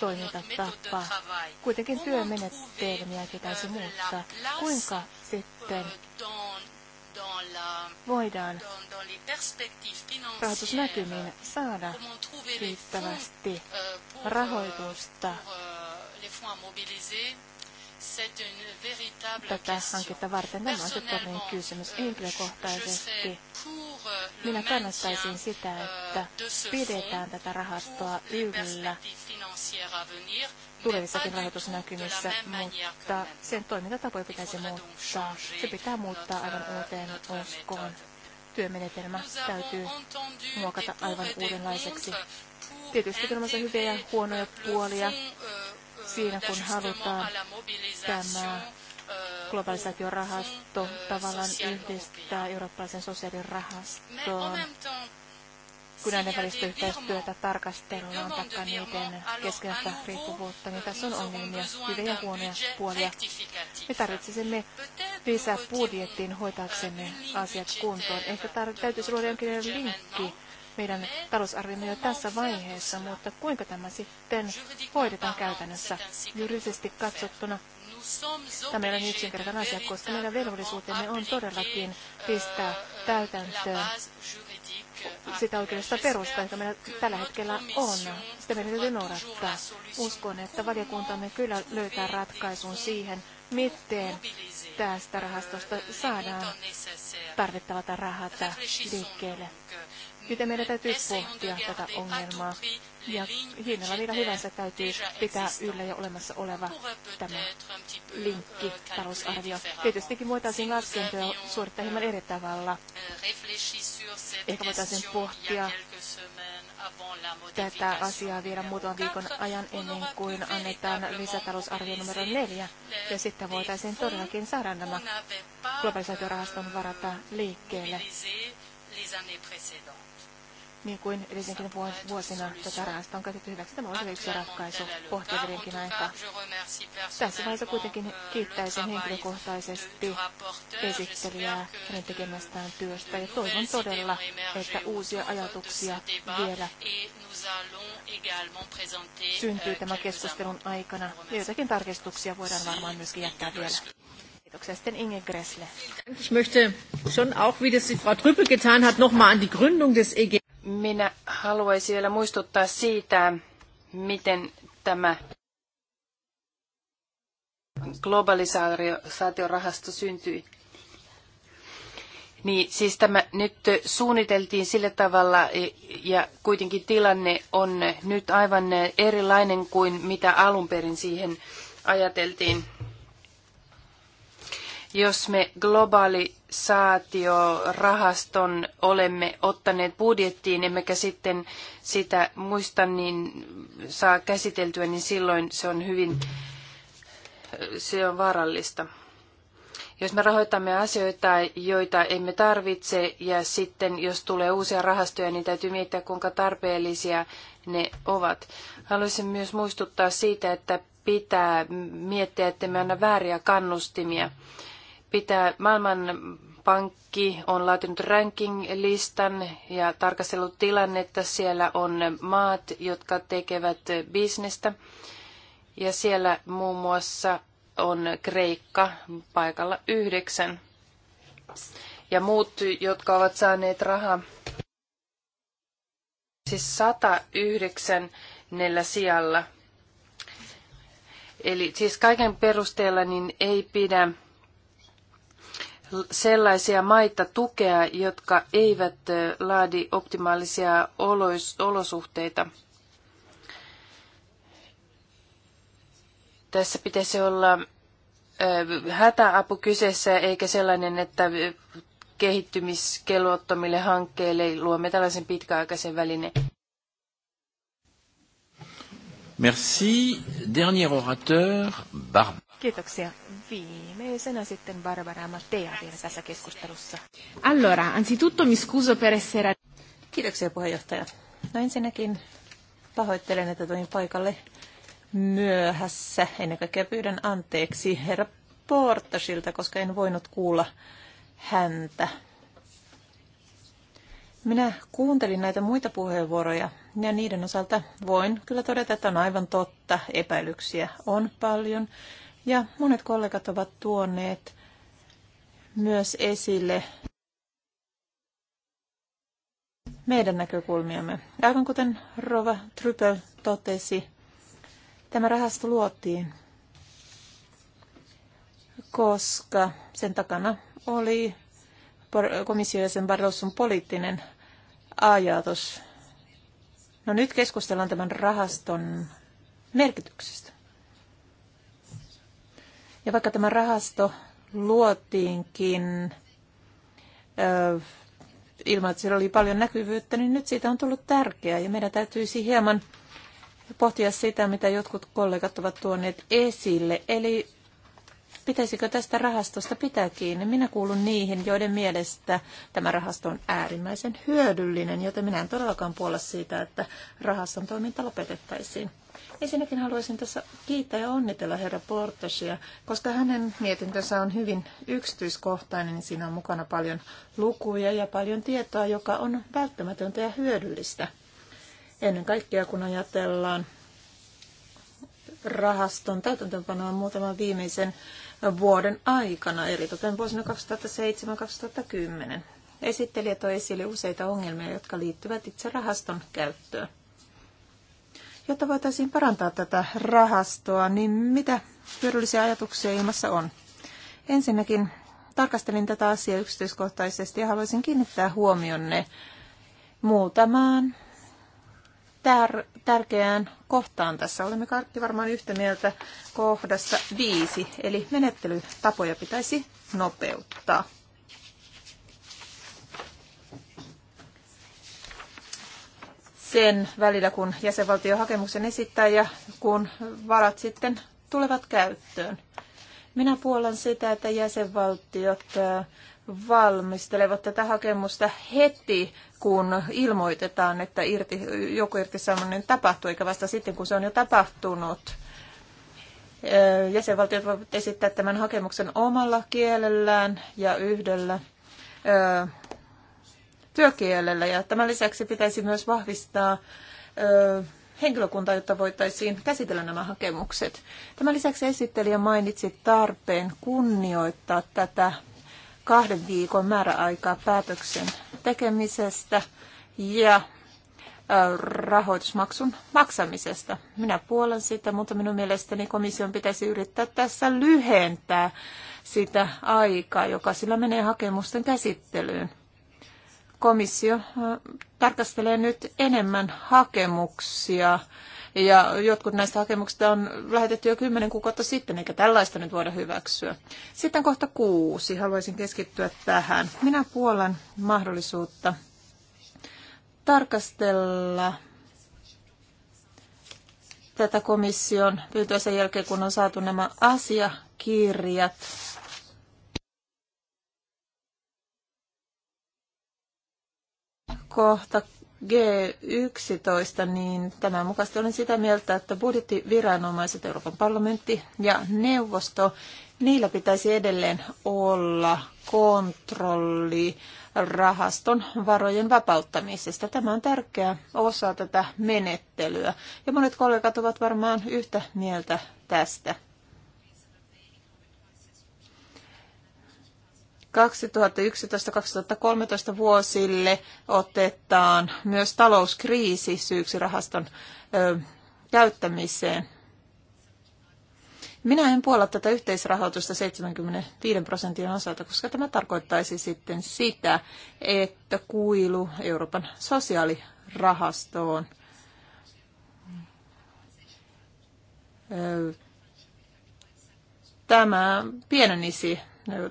toimintatapa. Kuitenkin työmenetelmiä pitäisi muuttaa. Kuinka sitten voidaan rahoitusnäkymiin saada riittävästi rahoitusta tätä hanketta varten. Tämä on sektorin kysymys euh, henkilökohtaisesti. Euh, Minä kannattaisin sitä, euh, että pidetään tätä rahastoa yllä tulevissakin rahoitusnäkymissä, mutta sen toimintatapoja pitäisi muuttaa. Se pitää muuttaa aivan uuteen uskoon. Työmenetelmä täytyy muokata aivan uudenlaiseksi. Tietysti on hyviä ja huonoja puolia siinä, kun halutaan tämä globalisaatiorahasto tavallaan yhdistää eurooppalaisen sosiaalirahastoon, kun näiden välistä yhteistyötä tarkastellaan vaikka niiden keskeistä riippuvuutta, niin tässä on ongelmia, hyviä ja huonoja puolia. Me tarvitsisimme lisää budjettiin hoitaaksemme asiat kuntoon. Ehkä tar- täytyisi luoda jonkinlainen linkki meidän talousarviomme jo tässä vaiheessa, mutta kuinka tämä sitten hoidetaan käytännössä juridisesti katsottuna? Tämä meillä on niin yksinkertainen asia, koska meidän velvollisuutemme on todellakin pistää täytäntöön sitä oikeudesta perusta, joka meillä tällä hetkellä on. Sitä meidän täytyy noudattaa. Uskon, että valiokuntamme kyllä löytää ratkaisun siihen, miten tästä rahastosta saadaan tarvittavat rahat liikkeelle. Joten meidän täytyy pohtia tätä ongelmaa. Ja hinnalla vielä hyvänsä täytyy pitää yllä ja olemassa oleva tämä linkki, talousarvio. Tietystikin voitaisiin laskentoja suorittaa hieman eri tavalla. Ehkä voitaisiin pohtia tätä asiaa vielä muutaman viikon ajan ennen kuin annetaan lisätalousarvio numero neljä. Ja sitten voitaisiin todellakin saada nämä globalisaatiorahaston varata liikkeelle niin kuin edellisenkin vuosina tätä rahasta on käytetty hyväksi. Tämä on yksi ratkaisu pohtividenkin aikaa. Tässä vaiheessa kuitenkin kiittäisin henkilökohtaisesti esittelijää hänen tekemästään työstä ja toivon todella, että uusia ajatuksia vielä syntyy tämän keskustelun aikana. Ja jotakin tarkistuksia voidaan varmaan myöskin jättää vielä. Ich möchte schon auch, wie das die Frau Trüppel getan hat, nochmal an die Gründung des EG minä haluaisin vielä muistuttaa siitä, miten tämä globalisaatiorahasto syntyi. Niin, siis tämä nyt suunniteltiin sillä tavalla e, ja kuitenkin tilanne on nyt aivan erilainen kuin mitä alun perin siihen ajateltiin. Jos me globaalisaatiorahaston olemme ottaneet budjettiin, emmekä sitten sitä muista, niin saa käsiteltyä, niin silloin se on hyvin se on vaarallista. Jos me rahoitamme asioita, joita emme tarvitse, ja sitten jos tulee uusia rahastoja, niin täytyy miettiä, kuinka tarpeellisia ne ovat. Haluaisin myös muistuttaa siitä, että pitää miettiä, että me anna vääriä kannustimia pitää maailman pankki on laatinut ranking-listan ja tarkastellut tilannetta. Siellä on maat, jotka tekevät bisnestä. Ja siellä muun muassa on Kreikka paikalla yhdeksän. Ja muut, jotka ovat saaneet rahaa, siis 109 sijalla. Eli siis kaiken perusteella niin ei pidä sellaisia maita tukea, jotka eivät laadi optimaalisia olosuhteita. Tässä pitäisi olla hätäapu kyseessä, eikä sellainen, että kehittymiskelvottomille hankkeille luomme tällaisen pitkäaikaisen välineen. Merci. Dernier orateur, Barbara. Kiitoksia. Viimeisenä sitten Barbara Mattea vielä tässä keskustelussa. Allora, anzitutto mi scuso per essere... Kiitoksia puheenjohtaja. No ensinnäkin pahoittelen, että tulin paikalle myöhässä. Ennen kaikkea pyydän anteeksi herra Portasilta, koska en voinut kuulla häntä. Minä kuuntelin näitä muita puheenvuoroja ja niiden osalta voin kyllä todeta, että on aivan totta. Epäilyksiä on paljon ja monet kollegat ovat tuoneet myös esille meidän näkökulmiamme. Aivan kuten Rova Trypel totesi, tämä rahasto luotiin, koska sen takana oli sen Barroson poliittinen ajatus. No nyt keskustellaan tämän rahaston merkityksestä. Ja vaikka tämä rahasto luotiinkin ö, ilman, että siellä oli paljon näkyvyyttä, niin nyt siitä on tullut tärkeää ja meidän täytyisi hieman pohtia sitä, mitä jotkut kollegat ovat tuoneet esille. Eli pitäisikö tästä rahastosta pitää kiinni? Minä kuulun niihin, joiden mielestä tämä rahasto on äärimmäisen hyödyllinen, joten minä en todellakaan puolla siitä, että rahaston toiminta lopetettaisiin. Ensinnäkin haluaisin tässä kiittää ja onnitella herra Portesia, koska hänen mietintönsä on hyvin yksityiskohtainen, niin siinä on mukana paljon lukuja ja paljon tietoa, joka on välttämätöntä ja hyödyllistä. Ennen kaikkea kun ajatellaan rahaston täytäntöönpanoa muutaman viimeisen vuoden aikana, eli toten vuosina 2007-2010. Esittelijä toi esille useita ongelmia, jotka liittyvät itse rahaston käyttöön. Jotta voitaisiin parantaa tätä rahastoa, niin mitä hyödyllisiä ajatuksia ilmassa on? Ensinnäkin tarkastelin tätä asiaa yksityiskohtaisesti ja haluaisin kiinnittää huomionne muutamaan tär- tärkeään kohtaan tässä. Olemme kaikki varmaan yhtä mieltä kohdassa viisi, eli menettelytapoja pitäisi nopeuttaa. Sen välillä, kun jäsenvaltio hakemuksen esittää ja kun varat sitten tulevat käyttöön. Minä puolan sitä, että jäsenvaltiot valmistelevat tätä hakemusta heti, kun ilmoitetaan, että irti, joku irtisanominen tapahtuu, eikä vasta sitten, kun se on jo tapahtunut. Jäsenvaltiot voivat esittää tämän hakemuksen omalla kielellään ja yhdellä työkielellä. Ja tämän lisäksi pitäisi myös vahvistaa henkilökuntaa, jotta voitaisiin käsitellä nämä hakemukset. Tämän lisäksi esittelijä mainitsi tarpeen kunnioittaa tätä kahden viikon määräaikaa päätöksen tekemisestä ja äh, rahoitusmaksun maksamisesta. Minä puolen sitä, mutta minun mielestäni komission pitäisi yrittää tässä lyhentää sitä aikaa, joka sillä menee hakemusten käsittelyyn. Komissio äh, tarkastelee nyt enemmän hakemuksia ja jotkut näistä hakemuksista on lähetetty jo kymmenen kuukautta sitten, eikä tällaista nyt voida hyväksyä. Sitten kohta kuusi. Haluaisin keskittyä tähän. Minä puolan mahdollisuutta tarkastella tätä komission pyyntöä sen jälkeen, kun on saatu nämä asiakirjat. Kohta G11, niin tämän mukaisesti olen sitä mieltä, että budjettiviranomaiset, Euroopan parlamentti ja neuvosto, niillä pitäisi edelleen olla kontrolli rahaston varojen vapauttamisesta. Tämä on tärkeä osa tätä menettelyä ja monet kollegat ovat varmaan yhtä mieltä tästä. 2011-2013 vuosille otetaan myös talouskriisi syyksi rahaston ö, käyttämiseen. Minä en puolla tätä yhteisrahoitusta 75 prosentin osalta, koska tämä tarkoittaisi sitten sitä, että kuilu Euroopan sosiaalirahastoon tämä pienenisi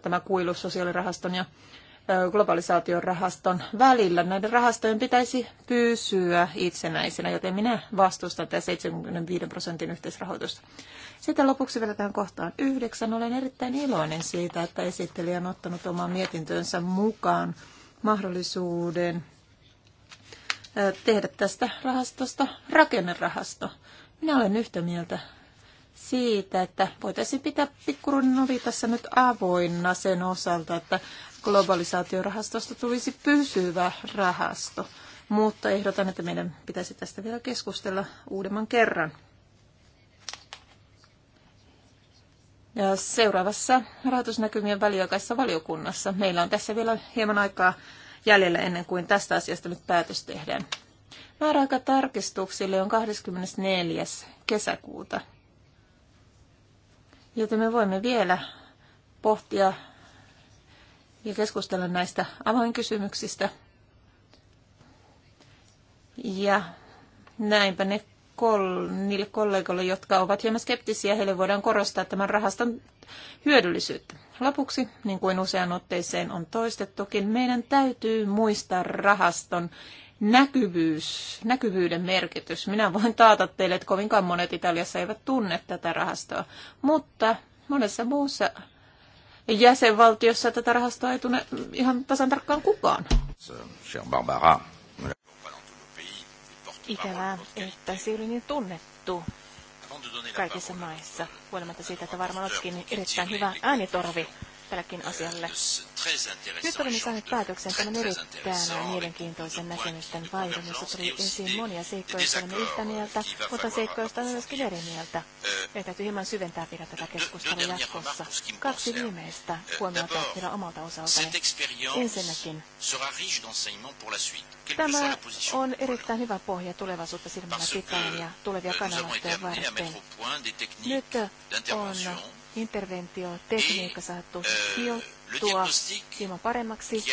tämä kuilu sosiaalirahaston ja globalisaation rahaston välillä. Näiden rahastojen pitäisi pysyä itsenäisenä, joten minä vastustan tätä 75 prosentin yhteisrahoitusta. Sitten lopuksi vielä tähän kohtaan yhdeksän. Olen erittäin iloinen siitä, että esittelijä on ottanut omaan mietintöönsä mukaan mahdollisuuden tehdä tästä rahastosta rakennerahasto. Minä olen yhtä mieltä siitä, että voitaisiin pitää pikkuruinen ovi tässä nyt avoinna sen osalta, että globalisaatiorahastosta tulisi pysyvä rahasto. Mutta ehdotan, että meidän pitäisi tästä vielä keskustella uudemman kerran. Ja seuraavassa rahoitusnäkymien väliaikaisessa valiokunnassa. Meillä on tässä vielä hieman aikaa jäljellä ennen kuin tästä asiasta nyt päätös tehdään. Määräaika tarkistuksille on 24. kesäkuuta Joten me voimme vielä pohtia ja keskustella näistä avainkysymyksistä. Ja näinpä ne kol- niille kollegoille, jotka ovat hieman skeptisiä, heille voidaan korostaa tämän rahaston hyödyllisyyttä. Lopuksi, niin kuin usean otteeseen on toistettukin, meidän täytyy muistaa rahaston näkyvyys, näkyvyyden merkitys. Minä voin taata teille, että kovinkaan monet Italiassa eivät tunne tätä rahastoa, mutta monessa muussa jäsenvaltiossa tätä rahastoa ei tunne ihan tasan tarkkaan kukaan. Ikävää, että se oli niin tunnettu kaikissa maissa, huolimatta siitä, että varmaan olisikin erittäin hyvä äänitorvi tälläkin asialle. Nyt olemme saaneet päätöksen tämän erittäin mielenkiintoisen näkemysten vaihdon, jossa tuli esiin monia seikkoja, joista olemme yhtä mieltä, mutta seikkoista on myöskin eri mieltä. Euh, Meidän täytyy hieman syventää vielä tätä keskustelua jatkossa. Kaksi viimeistä euh, huomiota vielä omalta osaltani. Ensinnäkin, tämä on erittäin hyvä pohja tulevaisuutta silmällä pitäen ja tulevia kannanottoja varten. Nyt on interventiotekniikka saatu sijoittua hieman paremmaksi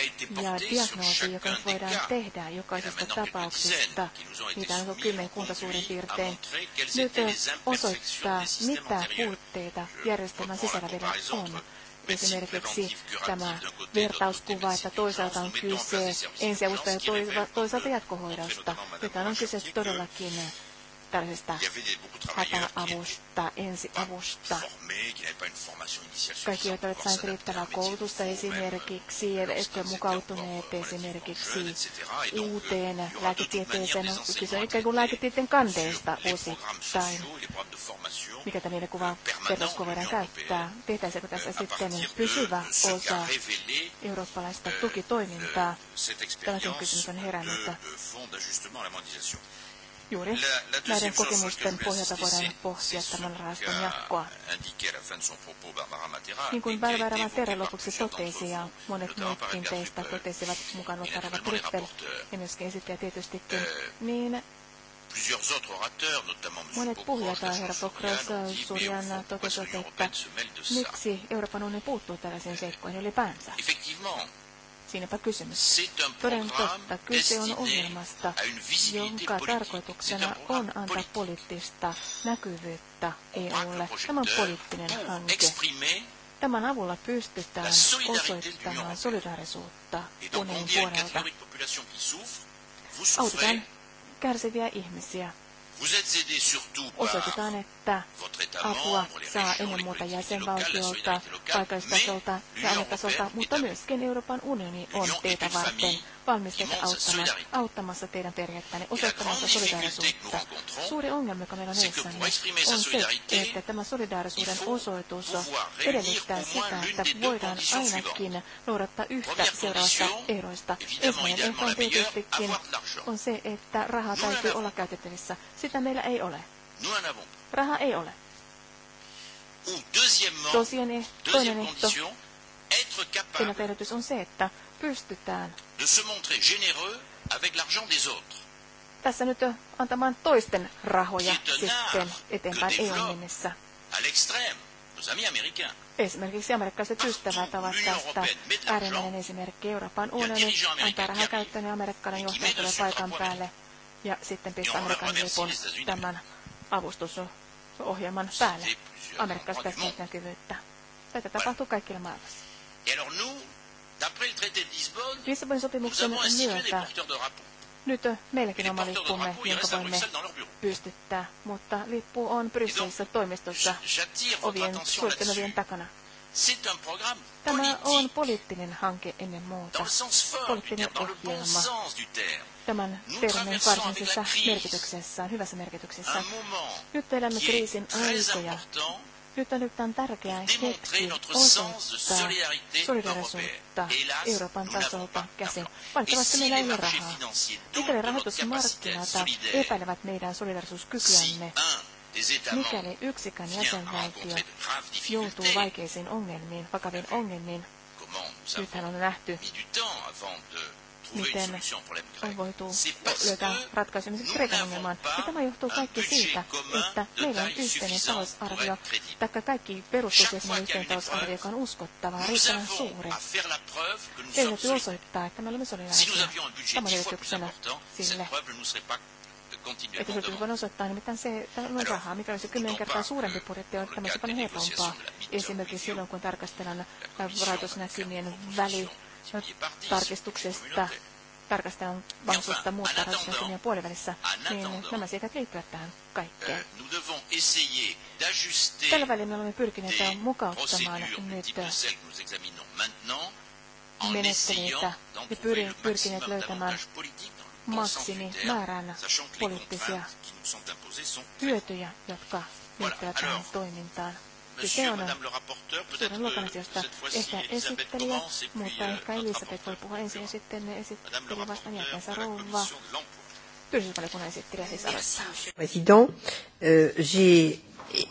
ja diagnoosi, joka voidaan tehdä jokaisesta tapauksesta, mitä on kymmenkunta suurin piirtein, nyt osoittaa, mitä puutteita järjestelmän sisällä vielä on esimerkiksi tämä vertauskuva, että toisaalta on kyse ensiavusta ja toisaalta jatkohoidosta. Tämä on kyse todellakin tällaisesta hätäavusta, ensiavusta. Kaikki, joita olet saaneet riittävää koulutusta esimerkiksi, eivätkä mukautuneet esimerkiksi euh, uuteen lääketieteeseen. Kyse on ikään kuin lääketieteen kanteista osittain. Mikä tämä kuva terveyskuvaa voidaan käyttää? Tehtäisikö tässä euh, sitten pysyvä osa eurooppalaista euh, tukitoimintaa? Tämäkin kysymys on herännyt Juuri näiden kokemusten pohjalta voidaan pohtia tämän rahaston jatkoa. Niin kuin Barbara Matera lopuksi totesi ja monet muutkin teistä euh, totesivat mukaan Otarava Trippel ja myöskin esittäjä tietystikin, niin plusieurs autres orateurs, notamment M. Äh, äh, totesivat, että miksi Euroopan unioni puuttuu tällaisiin seikkoihin ylipäänsä. Siinäpä kysymys. Toden totta, kyse on ohjelmasta, jonka tarkoituksena on antaa poliittista näkyvyyttä EUlle. Tämä on poliittinen hanke. Tämän avulla pystytään osoittamaan solidaarisuutta unionin puolelta. Autetaan kärsiviä ihmisiä Osoitetaan, että apua saa ennen muuta jäsenvaltiolta, paikallistasolta ja aluetasolta, mutta myöskin Euroopan unioni on teitä varten valmistettu auttamaan auttamassa teidän perhettänne, osoittamassa solidaarisuutta. Suuri ongelma, joka meillä on edessämme, on se, että tämä solidaarisuuden osoitus edellyttää sitä, että voidaan ainakin noudattaa yhtä seuraavasta ehdoista. Ensimmäinen ehto on tietystikin on se, että rahaa täytyy olla käytettävissä. Sitten Näitä meillä ei ole. Raha ei ole. Tosiaan toinen ehto, tehdytys on se, että pystytään de se montrer généreux avec l'argent des autres. Tässä nyt antamaan toisten rahoja sitten eteenpäin EUn nimissä. Esimerkiksi amerikkalaiset ystävät ovat tästä äärimmäinen esimerkki. Euroopan unioni antaa rahaa käyttöön ja amerikkalainen johtaja tulee paikan päälle ja sitten pistää Amerikan lipun tämän avustusohjelman päälle. Amerikasta näkyvyyttä. Tätä tapahtuu kaikilla maailmassa. Lissabonin sopimuksen myötä nyt meilläkin oma lippumme, jonka voimme pystyttää, mutta lippu on Brysselissä toimistossa ovien ovien takana. Tämä on poliittinen hanke ennen muuta, poliittinen ohjelma tämän termin varsinaisessa merkityksessään, hyvässä merkityksessä. Nyt elämme kriisin aikoja. Nyt on nyt tämän tärkeä hetki osoittaa solidarisuutta Euroopan tasolta käsin. Valitettavasti meillä ei ole rahaa. Mikäli rahoitusmarkkinat epäilevät meidän solidarisuuskykyämme, Mikäli yksikään jäsenvaltio joutuu vaikeisiin ongelmiin, vakaviin ongelmiin, nythän on nähty, miten on voitu löytää ratkaisemisen Kreikan ongelmaan. Ja tämä johtuu kaikki siitä, että meillä on yhteinen talousarvio, taikka kaikki perustuvat yhteinen talousarvio, joka on uskottava, riittävän suuri. Meidän täytyy osoittaa, että me olemme solidaarisia. Tämä on edellytyksenä sille että se voinut osoittaa nimittäin se, että on rahaa, mikä olisi kymmenen kertaa suurempi budjetti, on tämmöisen paljon helpompaa. Esimerkiksi silloin, kun tarkastellaan rahoitusnäkymien välitarkistuksesta, tarkastellaan vahvuutta muuttaa rahoitusnäkymien puolivälissä, niin nämä seikat liittyvät tähän kaikkeen. Euh, Tällä välin me olemme pyrkineet mukauttamaan nyt menettelyitä ja pyrkineet löytämään maksimimäärän poliittisia hyötyjä, jotka liittyvät tähän toimintaan. Kyse on suuren luokan euh, asioista. Ehkä esittelijä, mutta ehkä Elisabeth euh, voi puhua ensin ja sitten esittelijä vastaan jälkeensä rouva. Työllisyysvaliokunnan esittelijä siis aloittaa. President, euh, j'ai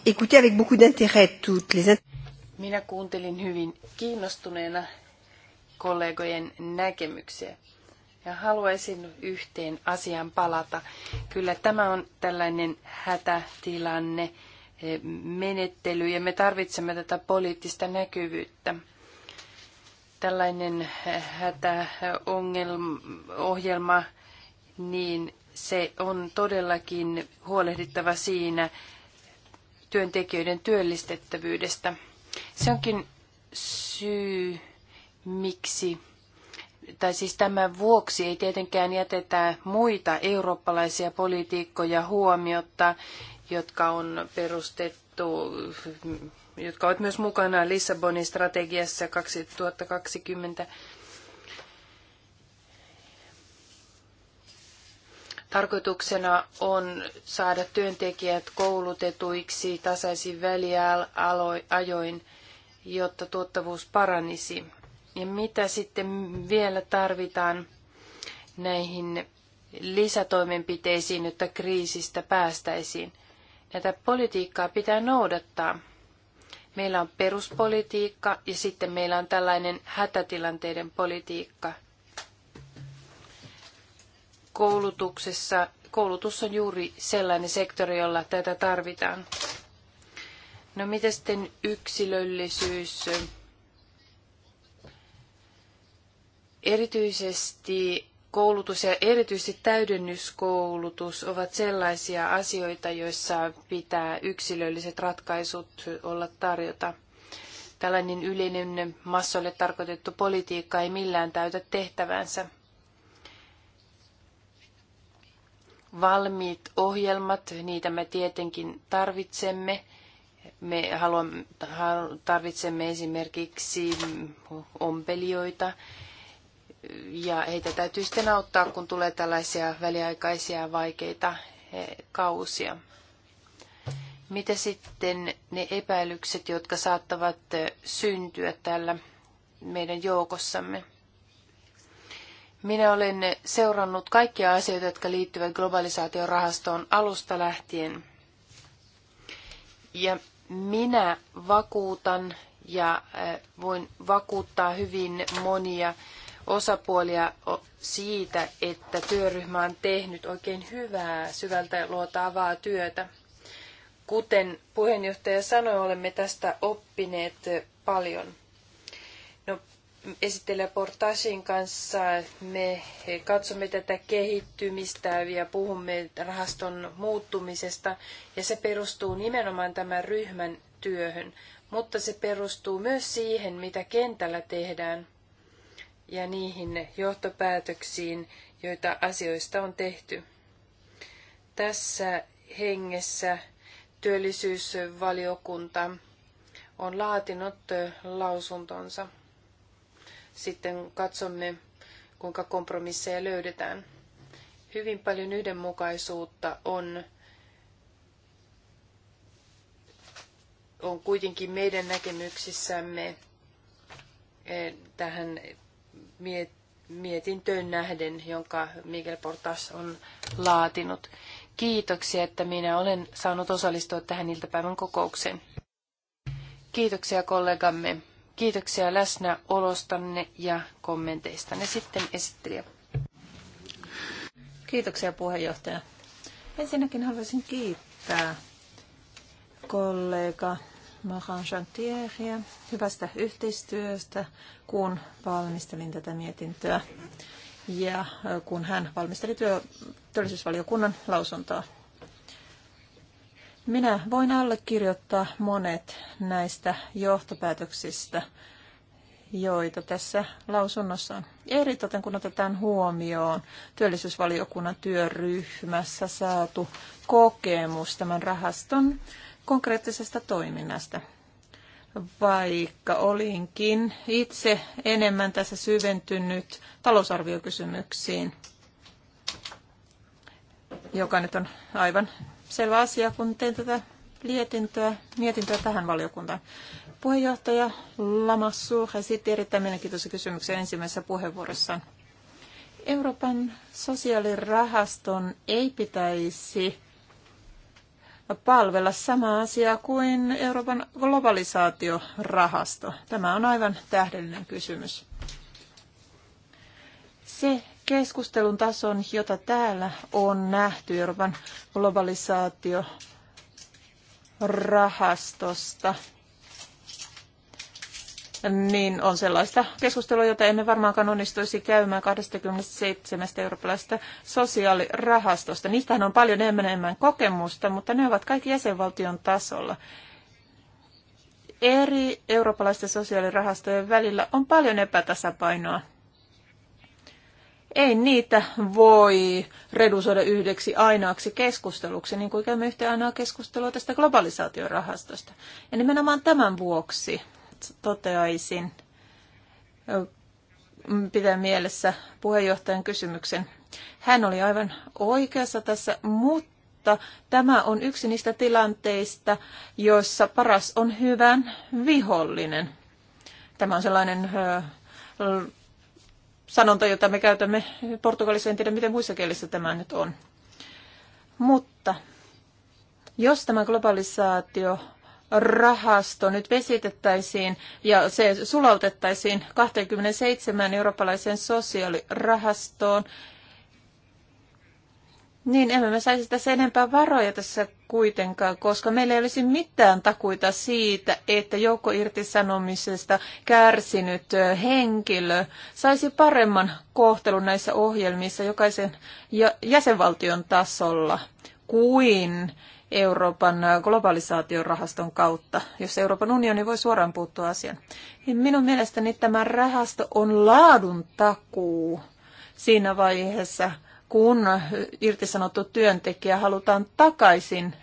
écouté avec beaucoup d'intérêt toutes les... Minä kuuntelin hyvin kiinnostuneena kollegojen näkemyksiä. Ja haluaisin yhteen asiaan palata. Kyllä tämä on tällainen hätätilanne eh, menettely ja me tarvitsemme tätä poliittista näkyvyyttä. Tällainen eh, hätäohjelma, niin se on todellakin huolehdittava siinä työntekijöiden työllistettävyydestä. Se onkin syy, miksi tai siis tämän vuoksi ei tietenkään jätetä muita eurooppalaisia politiikkoja huomiotta, jotka on perustettu, jotka ovat myös mukana Lissabonin strategiassa 2020. Tarkoituksena on saada työntekijät koulutetuiksi tasaisin väliajoin, jotta tuottavuus paranisi. Ja mitä sitten vielä tarvitaan näihin lisätoimenpiteisiin, jotta kriisistä päästäisiin? Näitä politiikkaa pitää noudattaa. Meillä on peruspolitiikka ja sitten meillä on tällainen hätätilanteiden politiikka. Koulutuksessa, koulutus on juuri sellainen sektori, jolla tätä tarvitaan. No mitä sitten yksilöllisyys? Erityisesti koulutus ja erityisesti täydennyskoulutus ovat sellaisia asioita, joissa pitää yksilölliset ratkaisut olla tarjota. Tällainen yleinen massolle tarkoitettu politiikka ei millään täytä tehtävänsä. Valmiit ohjelmat, niitä me tietenkin tarvitsemme. Me haluamme, tarvitsemme esimerkiksi ompelijoita, ja heitä täytyy sitten auttaa, kun tulee tällaisia väliaikaisia vaikeita kausia. Mitä sitten ne epäilykset, jotka saattavat eh, syntyä täällä meidän joukossamme? Minä olen seurannut kaikkia asioita, jotka liittyvät globalisaation rahastoon alusta lähtien. Ja minä vakuutan ja eh, voin vakuuttaa hyvin monia osapuolia siitä, että työryhmä on tehnyt oikein hyvää, syvältä luotaavaa työtä. Kuten puheenjohtaja sanoi, olemme tästä oppineet paljon. No, esittelijä Portasin kanssa me katsomme tätä kehittymistä ja puhumme rahaston muuttumisesta ja se perustuu nimenomaan tämän ryhmän työhön, mutta se perustuu myös siihen, mitä kentällä tehdään – ja niihin johtopäätöksiin, joita asioista on tehty. Tässä hengessä työllisyysvaliokunta on laatinut lausuntonsa. Sitten katsomme, kuinka kompromisseja löydetään. Hyvin paljon yhdenmukaisuutta on, on kuitenkin meidän näkemyksissämme eh, tähän mietintöön nähden, jonka Miguel Portas on laatinut. Kiitoksia, että minä olen saanut osallistua tähän iltapäivän kokoukseen. Kiitoksia kollegamme. Kiitoksia läsnäolostanne ja kommenteistanne. Sitten esittelijä. Kiitoksia puheenjohtaja. Ensinnäkin haluaisin kiittää kollega Mohan Chantieria hyvästä yhteistyöstä, kun valmistelin tätä mietintöä ja kun hän valmisteli työ, työllisyysvaliokunnan lausuntoa. Minä voin allekirjoittaa monet näistä johtopäätöksistä, joita tässä lausunnossa on. Eritoten kun otetaan huomioon työllisyysvaliokunnan työryhmässä saatu kokemus tämän rahaston konkreettisesta toiminnasta. Vaikka olinkin itse enemmän tässä syventynyt talousarviokysymyksiin, joka nyt on aivan selvä asia, kun teen tätä lietintöä, mietintöä tähän valiokuntaan. Puheenjohtaja Lamassu esitti erittäin mielenkiintoisen kysymyksen ensimmäisessä puheenvuorossaan. Euroopan sosiaalirahaston ei pitäisi palvella samaa asiaa kuin Euroopan globalisaatiorahasto? Tämä on aivan tähdellinen kysymys. Se keskustelun tason, jota täällä on nähty Euroopan globalisaatiorahastosta, niin on sellaista keskustelua, jota emme varmaankaan onnistuisi käymään 27 eurooppalaisesta sosiaalirahastosta. Niistähän on paljon enemmän kokemusta, mutta ne ovat kaikki jäsenvaltion tasolla. Eri eurooppalaisten sosiaalirahastojen välillä on paljon epätasapainoa. Ei niitä voi redusoida yhdeksi ainoaksi keskusteluksi, niin kuin käymme yhteen ainoa keskustelua tästä globalisaatiorahastosta. Ja nimenomaan tämän vuoksi toteaisin pitää mielessä puheenjohtajan kysymyksen. Hän oli aivan oikeassa tässä, mutta tämä on yksi niistä tilanteista, joissa paras on hyvän vihollinen. Tämä on sellainen ö, sanonta, jota me käytämme portugalissa, en tiedä miten muissa kielissä tämä nyt on. Mutta jos tämä globalisaatio rahasto nyt vesitettäisiin ja se sulautettaisiin 27 eurooppalaiseen sosiaalirahastoon, niin emme me saisi tässä enempää varoja tässä kuitenkaan, koska meillä ei olisi mitään takuita siitä, että joukkoirtisanomisesta kärsinyt henkilö saisi paremman kohtelun näissä ohjelmissa jokaisen jäsenvaltion tasolla kuin Euroopan globalisaatiorahaston kautta, jos Euroopan unioni voi suoraan puuttua asiaan. Niin minun mielestäni tämä rahasto on laadun takuu siinä vaiheessa, kun irtisanottu työntekijä halutaan takaisin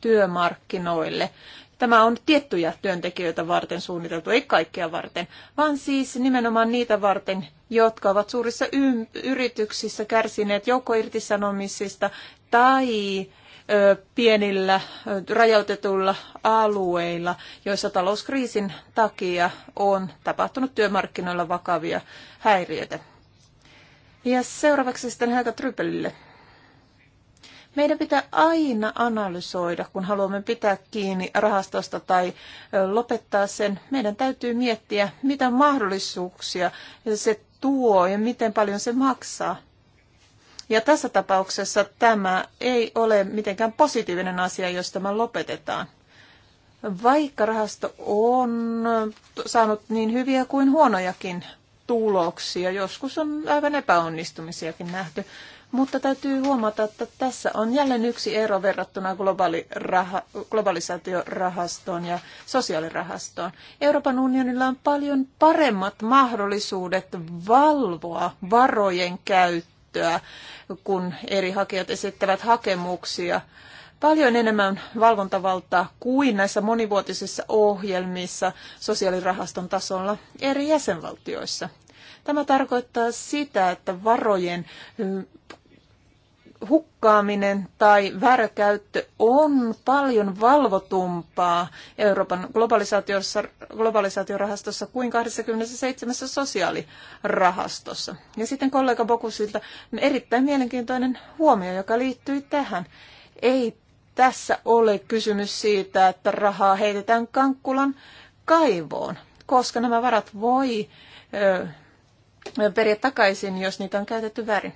työmarkkinoille. Tämä on tiettyjä työntekijöitä varten suunniteltu, ei kaikkia varten, vaan siis nimenomaan niitä varten, jotka ovat suurissa yrityksissä kärsineet joko irtisanomisista tai pienillä rajoitetuilla alueilla, joissa talouskriisin takia on tapahtunut työmarkkinoilla vakavia häiriöitä. Ja seuraavaksi sitten Helga Trypelille. Meidän pitää aina analysoida, kun haluamme pitää kiinni rahastosta tai lopettaa sen. Meidän täytyy miettiä, mitä mahdollisuuksia se tuo ja miten paljon se maksaa. Ja tässä tapauksessa tämä ei ole mitenkään positiivinen asia, jos tämä lopetetaan. Vaikka rahasto on saanut niin hyviä kuin huonojakin tuloksia, joskus on aivan epäonnistumisiakin nähty, mutta täytyy huomata, että tässä on jälleen yksi ero verrattuna globaali raha, globalisaatiorahastoon ja sosiaalirahastoon. Euroopan unionilla on paljon paremmat mahdollisuudet valvoa varojen käyttöä käyttöä, kun eri hakijat esittävät hakemuksia. Paljon enemmän valvontavaltaa kuin näissä monivuotisissa ohjelmissa sosiaalirahaston tasolla eri jäsenvaltioissa. Tämä tarkoittaa sitä, että varojen hukkaaminen tai väärä käyttö on paljon valvotumpaa Euroopan globalisaatiossa, globalisaatiorahastossa kuin 27 sosiaalirahastossa. Ja sitten kollega Bokusilta erittäin mielenkiintoinen huomio, joka liittyy tähän. Ei tässä ole kysymys siitä, että rahaa heitetään kankkulan kaivoon, koska nämä varat voi ö, periä takaisin, jos niitä on käytetty väärin.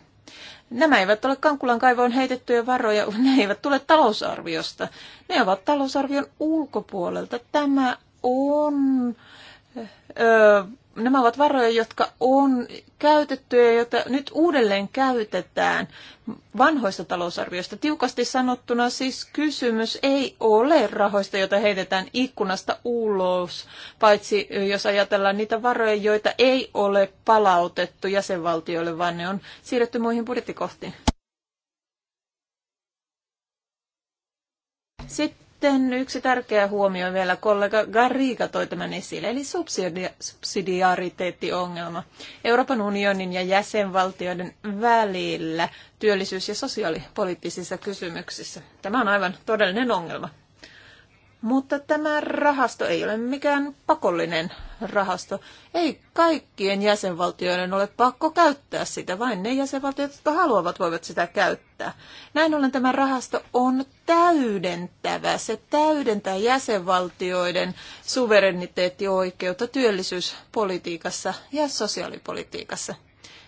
Nämä eivät ole kankulan kaivoon heitettyjä varoja, <laughs> ne eivät tule talousarviosta. Ne ovat talousarvion ulkopuolelta. Tämä on nämä ovat varoja, jotka on käytetty ja joita nyt uudelleen käytetään vanhoista talousarvioista. Tiukasti sanottuna siis kysymys ei ole rahoista, joita heitetään ikkunasta ulos, paitsi jos ajatellaan niitä varoja, joita ei ole palautettu jäsenvaltioille, vaan ne on siirretty muihin budjettikohtiin. Sitten sitten yksi tärkeä huomio vielä, kollega Garriga toi tämän esille, eli subsidiariteettiongelma. Euroopan unionin ja jäsenvaltioiden välillä työllisyys- ja sosiaalipoliittisissa kysymyksissä. Tämä on aivan todellinen ongelma. Mutta tämä rahasto ei ole mikään pakollinen rahasto. Ei kaikkien jäsenvaltioiden ole pakko käyttää sitä, vain ne jäsenvaltiot, jotka haluavat, voivat sitä käyttää. Näin ollen tämä rahasto on täydentävä. Se täydentää jäsenvaltioiden suvereniteettioikeutta työllisyyspolitiikassa ja sosiaalipolitiikassa.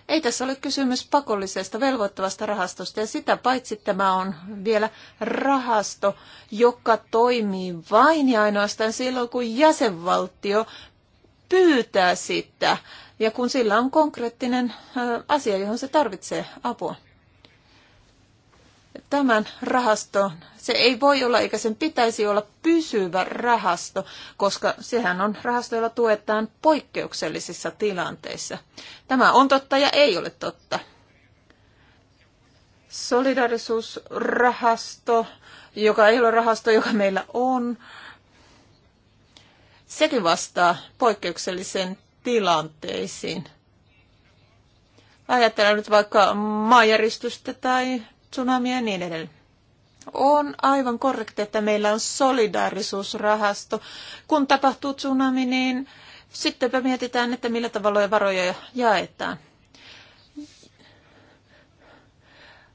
Ei tässä ole kysymys pakollisesta velvoittavasta rahastosta ja sitä paitsi tämä on vielä rahasto, joka toimii vain ja ainoastaan silloin, kun jäsenvaltio pyytää sitä ja kun sillä on konkreettinen asia, johon se tarvitsee apua tämän rahaston, se ei voi olla eikä sen pitäisi olla pysyvä rahasto, koska sehän on rahasto, jolla tuetaan poikkeuksellisissa tilanteissa. Tämä on totta ja ei ole totta. Solidarisuusrahasto, joka ei ole rahasto, joka meillä on, sekin vastaa poikkeuksellisen tilanteisiin. Ajatellaan nyt vaikka maanjäristystä tai tsunamia ja niin edelleen. On aivan korrekti, että meillä on solidaarisuusrahasto. Kun tapahtuu tsunami, niin sittenpä mietitään, että millä tavalla varoja jaetaan.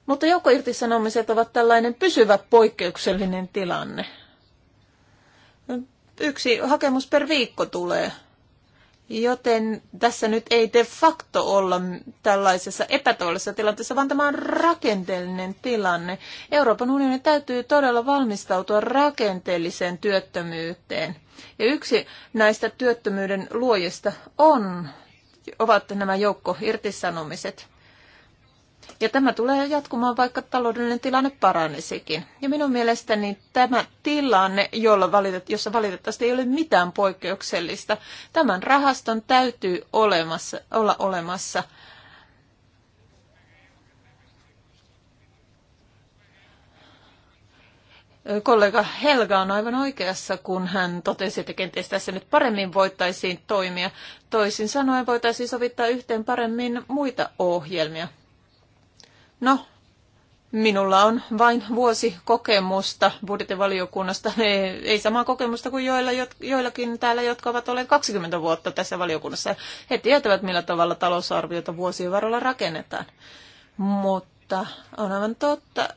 Mutta joukkoirtisanomiset ovat tällainen pysyvä poikkeuksellinen tilanne. Yksi hakemus per viikko tulee Joten tässä nyt ei de facto olla tällaisessa epätoivoisessa tilanteessa, vaan tämä on rakenteellinen tilanne. Euroopan unionin täytyy todella valmistautua rakenteelliseen työttömyyteen. Ja yksi näistä työttömyyden luojista on, ovat nämä joukko irtisanomiset. Ja tämä tulee jatkumaan, vaikka taloudellinen tilanne paranisikin. Ja minun mielestäni tämä tilanne, jolla valitet, jossa valitettavasti ei ole mitään poikkeuksellista, tämän rahaston täytyy olemassa, olla olemassa. kollega Helga on aivan oikeassa, kun hän totesi, että kenties tässä nyt paremmin voitaisiin toimia. Toisin sanoen voitaisiin sovittaa yhteen paremmin muita ohjelmia. No, Minulla on vain vuosi kokemusta budjettivaliokunnasta. Ei, samaa kokemusta kuin joilla, joillakin täällä, jotka ovat olleet 20 vuotta tässä valiokunnassa. He tietävät, millä tavalla talousarviota vuosien varrella rakennetaan. Mutta on aivan totta,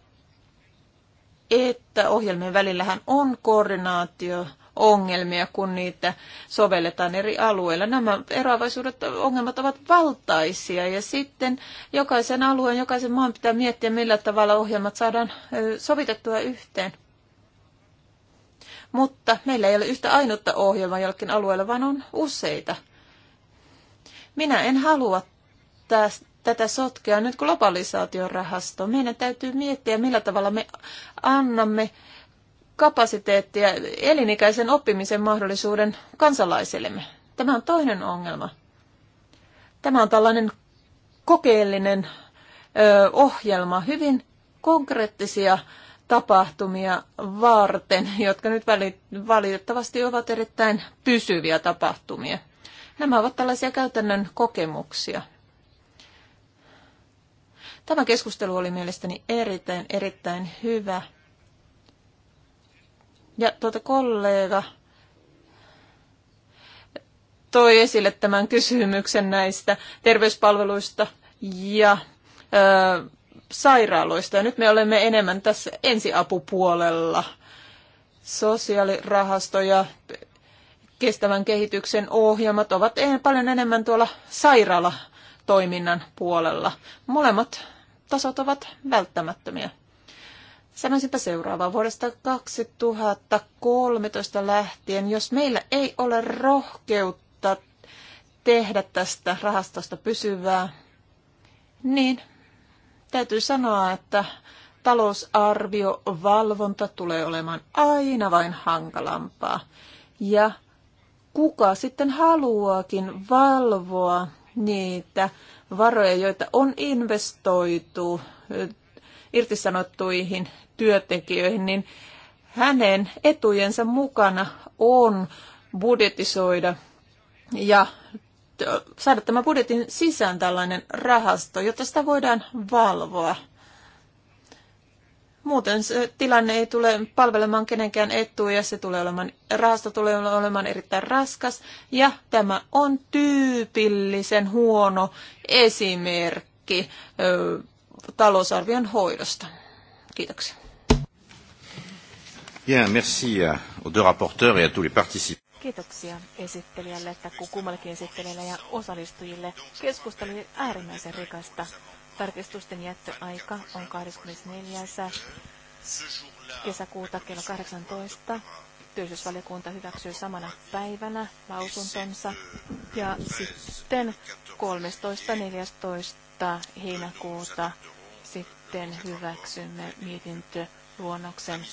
että ohjelmien välillähän on koordinaatio ongelmia, kun niitä sovelletaan eri alueilla. Nämä eroavaisuudet, ongelmat ovat valtaisia ja sitten jokaisen alueen, jokaisen maan pitää miettiä, millä tavalla ohjelmat saadaan sovitettua yhteen. Mutta meillä ei ole yhtä ainutta ohjelmaa jollakin alueella, vaan on useita. Minä en halua tästä tätä sotkea nyt globalisaation rahasto. Meidän täytyy miettiä, millä tavalla me annamme kapasiteettia elinikäisen oppimisen mahdollisuuden kansalaisillemme. Tämä on toinen ongelma. Tämä on tällainen kokeellinen ö, ohjelma, hyvin konkreettisia tapahtumia varten, jotka nyt valitettavasti ovat erittäin pysyviä tapahtumia. Nämä ovat tällaisia käytännön kokemuksia. Tämä keskustelu oli mielestäni erittäin, erittäin hyvä. Ja tuota kollega toi esille tämän kysymyksen näistä terveyspalveluista ja ö, sairaaloista. Ja nyt me olemme enemmän tässä ensiapupuolella. Sosiaalirahasto ja kestävän kehityksen ohjelmat ovat paljon enemmän tuolla sairaalatoiminnan puolella. Molemmat tasot ovat välttämättömiä. Sanoisinpa seuraavaa. Vuodesta 2013 lähtien, jos meillä ei ole rohkeutta tehdä tästä rahastosta pysyvää, niin täytyy sanoa, että talousarviovalvonta tulee olemaan aina vain hankalampaa. Ja kuka sitten haluaakin valvoa niitä varoja, joita on investoitu irtisanottuihin työntekijöihin, niin hänen etujensa mukana on budjetisoida ja saada tämän budjetin sisään tällainen rahasto, jotta sitä voidaan valvoa. Muuten se tilanne ei tule palvelemaan kenenkään etua ja se tulee olemaan, rahasto tulee olemaan erittäin raskas. Ja tämä on tyypillisen huono esimerkki talousarvion hoidosta. Kiitoksia. Bien, merci aux deux rapporteurs et à tous les participants. Kiitoksia esittelijälle, että kummallekin esittelijälle ja osallistujille. Keskustelu oli äärimmäisen rikasta. Tarkistusten jättöaika on 24. kesäkuuta kello 18. Työllisyysvaliokunta hyväksyy samana päivänä lausuntonsa ja sitten 13.14. heinäkuuta sitten hyväksymme mietintöluonnoksen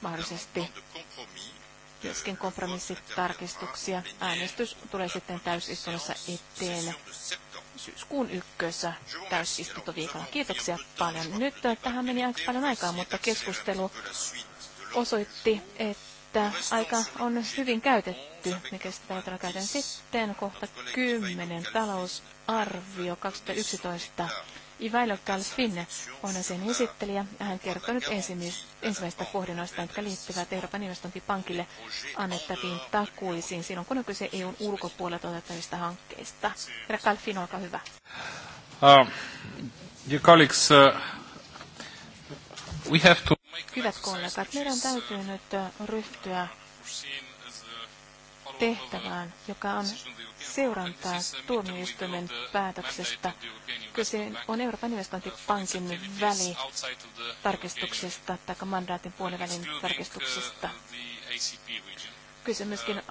mahdollisesti myöskin kompromissitarkistuksia. Äänestys tulee sitten täysistunnossa eteen syyskuun ykkössä täysistuntoviikolla. Kiitoksia paljon. Nyt tähän meni aika paljon aikaa, mutta keskustelu osoitti, että aika on hyvin käytetty, mikä sitä tällä käytetään. Sitten kohta 10, talousarvio 2011. Ivailo Kalsvinne on sen esittelijä hän kertoo nyt ensimmäistä pohdinnoista, jotka liittyvät Euroopan investointipankille annettaviin takuisiin silloin, kun on kyse EUn ulkopuolella otettavista hankkeista. Herra Kalfin, olkaa hyvä. Um, uh, Hyvät kollegat, meidän täytyy nyt ryhtyä tehtävään, joka on seurantaa tuomioistuimen päätöksestä. Kyse on Euroopan investointipankin välitarkistuksesta tai mandaatin puolivälin tarkistuksesta. Kyse myöskin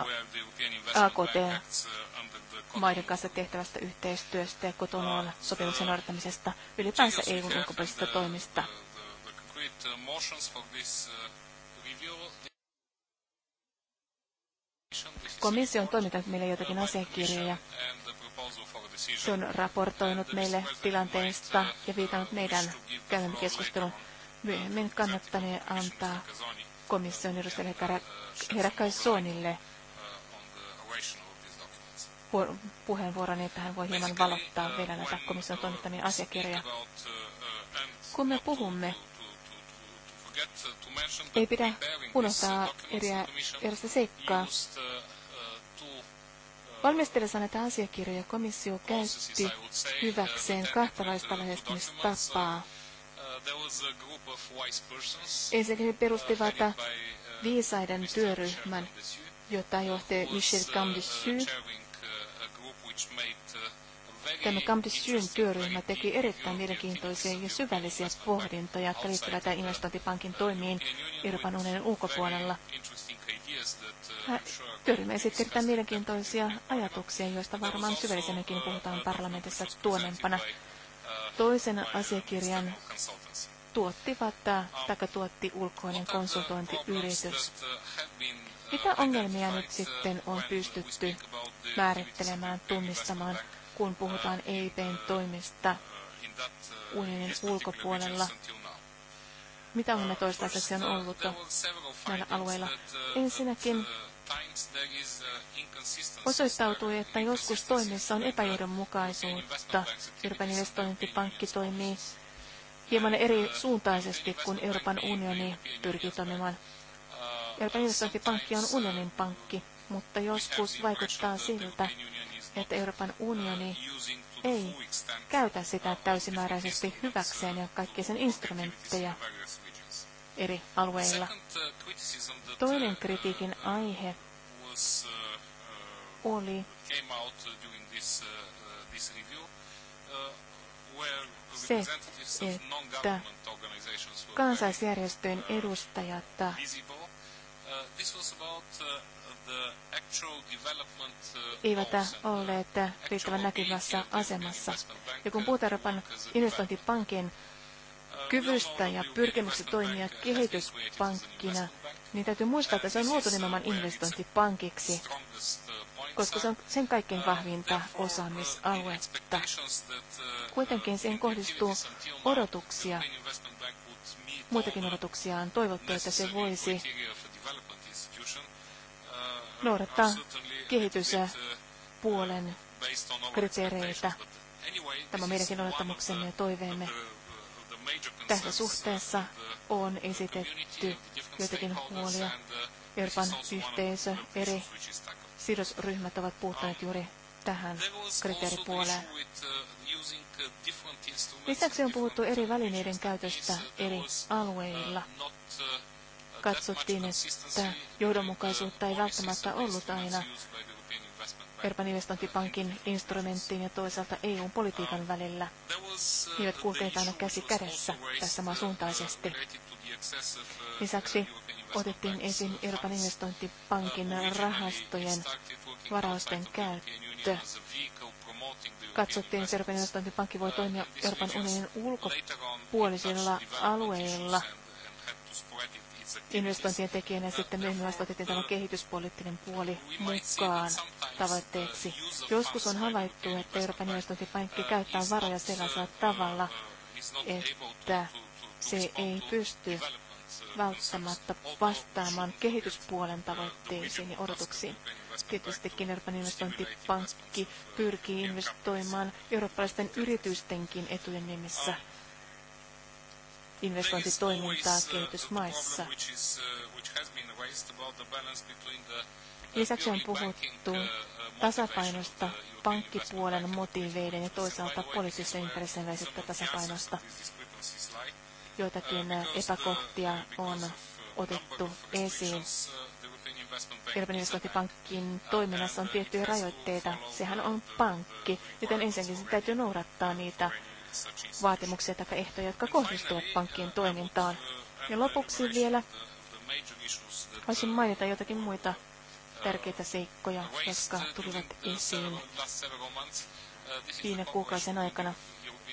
AKT-maiden kanssa tehtävästä yhteistyöstä ja kotonoon sopimuksen noudattamisesta ylipäänsä EUn ulkopuolisista toimista. Komissio on toimittanut meille jotakin asiakirjoja. Se on raportoinut meille tilanteesta ja viitannut meidän käymämme keskustelun myöhemmin kannattaneen antaa komission edustajalle herra Kaisonille puheenvuoron, että hän voi hieman valottaa vielä näitä komission toimittamia asiakirjoja. Kun me puhumme ei pidä unohtaa eriä, erästä seikkaa. Valmistelussa näitä asiakirjoja komissio käytti hyväkseen kahtalaista lähestymistapaa. Ensinnäkin perustivat viisaiden työryhmän, jota johti Michel Camdessu, Tämä Campbell-Syn työryhmä teki erittäin mielenkiintoisia ja syvällisiä pohdintoja, jotka liittyvät investointipankin toimiin Euroopan unionin ulkopuolella. Työryhmä esitti erittäin mielenkiintoisia ajatuksia, joista varmaan syvällisemminkin puhutaan parlamentissa tuonempana. Toisen asiakirjan tuottivat, taikka tuotti ulkoinen konsultointiyritys. Mitä ongelmia nyt sitten on pystytty määrittelemään, tunnistamaan? kun puhutaan EIPn toimista unionin ulkopuolella. Mitä ongelmia toistaiseksi on ollut näillä alueilla? Ensinnäkin osoittautui, että joskus toimissa on epäjohdonmukaisuutta. Euroopan investointipankki toimii hieman eri suuntaisesti kuin Euroopan unioni pyrkii toimimaan. Euroopan investointipankki on unionin pankki, mutta joskus vaikuttaa siltä, että Euroopan unioni ei käytä sitä täysimääräisesti hyväkseen ja kaikkia sen instrumentteja eri alueilla. Toinen kritiikin aihe oli se, että kansaisjärjestöjen edustajat Uh, eivät olleet riittävän näkyvässä asemassa. Ja kun uh, puhutaan Euroopan investointipankin uh, kyvystä ja pyrkimyksestä toimia kehityspankkina, niin täytyy muistaa, että se on luotu nimenomaan investointipankiksi, koska se on sen kaikkein vahvinta osaamisaluetta. Kuitenkin siihen kohdistuu odotuksia, muitakin odotuksia on toivottu, että se voisi noudattaa kehityspuolen kriteereitä. Tämä meidänkin olettamuksemme ja toiveemme. Tässä suhteessa on esitetty joitakin huolia. Euroopan yhteisö, eri sidosryhmät ovat puuttaneet juuri tähän kriteeripuoleen. Lisäksi on puhuttu eri välineiden käytöstä eri alueilla katsottiin, että johdonmukaisuutta ei välttämättä ollut aina Euroopan investointipankin instrumenttiin ja toisaalta EU-politiikan välillä. Niitä eivät aina käsi kädessä tässä suuntaisesti. Lisäksi otettiin esiin Euroopan investointipankin rahastojen varausten käyttö. Katsottiin, että Euroopan investointipankki voi toimia Euroopan unionin ulkopuolisilla alueilla – investointien tekijänä sitten myöhemmin vasta otettiin tämä kehityspoliittinen puoli mukaan tavoitteeksi. Joskus on havaittu, että Euroopan investointipankki käyttää varoja sellaisella tavalla, että se ei pysty välttämättä vastaamaan kehityspuolen tavoitteisiin ja odotuksiin. Tietystikin Euroopan investointipankki pyrkii investoimaan eurooppalaisten yritystenkin etujen nimissä investointitoimintaa kehitysmaissa. Lisäksi on puhuttu tasapainosta pankkipuolen motiiveiden ja toisaalta poliittisten intressien välisestä tasapainosta. Joitakin epäkohtia on otettu esiin. Euroopan investointipankin toiminnassa on tiettyjä rajoitteita. Sehän on pankki, joten ensinnäkin se täytyy noudattaa niitä vaatimuksia tai ehtoja, jotka kohdistuvat pankkien toimintaan. Ja lopuksi vielä voisin mainita jotakin muita tärkeitä seikkoja, jotka tulivat esiin viime kuukausien aikana.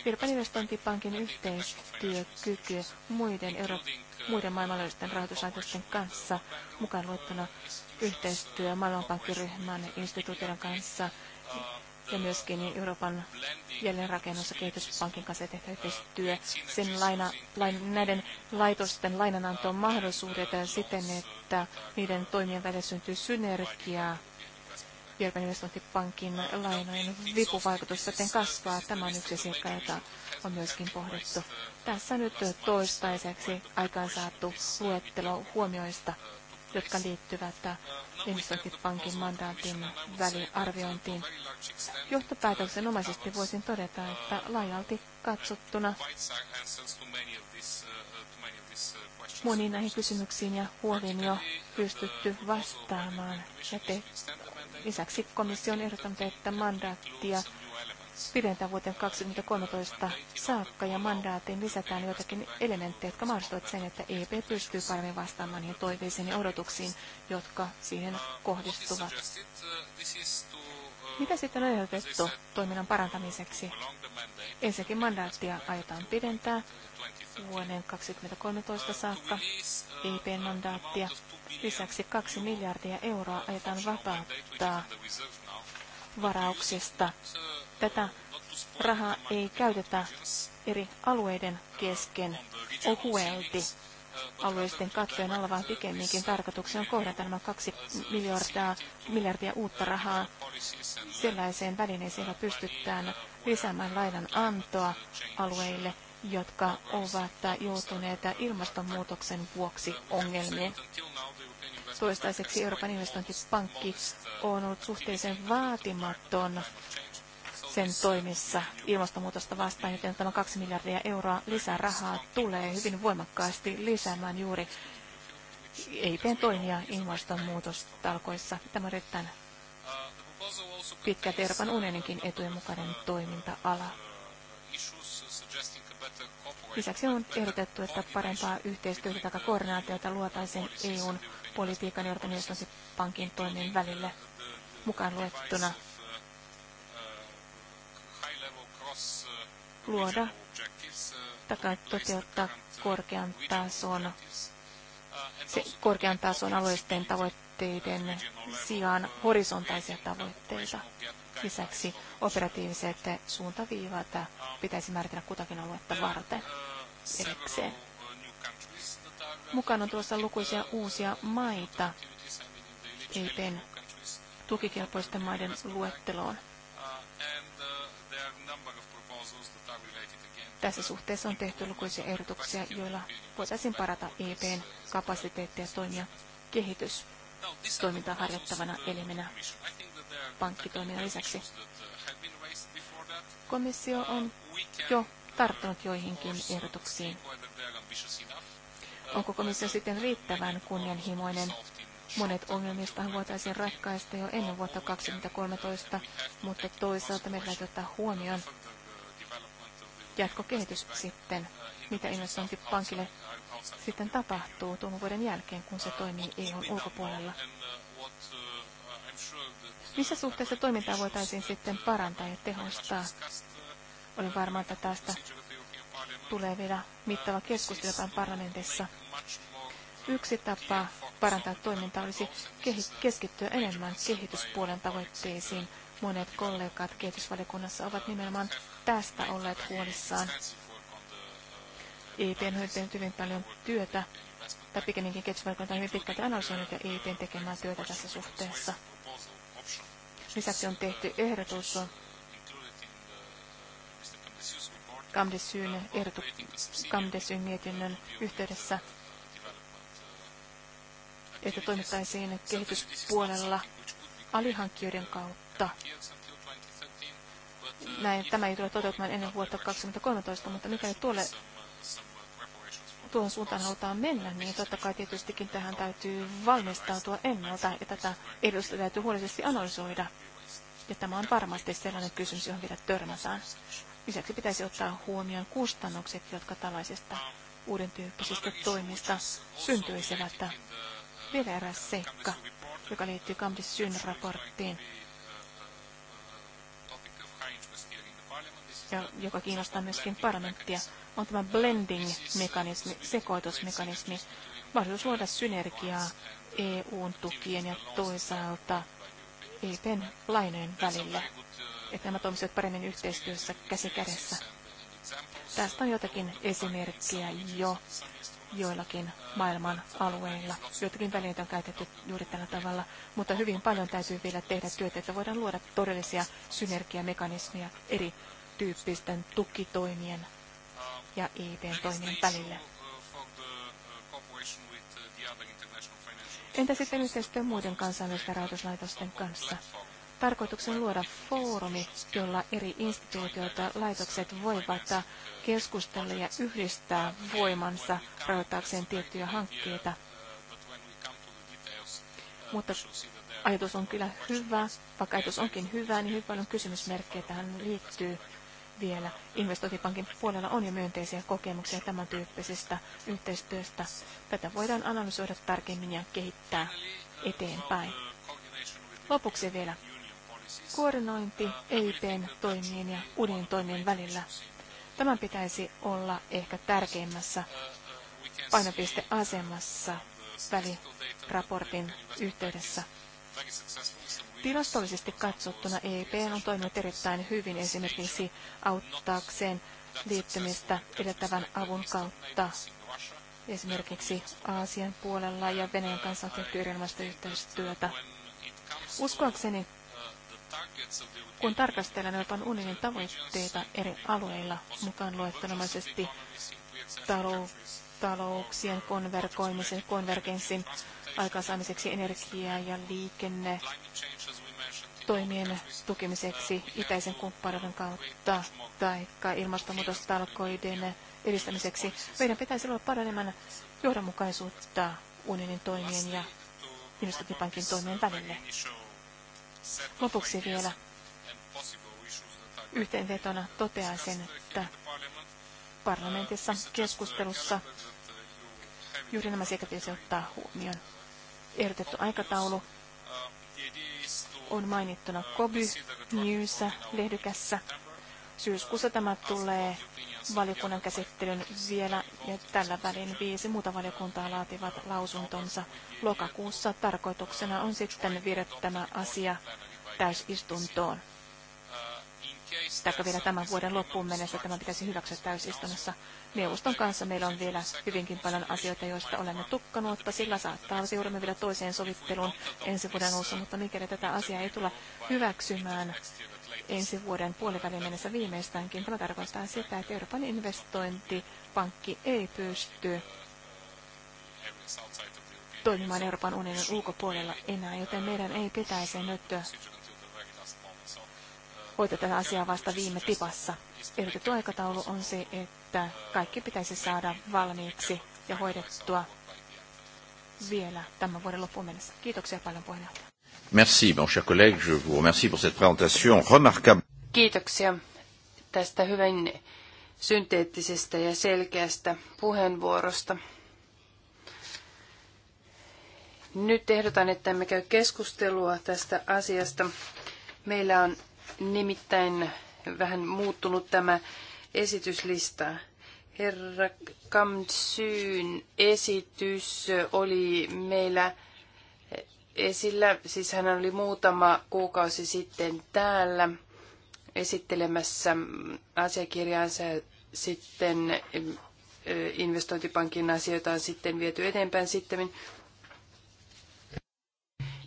Euroopan investointipankin yhteistyökyky muiden, euro- muiden maailmanlaajuisten rahoituslaitosten kanssa, mukaan luettuna yhteistyö maailmanpankkiryhmän instituutioiden kanssa, ja myöskin Euroopan jälleenrakennus- ja kehityspankin kanssa tehtävä yhteistyö, sen laina, lain, näiden laitosten lainanantoon mahdollisuudet siten, että niiden toimien välillä syntyy synergiaa. Euroopan investointipankin lainojen vipuvaikutus sitten kasvaa. Tämä on yksi seikka, jota on myöskin pohdittu. Tässä nyt toistaiseksi aikaansaattu luettelo huomioista jotka liittyvät investointipankin mandaatin väliarviointiin. Johtopäätöksenomaisesti voisin todeta, että laajalti katsottuna moniin näihin kysymyksiin ja huoliin jo pystytty vastaamaan. Ja te, lisäksi komissio on ehdottanut, että mandaattia pidentää vuoteen 2013 saakka ja mandaatiin lisätään joitakin elementtejä, jotka mahdollistavat sen, että EP pystyy paremmin vastaamaan niihin toiveisiin ja odotuksiin, jotka siihen kohdistuvat. Mitä sitten on ehdotettu toiminnan parantamiseksi? Ensinnäkin mandaattia aiotaan pidentää vuoden 2013 saakka, EPn mandaattia. Lisäksi 2 miljardia euroa aiotaan vapauttaa varauksista tätä rahaa ei käytetä eri alueiden kesken ohuelti alueisten katsojen alla, vaan pikemminkin tarkoituksena on kohdata nämä kaksi miljardia, miljardia uutta rahaa sellaiseen välineeseen, joka pystytään lisäämään lainan antoa alueille, jotka ovat joutuneet ilmastonmuutoksen vuoksi ongelmiin. Toistaiseksi Euroopan investointipankki on ollut suhteellisen vaatimaton sen toimissa ilmastonmuutosta vastaan, joten tämä 2 miljardia euroa rahaa tulee hyvin voimakkaasti lisäämään juuri EIPn toimia ilmastonmuutostalkoissa. Tämä on erittäin pitkälti Euroopan unioninkin etujen mukainen toiminta-ala. Lisäksi on ehdotettu, että parempaa yhteistyötä tai koordinaatiota luotaisiin EUn politiikan ja Euroopan pankin toimien välille mukaan luettuna luoda takaa toteuttaa korkean tason, se, korkean tason alueisten tavoitteiden sijaan horisontaisia tavoitteita. Lisäksi operatiiviset suuntaviivat pitäisi määritellä kutakin aluetta varten erikseen. Mukaan on tulossa lukuisia uusia maita EIPn tukikelpoisten maiden luetteloon. Tässä suhteessa on tehty lukuisia ehdotuksia, joilla voitaisiin parata EPn kapasiteettia toimia kehitys toimintaa harjoittavana elimenä pankkitoiminnan lisäksi. Komissio on jo tarttunut joihinkin ehdotuksiin. Onko komissio sitten riittävän kunnianhimoinen? Monet ongelmista voitaisiin ratkaista jo ennen vuotta 2013, mutta toisaalta meidän täytyy ottaa huomioon jatkokehitys sitten, mitä investointipankille sitten tapahtuu tuon vuoden jälkeen, kun se toimii EUn ulkopuolella. Missä suhteessa toimintaa voitaisiin sitten parantaa ja tehostaa? Olen varma, että tästä tulee vielä mittava keskustelu parlamentissa. Yksi tapa parantaa toimintaa olisi keskittyä enemmän kehityspuolen tavoitteisiin. Monet kollegat kehitysvaliokunnassa ovat nimenomaan tästä olleet huolissaan. EIPn on tehnyt hyvin paljon työtä, tai pikemminkin on hyvin pitkälti analysoinut ja EIPn tekemään työtä tässä suhteessa. Lisäksi on tehty ehdotus Kamdesyn ehdotu, mietinnön yhteydessä, että toimittaisiin kehityspuolella alihankkijoiden kautta näin, tämä ei tule toteutumaan ennen vuotta 2013, mutta mikäli tuolle, tuohon suuntaan halutaan mennä, niin totta kai tietystikin tähän täytyy valmistautua ennalta ja tätä edustusta täytyy huolellisesti analysoida. Ja tämä on varmasti sellainen kysymys, johon vielä törmätään. Lisäksi pitäisi ottaa huomioon kustannukset, jotka tällaisista uuden tyyppisistä toimista syntyisivät. Vielä eräs seikka, joka liittyy Kampis Syn raporttiin ja joka kiinnostaa myöskin parlamenttia, on tämä blending-mekanismi, sekoitusmekanismi, mahdollisuus luoda synergiaa eu tukien ja toisaalta EPn lainojen välillä, että nämä toimisivat paremmin yhteistyössä käsi kädessä. Tästä on jotakin esimerkkiä jo joillakin maailman alueilla. Joitakin välineitä on käytetty juuri tällä tavalla, mutta hyvin paljon täytyy vielä tehdä työtä, että voidaan luoda todellisia synergiamekanismeja eri tyyppisten tukitoimien ja EIPn toimien välillä. Entä sitten yhteistyö muiden kansainvälisten rahoituslaitosten kanssa? Tarkoituksen luoda foorumi, jolla eri instituutiot ja laitokset voivat keskustella ja yhdistää voimansa rahoittaakseen tiettyjä hankkeita. Mutta ajatus on kyllä hyvä, vaikka ajatus onkin hyvä, niin hyvin paljon kysymysmerkkejä tähän liittyy vielä investointipankin puolella on jo myönteisiä kokemuksia tämän tyyppisestä yhteistyöstä. Tätä voidaan analysoida tarkemmin ja kehittää eteenpäin. Lopuksi vielä koordinointi EIPn toimien ja uuden toimien välillä. Tämän pitäisi olla ehkä tärkeimmässä painopisteasemassa väliraportin yhteydessä. Tilastollisesti katsottuna EIP on toiminut erittäin hyvin esimerkiksi auttaakseen liittymistä edeltävän avun kautta esimerkiksi Aasian puolella ja Venäjän kanssa on tehty erilaista yhteistyötä. Uskoakseni, kun tarkastellaan Euroopan unionin tavoitteita eri alueilla mukaan luettelomaisesti talou- talouksien konverkoimisen konvergenssin, aikaansaamiseksi energiaa ja liikenne toimien tukemiseksi itäisen kumppanuuden kautta tai ilmastonmuutostalkoiden edistämiseksi. Meidän pitäisi olla paljon enemmän johdonmukaisuutta unionin toimien ja investointipankin toimien välille. Lopuksi vielä yhteenvetona toteaisin, että parlamentissa keskustelussa juuri nämä seikat ottaa huomioon ehdotettu aikataulu on mainittuna Koby News lehdykässä. Syyskuussa tämä tulee valiokunnan käsittelyn vielä ja tällä välin viisi muuta valiokuntaa laativat lausuntonsa. Lokakuussa tarkoituksena on sitten viedä tämä asia täysistuntoon. Taikka vielä tämän vuoden loppuun mennessä tämä pitäisi hyväksyä täysistunnossa. Neuvoston kanssa meillä on vielä hyvinkin paljon asioita, joista olemme tukkanuotta. Sillä saattaa siirrymme vielä toiseen sovitteluun ensi vuoden alussa, mutta mikäli tätä asiaa ei tulla hyväksymään ensi vuoden puolivälin mennessä viimeistäänkin, tämä tarkoittaa sitä, että Euroopan investointipankki ei pysty toimimaan Euroopan unionin ulkopuolella enää, joten meidän ei pitäisi nyt hoitaa tätä asiaa vasta viime tipassa. Ehdotettu aikataulu on se, että kaikki pitäisi saada valmiiksi ja hoidettua vielä tämän vuoden loppuun mennessä. Kiitoksia paljon puheenjohtaja. Merci, mon cher collègue. Je vous remercie pour cette présentation remarquable. Kiitoksia tästä hyvin synteettisestä ja selkeästä puheenvuorosta. Nyt ehdotan, että me käy keskustelua tästä asiasta. Meillä on nimittäin vähän muuttunut tämä esityslista. Herra Kamsyn esitys oli meillä esillä, siis hän oli muutama kuukausi sitten täällä esittelemässä asiakirjaansa sitten eh, investointipankin asioita on sitten viety eteenpäin sitten.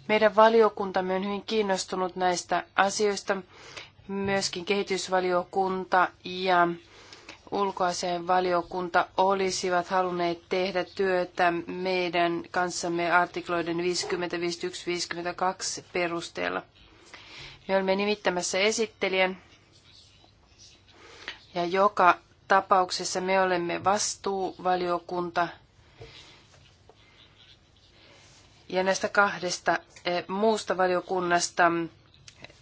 Meidän valiokuntamme on hyvin kiinnostunut näistä asioista myöskin kehitysvaliokunta ja ulkoasiainvaliokunta olisivat halunneet tehdä työtä meidän kanssamme artikloiden 50, 51, 52 perusteella. Me olemme nimittämässä esittelijän ja joka tapauksessa me olemme vastuuvaliokunta ja näistä kahdesta eh, muusta valiokunnasta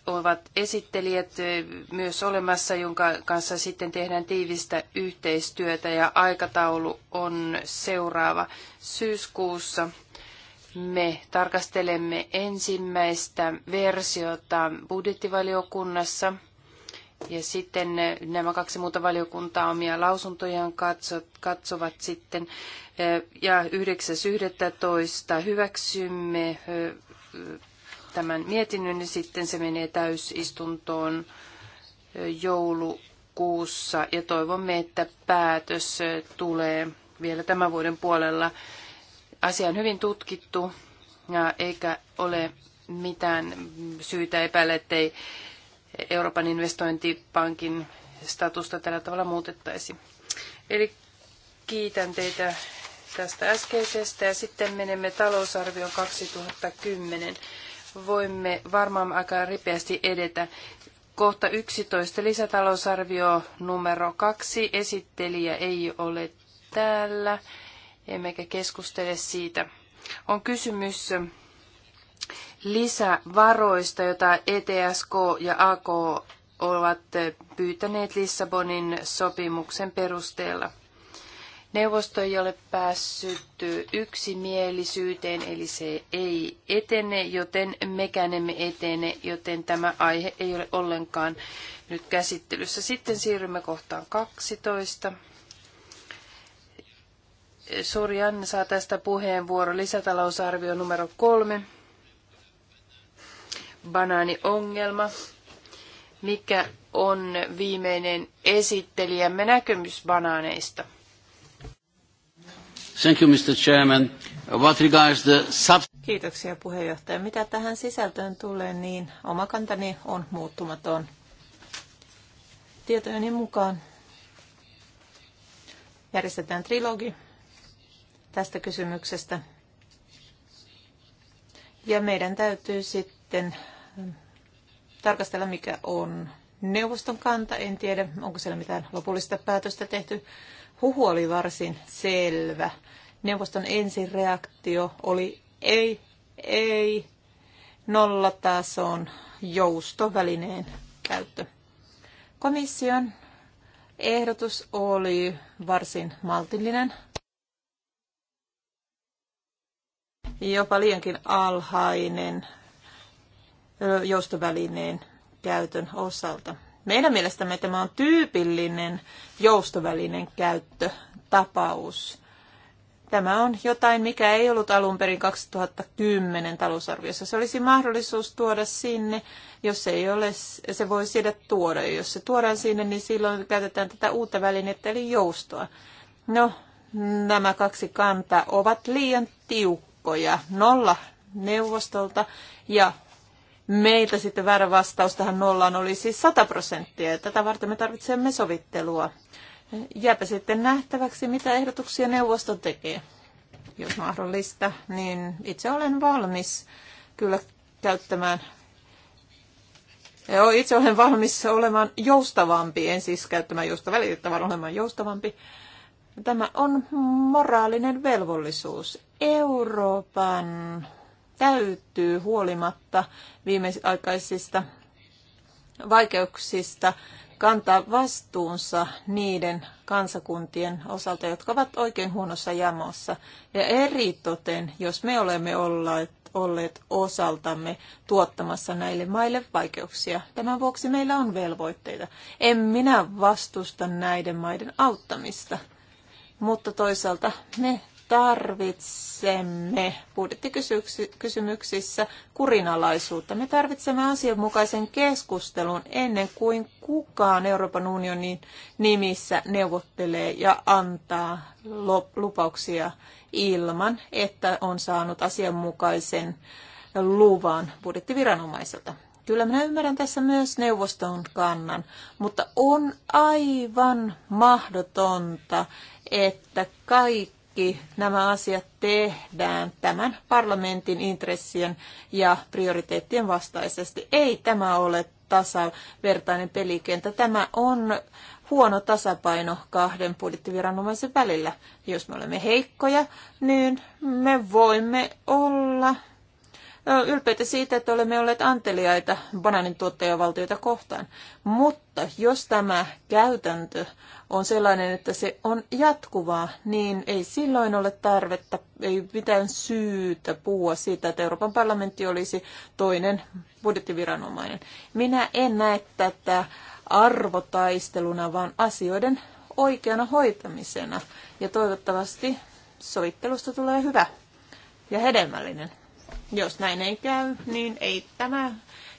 ovat esittelijät myös olemassa, jonka kanssa sitten tehdään tiivistä yhteistyötä ja aikataulu on seuraava. Syyskuussa me tarkastelemme ensimmäistä versiota budjettivaliokunnassa ja sitten nämä kaksi muuta valiokuntaa omia lausuntojaan katsot, katsovat sitten ja 9.11. hyväksymme tämän mietinnön ja niin sitten se menee täysistuntoon joulukuussa ja toivomme, että päätös tulee vielä tämän vuoden puolella. Asia on hyvin tutkittu ja eikä ole mitään syytä epäillä, ettei Euroopan investointipankin statusta tällä tavalla muutettaisi. Eli kiitän teitä tästä äskeisestä ja sitten menemme talousarvioon 2010 voimme varmaan aika ripeästi edetä. Kohta 11 lisätalousarvio numero 2. Esittelijä ei ole täällä, emmekä keskustele siitä. On kysymys lisävaroista, joita ETSK ja AK ovat pyytäneet Lissabonin sopimuksen perusteella. Neuvosto ei ole päässyt yksimielisyyteen, eli se ei etene, joten mekään emme etene, joten tämä aihe ei ole ollenkaan nyt käsittelyssä. Sitten siirrymme kohtaan 12. Sori Anne saa tästä puheenvuoro. Lisätalousarvio numero kolme. Banaaniongelma. Mikä on viimeinen esittelijämme näkemys banaaneista? Thank you, Mr. Chairman. What regards the sub- Kiitoksia puheenjohtaja. Mitä tähän sisältöön tulee, niin oma kantani on muuttumaton. Tietojeni mukaan järjestetään trilogi tästä kysymyksestä. Ja meidän täytyy sitten ähm, tarkastella, mikä on neuvoston kanta. En tiedä, onko siellä mitään lopullista päätöstä tehty. Huhu oli varsin selvä. Neuvoston reaktio oli ei, ei, nollatason joustovälineen käyttö. Komission ehdotus oli varsin maltillinen, jopa liiankin alhainen joustovälineen käytön osalta. Meidän mielestämme tämä on tyypillinen joustovälinen käyttötapaus. Tämä on jotain, mikä ei ollut alun perin 2010 talousarviossa. Se olisi mahdollisuus tuoda sinne, jos se ei ole, se voi siedä tuoda. Jos se tuodaan sinne, niin silloin käytetään tätä uutta välinettä, eli joustoa. No, nämä kaksi kantaa ovat liian tiukkoja. Nolla neuvostolta ja meiltä sitten väärä vastaus tähän nollaan oli siis 100 prosenttia. Tätä varten me tarvitsemme sovittelua. Jääpä sitten nähtäväksi, mitä ehdotuksia neuvosto tekee. Jos mahdollista, niin itse olen valmis kyllä käyttämään Joo, itse olen valmis olemaan joustavampi, en siis käyttämään jousta välitettä, vaan olemaan joustavampi. Tämä on moraalinen velvollisuus. Euroopan täyttyy huolimatta viimeaikaisista vaikeuksista kantaa vastuunsa niiden kansakuntien osalta, jotka ovat oikein huonossa jamossa. Ja eritoten, jos me olemme olleet, olleet osaltamme tuottamassa näille maille vaikeuksia. Tämän vuoksi meillä on velvoitteita. En minä vastusta näiden maiden auttamista, mutta toisaalta me tarvitsemme budjettikysymyksissä kurinalaisuutta. Me tarvitsemme asianmukaisen keskustelun ennen kuin kukaan Euroopan unionin nimissä neuvottelee ja antaa lupauksia ilman, että on saanut asianmukaisen luvan budjettiviranomaiselta. Kyllä minä ymmärrän tässä myös neuvoston kannan, mutta on aivan mahdotonta, että kaikki kaikki nämä asiat tehdään tämän parlamentin intressien ja prioriteettien vastaisesti. Ei tämä ole tasavertainen pelikenttä. Tämä on huono tasapaino kahden budjettiviranomaisen välillä. Jos me olemme heikkoja, niin me voimme olla ylpeitä siitä, että olemme olleet anteliaita banaanin tuottajavaltioita kohtaan. Mutta jos tämä käytäntö on sellainen, että se on jatkuvaa, niin ei silloin ole tarvetta, ei mitään syytä puhua siitä, että Euroopan parlamentti olisi toinen budjettiviranomainen. Minä en näe tätä arvotaisteluna, vaan asioiden oikeana hoitamisena. Ja toivottavasti sovittelusta tulee hyvä ja hedelmällinen. Jos näin ei käy, niin ei tämä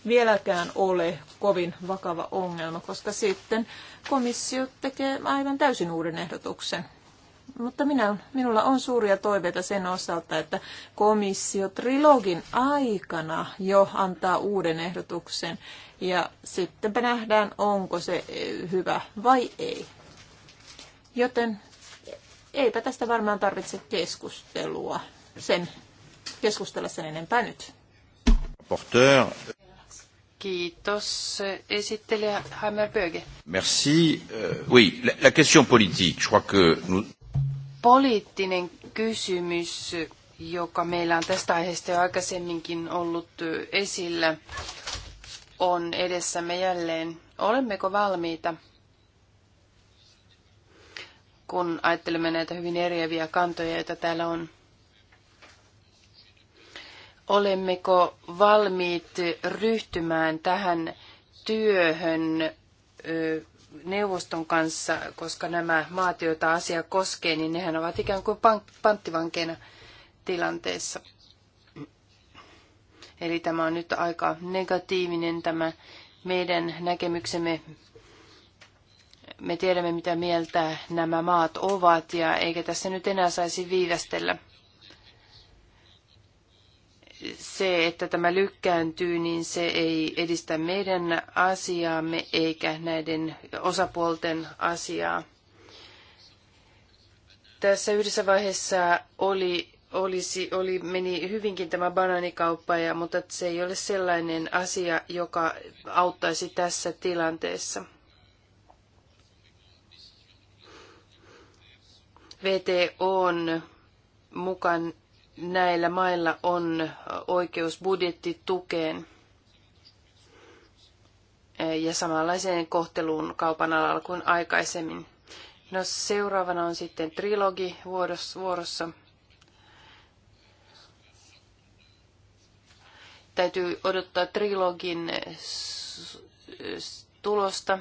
vieläkään ole kovin vakava ongelma, koska sitten komissio tekee aivan täysin uuden ehdotuksen. Mutta minä, minulla on suuria toiveita sen osalta, että komissio trilogin aikana jo antaa uuden ehdotuksen ja sittenpä nähdään, onko se eh, hyvä vai ei. Joten eipä tästä varmaan tarvitse keskustelua sen keskustella sen enempää nyt. Porteur. Kiitos. Esittelijä Hammerböge. Merci. Uh, oui, la, la question politique, je crois que... Nous... Poliittinen kysymys, joka meillä on tästä aiheesta jo aikaisemminkin ollut esillä, on edessämme jälleen. Olemmeko valmiita, kun ajattelemme näitä hyvin eriäviä kantoja, joita täällä on? olemmeko valmiit ryhtymään tähän työhön neuvoston kanssa, koska nämä maat, joita asia koskee, niin nehän ovat ikään kuin panttivankeina tilanteessa. Eli tämä on nyt aika negatiivinen tämä meidän näkemyksemme. Me tiedämme, mitä mieltä nämä maat ovat, ja eikä tässä nyt enää saisi viivästellä se, että tämä lykkääntyy, niin se ei edistä meidän asiaamme eikä näiden osapuolten asiaa. Tässä yhdessä vaiheessa oli, olisi, oli, meni hyvinkin tämä bananikauppa, ja, mutta se ei ole sellainen asia, joka auttaisi tässä tilanteessa. VTO on mukaan näillä mailla on oikeus budjettitukeen ja samanlaiseen kohteluun kaupan alalla kuin aikaisemmin. No seuraavana on sitten trilogi vuorossa. Täytyy odottaa trilogin tulosta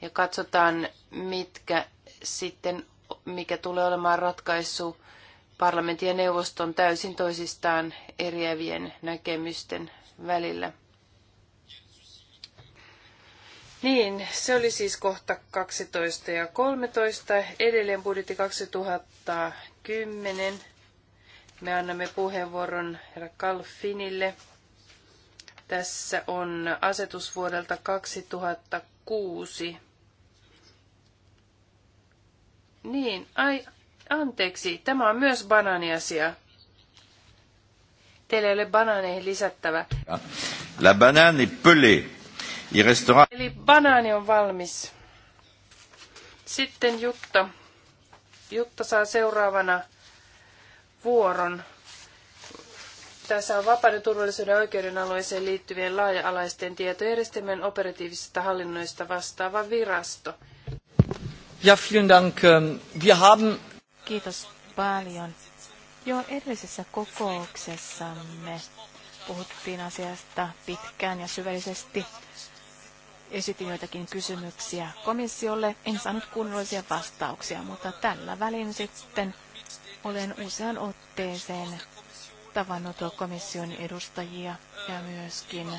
ja katsotaan, mitkä sitten, mikä tulee olemaan ratkaisu parlamentin ja neuvoston täysin toisistaan eriävien näkemysten välillä. Niin, se oli siis kohta 12 ja 13. Edelleen budjetti 2010. Me annamme puheenvuoron herra Kalfinille. Tässä on asetus vuodelta 2006. Niin, ai, Anteeksi, tämä on myös banaaniasia. Teille ei ole banaaneihin lisättävä. La banane est pelée. Il restera... Eli banaani on valmis. Sitten Jutta. Jutta saa seuraavana vuoron. Tässä on vapauden turvallisuuden oikeuden alueeseen liittyvien laaja-alaisten tietojärjestelmien operatiivisista hallinnoista vastaava virasto. Ja, vielen Dank. Ähm, wir haben Kiitos paljon. Jo edellisessä kokouksessamme puhuttiin asiasta pitkään ja syvällisesti. Esitin joitakin kysymyksiä komissiolle. En saanut kunnollisia vastauksia, mutta tällä välin sitten olen usean otteeseen tavannut komission edustajia ja myöskin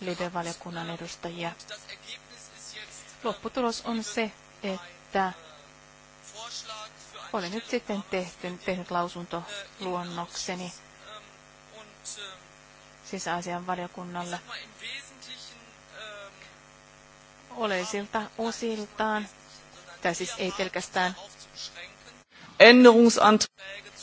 live-valiokunnan edustajia. Lopputulos on se, että olen nyt sitten tehty, tehnyt lausuntoluonnokseni sisäasian valiokunnalle. Oleisilta osiltaan, tai siis ei pelkästään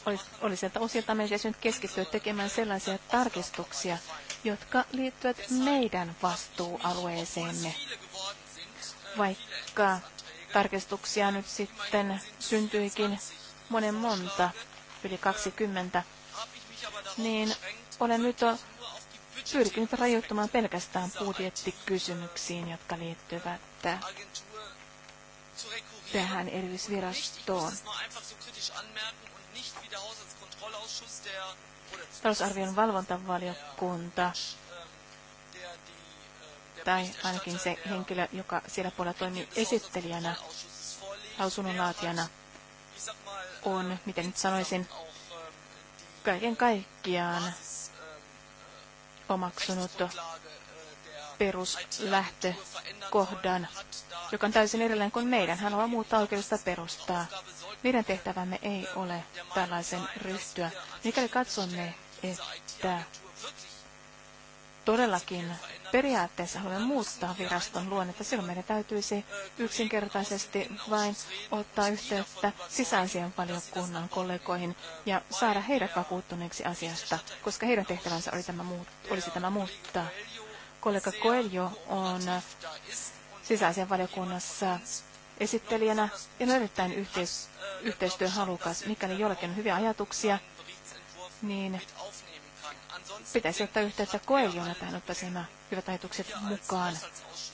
Oli olisi osilta meidän nyt keskittyä tekemään sellaisia tarkistuksia, jotka liittyvät meidän vastuualueeseemme. Vaikka tarkistuksia nyt sitten syntyikin monen monta, yli 20, niin olen nyt pyrkinyt rajoittumaan pelkästään budjettikysymyksiin, jotka liittyvät tähän erillisvirastoon. Talousarvion valvontavaliokunta tai ainakin se henkilö, joka siellä puolella toimii esittelijänä, lausunnonlaatijana, on, miten nyt sanoisin, kaiken kaikkiaan omaksunut peruslähtökohdan, joka on täysin erilainen kuin meidän. Hän haluaa muuttaa oikeudesta perustaa. Meidän tehtävämme ei ole tällaisen ryhtyä. Mikäli katsomme, että todellakin periaatteessa haluamme muuttaa viraston luonnetta, silloin meidän täytyisi yksinkertaisesti vain ottaa yhteyttä sisäisien valiokunnan kollegoihin ja saada heidät vakuuttuneeksi asiasta, koska heidän tehtävänsä oli tämä muut, olisi tämä muuttaa. Kollega Koeljo on sisäisen valiokunnassa esittelijänä ja on erittäin yhteis- yhteistyöhalukas. Mikäli jollakin on hyviä ajatuksia, niin pitäisi ottaa yhteyttä koejuna tähän nämä hyvät ajatukset mukaan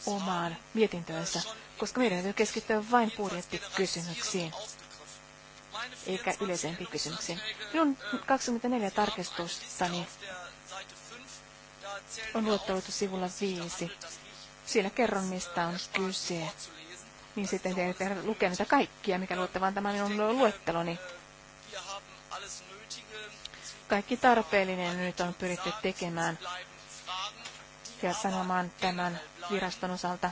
omaan mietintöönsä, koska meidän täytyy keskittyä vain budjettikysymyksiin eikä yleisempiin kysymyksiin. Minun 24 tarkistustani on luetteloitu sivulla 5. Siellä kerron, mistä on kyse. Niin sitten teidän lukea niitä kaikkia, mikä luotte, tämä minun luetteloni. Kaikki tarpeellinen nyt on pyritty tekemään ja sanomaan tämän viraston osalta.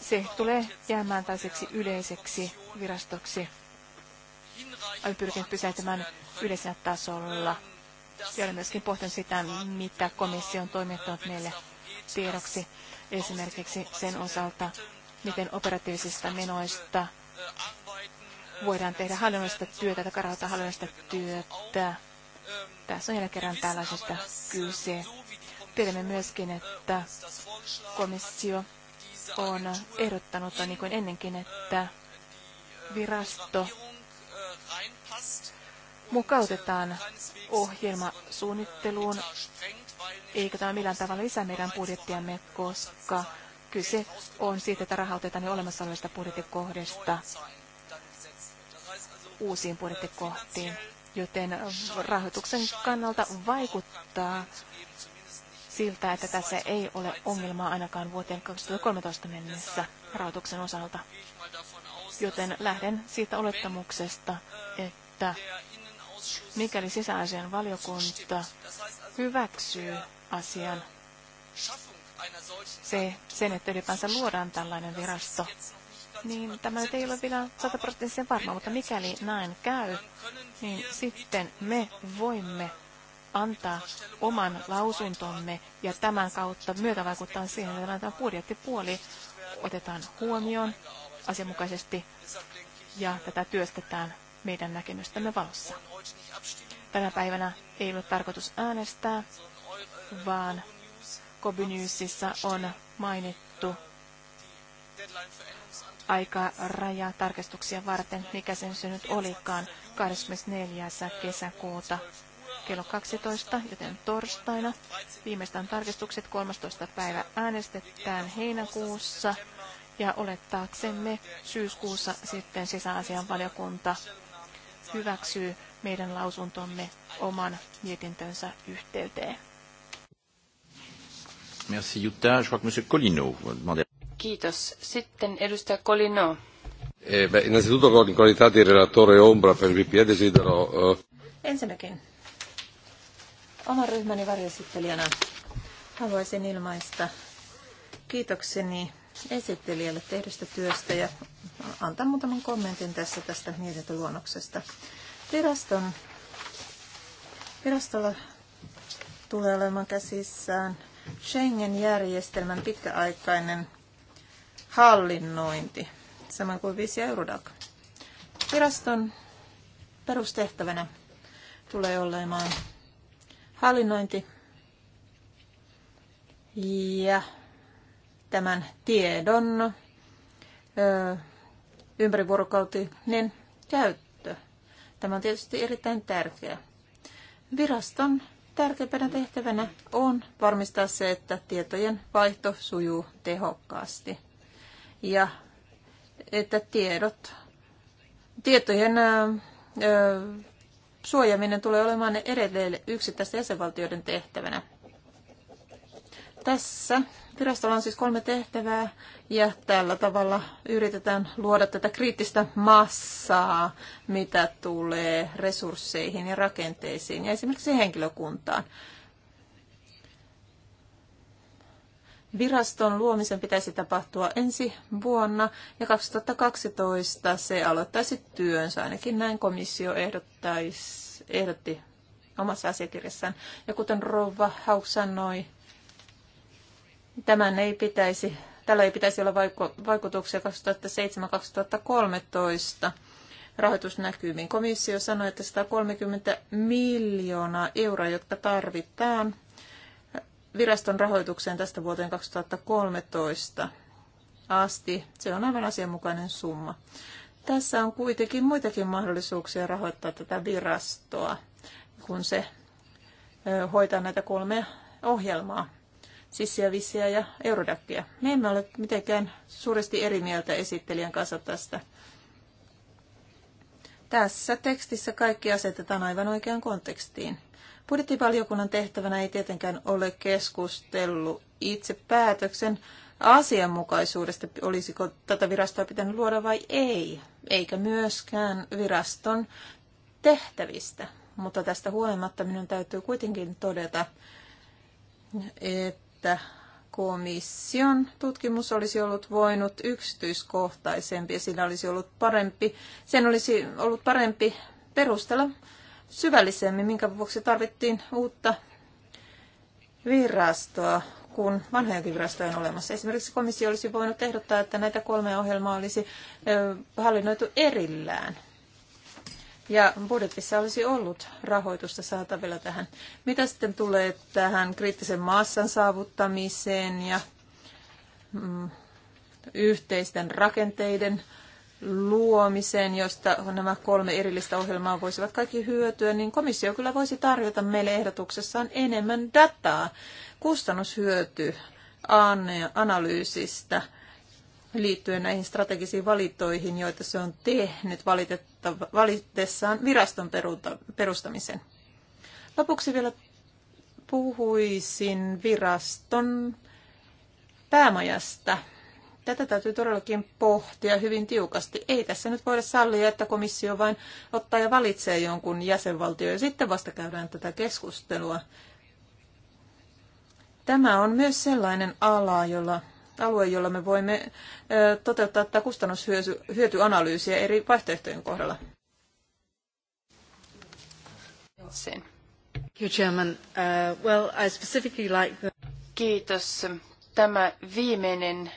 Se tulee jäämään tällaiseksi yleiseksi virastoksi. Olen pyrkinyt pysäytämään yleisellä tasolla. Ja olen myöskin pohtinut sitä, mitä komissio on toimittanut meille tiedoksi. Esimerkiksi sen osalta, miten operatiivisista menoista voidaan tehdä hallinnollista työtä tai karata hallinnollista työtä. Tässä on jälleen kerran tällaisesta kyse. Tiedämme myöskin, että komissio on ehdottanut, niin kuin ennenkin, että virasto mukautetaan ohjelmasuunnitteluun, eikä tämä millään tavalla lisää meidän budjettiamme, koska kyse on siitä, että rahautetaan jo olemassa olevista budjettikohdista uusiin budjettikohtiin, joten rahoituksen kannalta vaikuttaa siltä, että tässä ei ole ongelmaa ainakaan vuoteen 2013 mennessä rahoituksen osalta. Joten lähden siitä olettamuksesta, että mikäli sisäasian valiokunta hyväksyy asian, se, sen, että ylipäänsä luodaan tällainen virasto, niin tämä nyt ei ole vielä sataprosenttisen varma, mutta mikäli näin käy, niin sitten me voimme antaa oman lausuntomme ja tämän kautta myötä vaikuttaa siihen, että tämä budjettipuoli otetaan huomioon asianmukaisesti ja tätä työstetään meidän näkemystämme valossa. Tänä päivänä ei ole tarkoitus äänestää, vaan Kobinyysissa on mainittu aikarajatarkistuksia tarkastuksia varten, mikä sen se nyt olikaan, 24. kesäkuuta kello 12, joten torstaina. Viimeistään tarkistukset 13. päivä äänestetään heinäkuussa ja olettaaksemme syyskuussa sitten sisäasiainvaliokunta hyväksyy meidän lausuntomme oman mietintönsä yhteyteen. Merci Jutta. Je crois que demandait... Kiitos. Sitten edustaja Colino. Eh, beh, innanzitutto con in qualità di relatore ombra per VPE desidero... Uh... Ensinnäkin oman ryhmäni varjesittelijänä haluaisin ilmaista kiitokseni esittelijälle tehdystä työstä ja antaa muutaman kommentin tässä tästä mietintöluonnoksesta. Viraston, virastolla tulee olemaan käsissään Schengen-järjestelmän pitkäaikainen hallinnointi, saman kuin Visi ja Eurodac. Viraston perustehtävänä tulee olemaan hallinnointi ja tämän tiedon ö, ympärivuorokautinen käyttö. Tämä on tietysti erittäin tärkeä. Viraston tärkeimpänä tehtävänä on varmistaa se, että tietojen vaihto sujuu tehokkaasti ja että tiedot, tietojen ö, suojaminen tulee olemaan edelleen yksittäisten jäsenvaltioiden tehtävänä. Tässä virastolla on siis kolme tehtävää ja tällä tavalla yritetään luoda tätä kriittistä massaa, mitä tulee resursseihin ja rakenteisiin ja esimerkiksi henkilökuntaan. Viraston luomisen pitäisi tapahtua ensi vuonna ja 2012 se aloittaisi työnsä, ainakin näin komissio ehdotti omassa asiakirjassaan. Ja kuten Rova Hauk sanoi, tämän ei pitäisi, tällä ei pitäisi olla vaikutuksia 2007-2013 rahoitusnäkymiin. Komissio sanoi, että 130 miljoonaa euroa, jotka tarvitaan viraston rahoitukseen tästä vuoteen 2013 asti. Se on aivan asianmukainen summa. Tässä on kuitenkin muitakin mahdollisuuksia rahoittaa tätä virastoa, kun se hoitaa näitä kolmea ohjelmaa, sissiä, vissiä ja eurodakkia. Me emme ole mitenkään suuresti eri mieltä esittelijän kanssa tästä. Tässä tekstissä kaikki asetetaan aivan oikeaan kontekstiin. Budjettivaliokunnan tehtävänä ei tietenkään ole keskustellut itse päätöksen asianmukaisuudesta, olisiko tätä virastoa pitänyt luoda vai ei, eikä myöskään viraston tehtävistä. Mutta tästä huolimatta minun täytyy kuitenkin todeta, että komission tutkimus olisi ollut voinut yksityiskohtaisempi ja sillä olisi ollut parempi, sen olisi ollut parempi perustella syvällisemmin, minkä vuoksi tarvittiin uutta virastoa, kun vanhojakin virastoja on olemassa. Esimerkiksi komissio olisi voinut ehdottaa, että näitä kolmea ohjelmaa olisi hallinnoitu erillään. Ja budjetissa olisi ollut rahoitusta saatavilla tähän. Mitä sitten tulee tähän kriittisen maassan saavuttamiseen ja mm, yhteisten rakenteiden luomiseen, josta nämä kolme erillistä ohjelmaa voisivat kaikki hyötyä, niin komissio kyllä voisi tarjota meille ehdotuksessaan enemmän dataa kustannushyöty analyysistä liittyen näihin strategisiin valintoihin, joita se on tehnyt valitessaan viraston perustamisen. Lopuksi vielä puhuisin viraston päämajasta. Tätä täytyy todellakin pohtia hyvin tiukasti. Ei tässä nyt voida sallia, että komissio vain ottaa ja valitsee jonkun jäsenvaltion ja sitten vasta käydään tätä keskustelua. Tämä on myös sellainen ala, jolla alue, jolla me voimme toteuttaa tätä kustannushyötyanalyysiä eri vaihtoehtojen kohdalla. Uh, Kiitos. Tämä viimeinen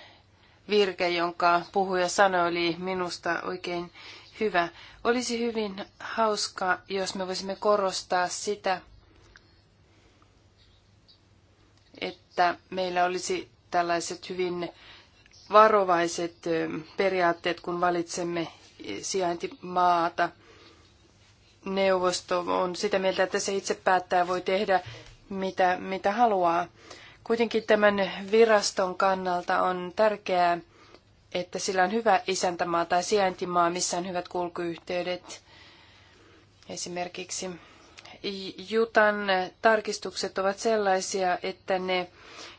virke, jonka puhuja sanoi, oli minusta oikein hyvä. Olisi hyvin hauska, jos me voisimme korostaa sitä, että meillä olisi tällaiset hyvin varovaiset periaatteet, kun valitsemme sijaintimaata. Neuvosto on sitä mieltä, että se itse päättää voi tehdä mitä, mitä haluaa. Kuitenkin tämän viraston kannalta on tärkeää, että sillä on hyvä isäntämaa tai sijaintimaa, missä on hyvät kulkuyhteydet. Esimerkiksi Jutan tarkistukset ovat sellaisia, että ne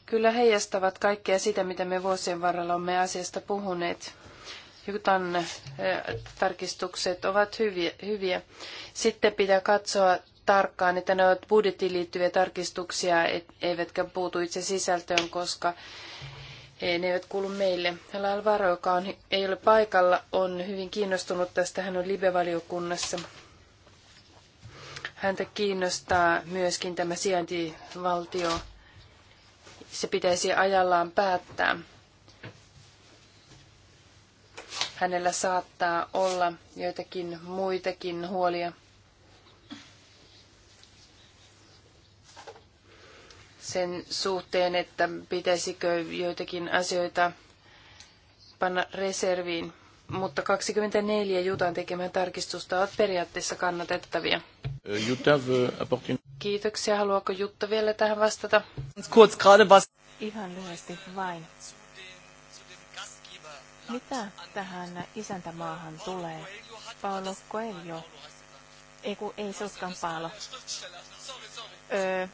kyllä heijastavat kaikkea sitä, mitä me vuosien varrella olemme asiasta puhuneet. Jutan eh, tarkistukset ovat hyviä. hyviä. Sitten pitää katsoa tarkkaan, että ne ovat budjettiin liittyviä tarkistuksia, et, eivätkä puutu itse sisältöön, koska ne eivät kuulu meille. Alvaro, joka on, ei ole paikalla, on hyvin kiinnostunut tästä. Hän on live-valiokunnassa. Häntä kiinnostaa myöskin tämä sijaintivaltio. Se pitäisi ajallaan päättää. Hänellä saattaa olla joitakin muitakin huolia. sen suhteen, että pitäisikö joitakin asioita panna reserviin. Mutta 24 Jutan tekemään tarkistusta ovat periaatteessa kannatettavia. Äh, äh, Kiitoksia. Haluaako Jutta vielä tähän vastata? Ihan lyhyesti vain. Mitä tähän isäntämaahan tulee? Paolo Coelho. Ei ei se olekaan Paolo. Öö,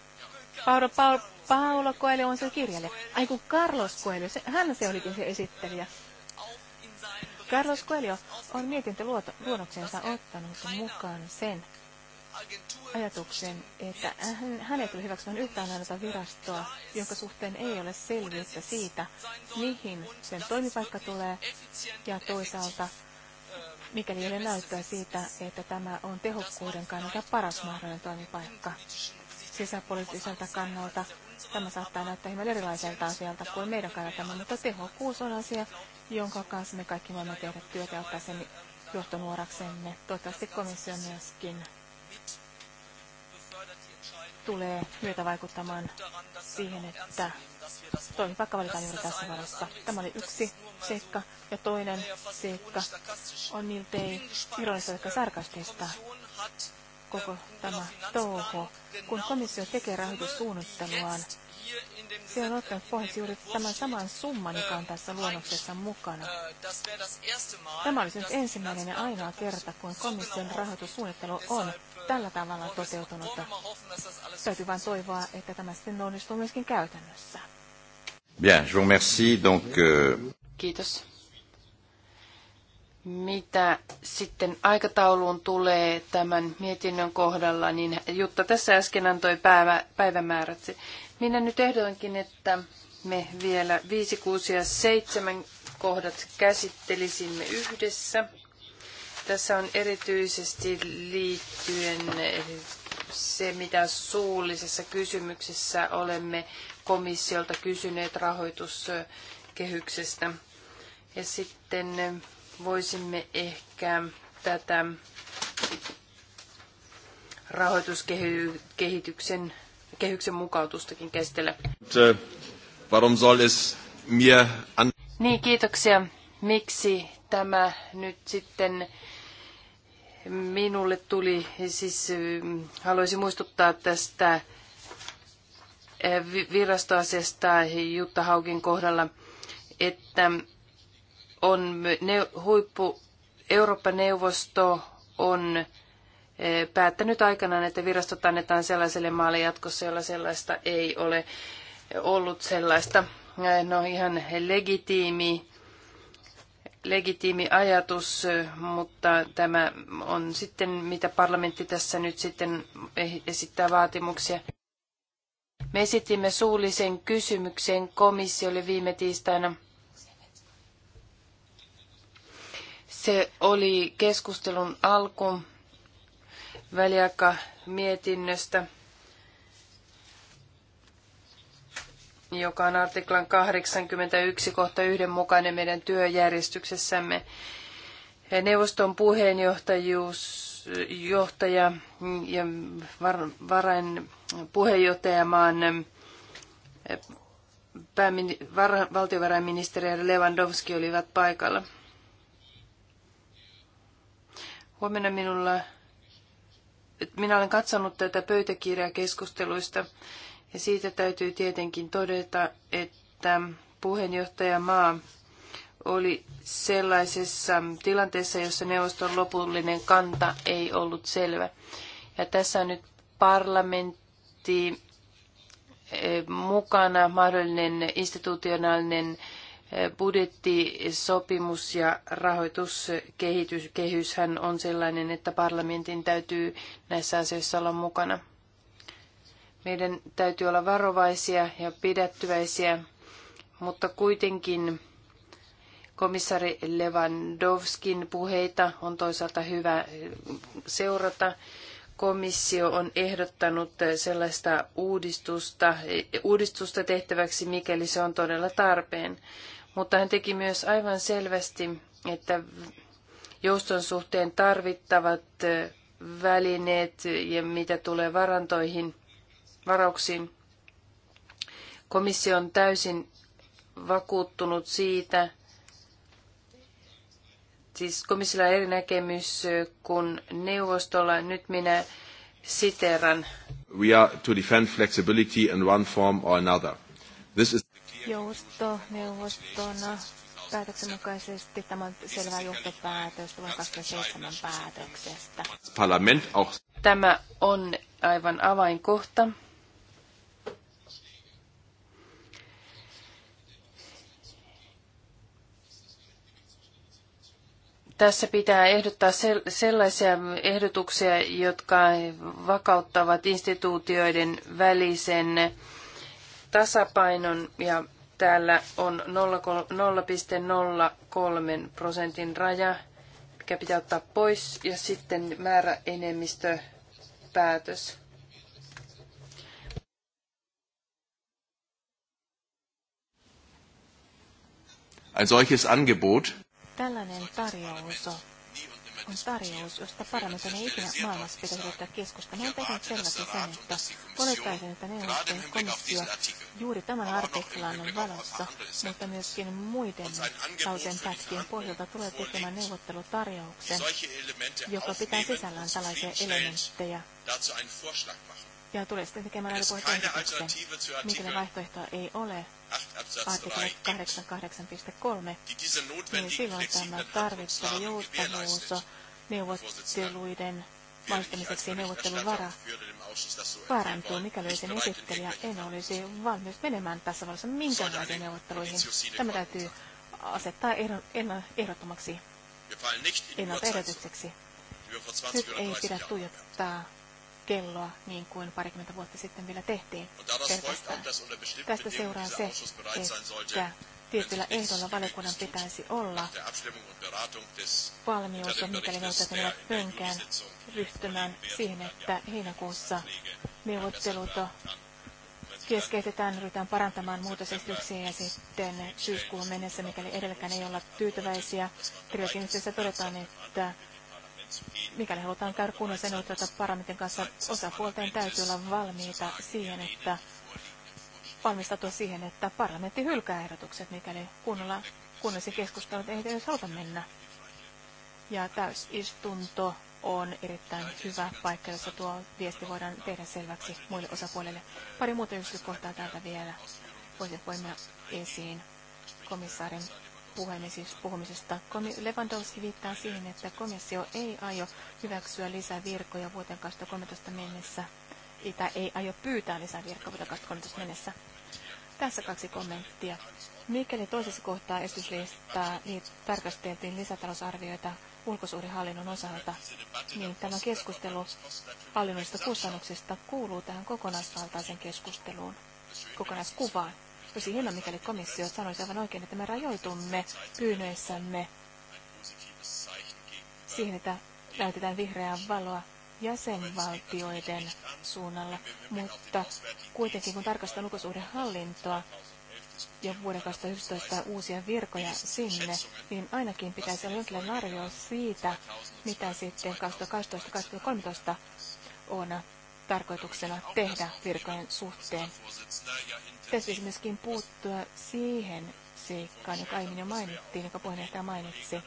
Paolo, Paolo, Paolo Coelho on se kirjailija. Ai kun Carlos Coelho, se, hän se olikin se esittelijä. Carlos Coelho on mietintöluonnoksensa ottanut mukaan sen ajatuksen, että hän ei tule hyväksymään yhtään ainoa virastoa, jonka suhteen ei ole selvyyttä siitä, mihin sen toimipaikka tulee, ja toisaalta mikäli ei ole näyttöä siitä, että tämä on tehokkuuden kannalta paras mahdollinen toimipaikka sisäpoliittiselta kannalta. Tämä saattaa näyttää hieman erilaiselta asialta kuin meidän kannaltamme, mutta tehokkuus on asia, jonka kanssa me kaikki voimme tehdä työtä ja ottaa sen johtonuoraksemme. Toivottavasti komissio myöskin tulee myötä vaikuttamaan siihen, että toimi vaikka valitaan juuri tässä varassa. Tämä oli yksi seikka ja toinen seikka on miltei ironista sarkastista koko tämä touhu, kun komissio tekee rahoitussuunnitteluaan. Se on ottanut pois juuri tämän saman summan, joka on tässä luonnoksessa mukana. Tämä olisi nyt ensimmäinen ja ainoa kerta, kun komission rahoitussuunnittelu on tällä tavalla toteutunut. Täytyy vain toivoa, että tämä sitten onnistuu myöskin käytännössä. Bien, je vous remercie. Donc, euh... Kiitos. Mitä sitten aikatauluun tulee tämän mietinnön kohdalla, niin Jutta tässä äsken antoi päivä, päivämäärät. Minä nyt ehdoinkin, että me vielä 5, 6 ja 7 kohdat käsittelisimme yhdessä. Tässä on erityisesti liittyen se, mitä suullisessa kysymyksessä olemme komissiolta kysyneet rahoituskehyksestä. Ja sitten voisimme ehkä tätä rahoituskehityksen kehyksen mukautustakin käsitellä. Äh, warum soll es mir an... Niin, kiitoksia. Miksi tämä nyt sitten minulle tuli? Siis äh, haluaisin muistuttaa tästä äh, virastoasiasta Jutta Haukin kohdalla, että on ne, huippu, Eurooppa-neuvosto on eh, päättänyt aikanaan, että virastot annetaan sellaiselle maalle jatkossa, jolla sellaista ei ole ollut sellaista. Eh, no ihan legitiimi, legitiimi ajatus, eh, mutta tämä on sitten, mitä parlamentti tässä nyt sitten esittää vaatimuksia. Me esitimme suullisen kysymyksen komissiolle viime tiistaina Se oli keskustelun alku väliaika mietinnöstä, joka on artiklan 81 kohta yhdenmukainen meidän työjärjestyksessämme. Neuvoston puheenjohtajuus johtaja ja varain puheenjohtajamaan eh, päämin, var, valtiovarainministeri Lewandowski olivat paikalla. Huomenna minulla, minä olen katsonut tätä pöytäkirjaa keskusteluista ja siitä täytyy tietenkin todeta, että Maa oli sellaisessa tilanteessa, jossa neuvoston lopullinen kanta ei ollut selvä. Ja tässä on nyt parlamentti eh, mukana, mahdollinen institutionaalinen budjettisopimus ja rahoituskehyshän on sellainen, että parlamentin täytyy näissä asioissa olla mukana. Meidän täytyy olla varovaisia ja pidättyväisiä, mutta kuitenkin komissari Lewandowskin puheita on toisaalta hyvä seurata. Komissio on ehdottanut sellaista uudistusta, uudistusta tehtäväksi, mikäli se on todella tarpeen. Mutta hän teki myös aivan selvästi, että jouston suhteen tarvittavat välineet ja mitä tulee varantoihin, varauksiin. Komissio on täysin vakuuttunut siitä, siis komissiolla on eri näkemys kuin neuvostolla. Nyt minä siteran. We are to defend flexibility in one form or another. This is Joustoneuvoston päätöksen mukaisesti tämä on selvä johtopäätös vuonna 2007 päätöksestä. Parlament auch. Tämä on aivan avainkohta. tässä pitää ehdottaa sellaisia ehdotuksia, jotka vakauttavat instituutioiden välisen tasapainon ja täällä on 0,03 prosentin raja, mikä pitää ottaa pois ja sitten määräenemmistöpäätös. Ein solches Angebot. Tällainen tarjous on tarjous, josta parlamentin ei ikinä maailmassa pitäisi yrittää keskustella. Mä olen tehnyt selväksi sen, että olettaisin, että neuvostojen komissio juuri tämän artiklan on valossa, mutta myöskin muiden kauteen pätkien pohjalta tulee tekemään neuvottelutarjouksen, joka pitää sisällään tällaisia elementtejä ja tulee sitten tekemään älypuheenjohtajaksen. Mikäli vaihtoehtoa ei ole, artikla 88.3, niin silloin tämä tarvittava joustavuus neuvotteluiden maistamiseksi neuvotteluvara vaarantuu, mikäli sen esittelijä en olisi valmis menemään tässä vaiheessa minkäänlaisiin neuvotteluihin. Tämä täytyy asettaa ehdottomaksi ennaltaehdotukseksi. Nyt ei pidä tuijottaa kelloa, niin kuin parikymmentä vuotta sitten vielä tehtiin no, Tästä seuraa se, että tietyillä ehdolla valiokunnan pitäisi olla valmius, mikäli neuvottelut menevät pönkään, ryhtymään siihen, että heinäkuussa neuvottelut keskeytetään, ryhdytään parantamaan muutosesityksiä ja sitten syyskuun mennessä, mikäli edelläkään ei olla tyytyväisiä, trilogin todetaan, että mikäli halutaan käydä kunnossa neuvotteluita niin parlamentin kanssa, osapuolten täytyy olla valmiita siihen, että valmistautua siihen, että parlamentti hylkää ehdotukset, mikäli kunnolla, kunnollisen keskustelun ei edes haluta mennä. Ja täysistunto on erittäin hyvä paikka, jossa tuo viesti voidaan tehdä selväksi muille osapuolille. Pari muuta yksityiskohtaa täältä vielä voisin poimia esiin komissaarin puhumisesta. Lewandowski viittaa siihen, että komissio ei aio hyväksyä lisää virkoja vuoteen 2013 mennessä, itä ei aio pyytää lisää virkoja vuoteen 2013 mennessä. Tässä kaksi kommenttia. Mikäli toisessa kohtaa esityslistaa niin tarkasteltiin lisätalousarvioita ulkosuurihallinnon osalta, niin tämä keskustelu hallinnollisista kustannuksista kuuluu tähän kokonaisvaltaisen keskusteluun, kokonaiskuvaan. Olisi hienoa, mikäli komissio sanoisi aivan oikein, että me rajoitumme pyynnöissämme siihen, että näytetään vihreää valoa jäsenvaltioiden suunnalla, mutta kuitenkin kun tarkastan ulkosuhdehallintoa ja vuoden 2011 uusia virkoja sinne, niin ainakin pitäisi olla jonkinlainen arvio siitä, mitä sitten 2012-2013 on tarkoituksena tehdä virkojen suhteen. Pitäisi myöskin puuttua siihen seikkaan, joka aiemmin jo mainittiin, joka puheenjohtaja mainitsi.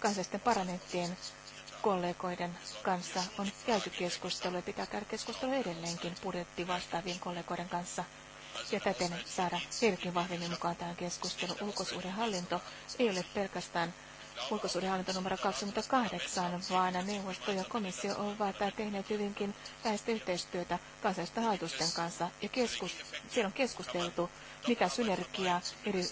Kansallisten parlamenttien kollegoiden kanssa on käyty keskustelu ja pitää käydä keskustelu edelleenkin budjetti vastaavien kollegoiden kanssa ja täten saada heidätkin vahvemmin mukaan tähän keskusteluun. Ulkosuhdehallinto ei ole pelkästään ulkosuudenhallinto numero 28, vaan neuvosto ja komissio ovat tehneet hyvinkin läheistä yhteistyötä kansallisten hallitusten kanssa. Ja keskus, siellä on keskusteltu, mitä synergiaa eri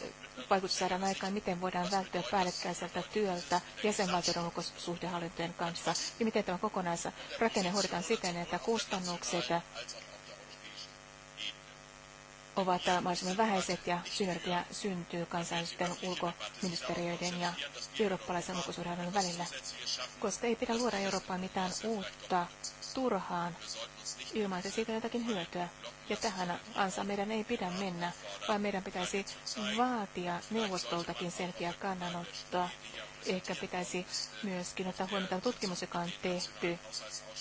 vaikutus saadaan aikaan, miten voidaan välttyä päällekkäiseltä työltä jäsenvaltioiden ulkosuhdehallintojen kanssa ja miten tämä kokonaisrakenne hoidetaan siten, että kustannukset ovat äh, mahdollisimman vähäiset ja synergia syntyy kansallisten ulkoministeriöiden ja eurooppalaisen ulkosuhdehallinnon välillä, koska ei pidä luoda Eurooppaan mitään uutta turhaan ilman, että siitä jotakin hyötyä. Ja tähän ansa meidän ei pidä mennä, vaan meidän pitäisi vaatia neuvostoltakin selkeä kannanottoa. Ehkä pitäisi myöskin ottaa huomioon tutkimus, joka on tehty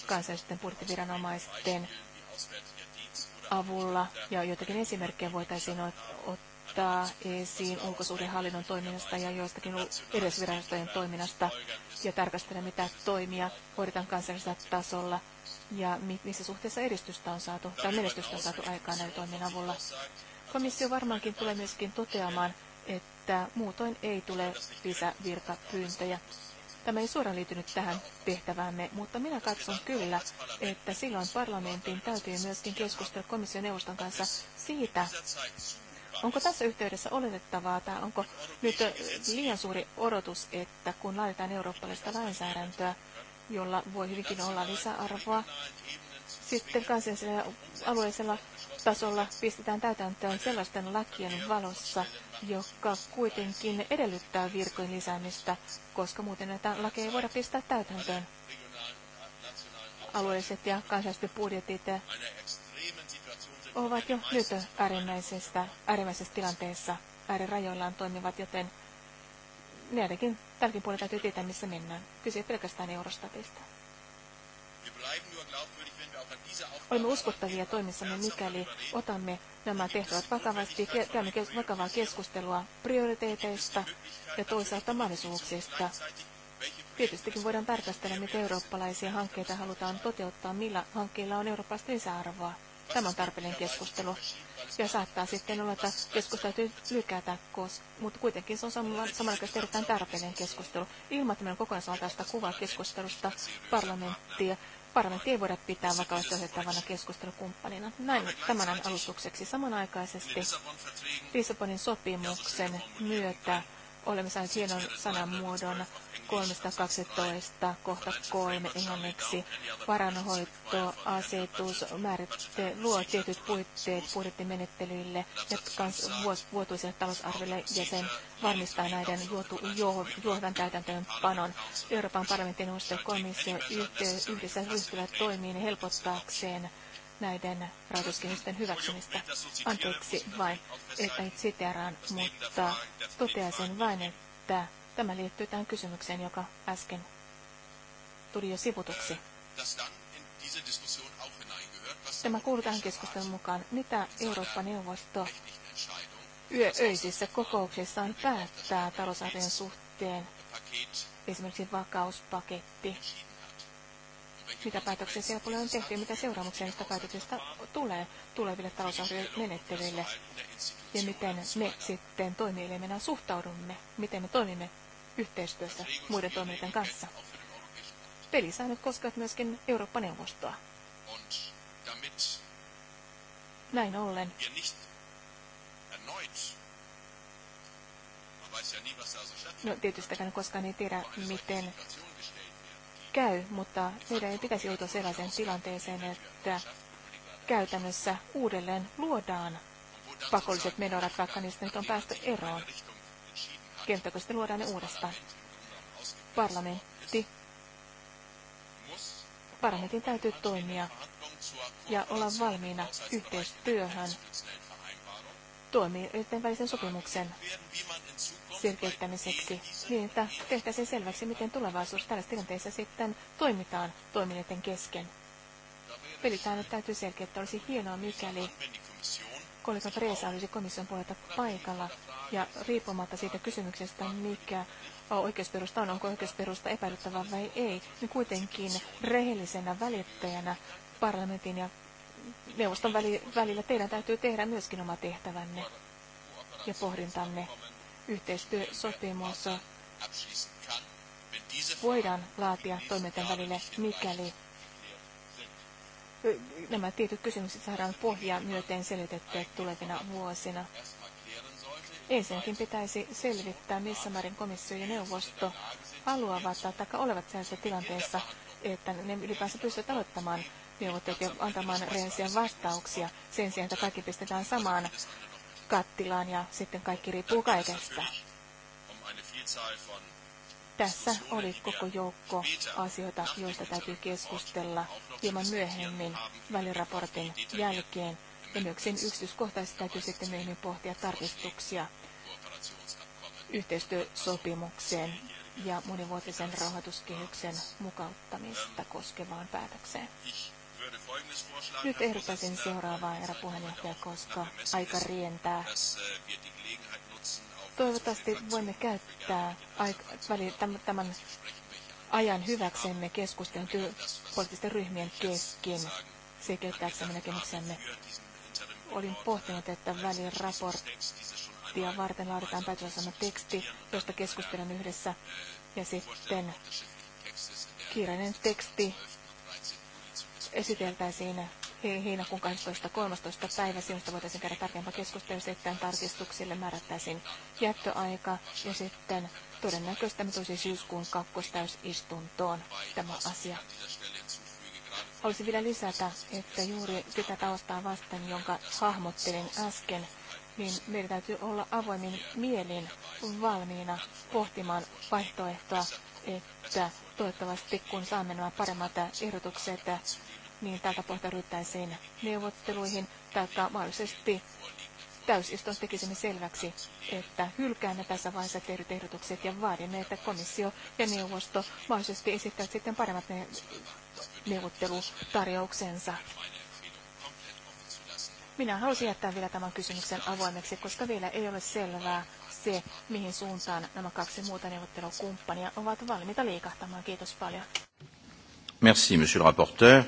kansallisten budjettiviranomaisten avulla, ja joitakin esimerkkejä voitaisiin ottaa esiin ulkosuhdehallinnon toiminnasta ja joistakin edesvirastojen toiminnasta, ja tarkastella, mitä toimia hoidetaan kansallisella tasolla, ja missä suhteessa edistystä on saatu, tai menestystä on saatu aikaan näiden toiminnan avulla. Komissio varmaankin tulee myöskin toteamaan, että muutoin ei tule lisävirkapyyntöjä. Tämä ei suoraan liittynyt tähän tehtäväämme, mutta minä katson kyllä, että silloin parlamentin täytyy myöskin keskustella komission neuvoston kanssa siitä, Onko tässä yhteydessä oletettavaa tai onko nyt liian suuri odotus, että kun laaditaan eurooppalaista lainsäädäntöä, jolla voi hyvinkin olla lisäarvoa, sitten kansallisella alueellisella tasolla pistetään täytäntöön sellaisten lakien valossa, joka kuitenkin edellyttää virkojen lisäämistä, koska muuten näitä lakeja ei voida pistää täytäntöön. Alueelliset ja kansalliset budjetit ovat jo nyt äärimmäisestä, äärimmäisessä tilanteessa. Äärirajoillaan toimivat, joten näidenkin tälläkin puolella täytyy tietää, missä mennään. Kyse pelkästään eurostatista. Olemme uskottavia toimissamme, mikäli otamme nämä tehtävät vakavasti, käymme vakavaa keskustelua prioriteeteista ja toisaalta mahdollisuuksista. Tietystikin voidaan tarkastella, mitä eurooppalaisia hankkeita halutaan toteuttaa, millä hankkeilla on eurooppalaista lisäarvoa. Tämä on tarpeellinen keskustelu. Ja saattaa sitten olla, että keskustelu täytyy lykätä, koska, mutta kuitenkin se on samanaikaisesti erittäin tarpeellinen keskustelu. Ilman, tämän kokonaisvaltaista kuvaa keskustelusta parlamenttia Parlamentti ei voida pitää vakavasti otettavana keskustelukumppanina. Näin tämän alustukseksi samanaikaisesti Lissabonin sopimuksen myötä olemme saaneet hienon sanamuodon 312 kohta 3 englanniksi. Varanhoitoasetus määritte, luo tietyt puitteet budjettimenettelyille ja kans vuotuiselle talousarville ja sen varmistaa näiden juohdan täytäntöön panon. Euroopan parlamentin neuvosto komissio yhdessä ryhtyvät toimiin helpottaakseen näiden rahoituskehysten hyväksymistä. Anteeksi vain, että nyt siteraan, mutta toteaisin vain, että tämä liittyy tähän kysymykseen, joka äsken tuli jo sivutuksi. Tämä kuuluu tähän keskustelun mukaan, mitä Eurooppa-neuvosto yööisissä kokouksissaan päättää talousarvion suhteen, esimerkiksi vakauspaketti mitä päätöksiä siellä puolella on tehty ja mitä seuraamuksia niistä päätöksistä tulee tuleville talousarviomenettelyille ja miten me sitten toimielimenä suhtaudumme, miten me toimimme yhteistyössä muiden toimijoiden kanssa. Pelisäännöt koskevat myöskin Eurooppa-neuvostoa. Näin ollen. No tietystäkään koskaan ei tiedä, miten käy, mutta meidän ei pitäisi joutua sellaiseen tilanteeseen, että käytännössä uudelleen luodaan pakolliset menorat, vaikka niistä nyt on päästy eroon. Kenttäkö sitten luodaan ne uudestaan? Parlamentti. Parlamentin täytyy toimia ja olla valmiina yhteistyöhön toimijoiden välisen sopimuksen selkeyttämiseksi, niin että tehtäisiin selväksi, miten tulevaisuus tällaisessa tilanteessa sitten toimitaan toimineiden kesken. Pelisäännöt täytyy selkeyttää. Olisi hienoa, mikäli kollega Freesa olisi komission puolelta paikalla, ja riippumatta siitä kysymyksestä, mikä oikeusperusta on, onko oikeusperusta epäilyttävä vai ei, niin kuitenkin rehellisenä välittäjänä parlamentin ja neuvoston välillä teidän täytyy tehdä myöskin oma tehtävänne ja pohdintanne yhteistyösopimus voidaan laatia toimintojen välille, mikäli nämä tietyt kysymykset saadaan pohjaa myöten selitettyä tulevina vuosina. Ensinnäkin pitäisi selvittää, missä määrin komissio ja neuvosto haluavat tai olevat sellaisessa tilanteessa, että ne ylipäänsä pystyvät aloittamaan neuvottelut ja antamaan rehellisiä vastauksia sen sijaan, että kaikki pistetään samaan kattilaan ja sitten kaikki riippuu kaikesta. Tässä oli koko joukko asioita, joista täytyy keskustella hieman myöhemmin väliraportin jälkeen. Ja sen yksityiskohtaisesti täytyy sitten myöhemmin pohtia tarkistuksia yhteistyösopimukseen ja monivuotisen rahoituskehyksen mukauttamista koskevaan päätökseen. Nyt ehdottaisin seuraavaa, herra puheenjohtaja, koska aika rientää. Toivottavasti voimme käyttää tämän ajan hyväksemme keskustelun poliittisten ryhmien kesken selkeyttääksemme näkemyksemme. Olin pohtinut, että väliraporttia varten laaditaan päätösasema teksti, josta keskustelemme yhdessä, ja sitten kiireinen teksti esiteltäisiin heinäkuun 12.13. päivä. Sinusta voitaisiin käydä tarkempaa keskustelua, sitten tarkistuksille määrättäisiin jättöaika ja sitten todennäköistä me tosi syyskuun kakkostäysistuntoon tämä asia. Haluaisin vielä lisätä, että juuri sitä taustaa vasten, jonka hahmottelin äsken, niin meidän täytyy olla avoimin mielin valmiina pohtimaan vaihtoehtoa, että toivottavasti kun saamme nämä paremmat ehdotukset niin tältä pohjalta ryhtäisiin neuvotteluihin, taikka mahdollisesti täysistunnossa tekisimme selväksi, että hylkäämme tässä vaiheessa tehdyt ehdotukset ja vaadimme, että komissio ja neuvosto mahdollisesti esittävät sitten paremmat ne neuvottelutarjouksensa. Minä haluaisin jättää vielä tämän kysymyksen avoimeksi, koska vielä ei ole selvää se, mihin suuntaan nämä kaksi muuta neuvottelukumppania ovat valmiita liikahtamaan. Kiitos paljon. Merci, monsieur le rapporteur.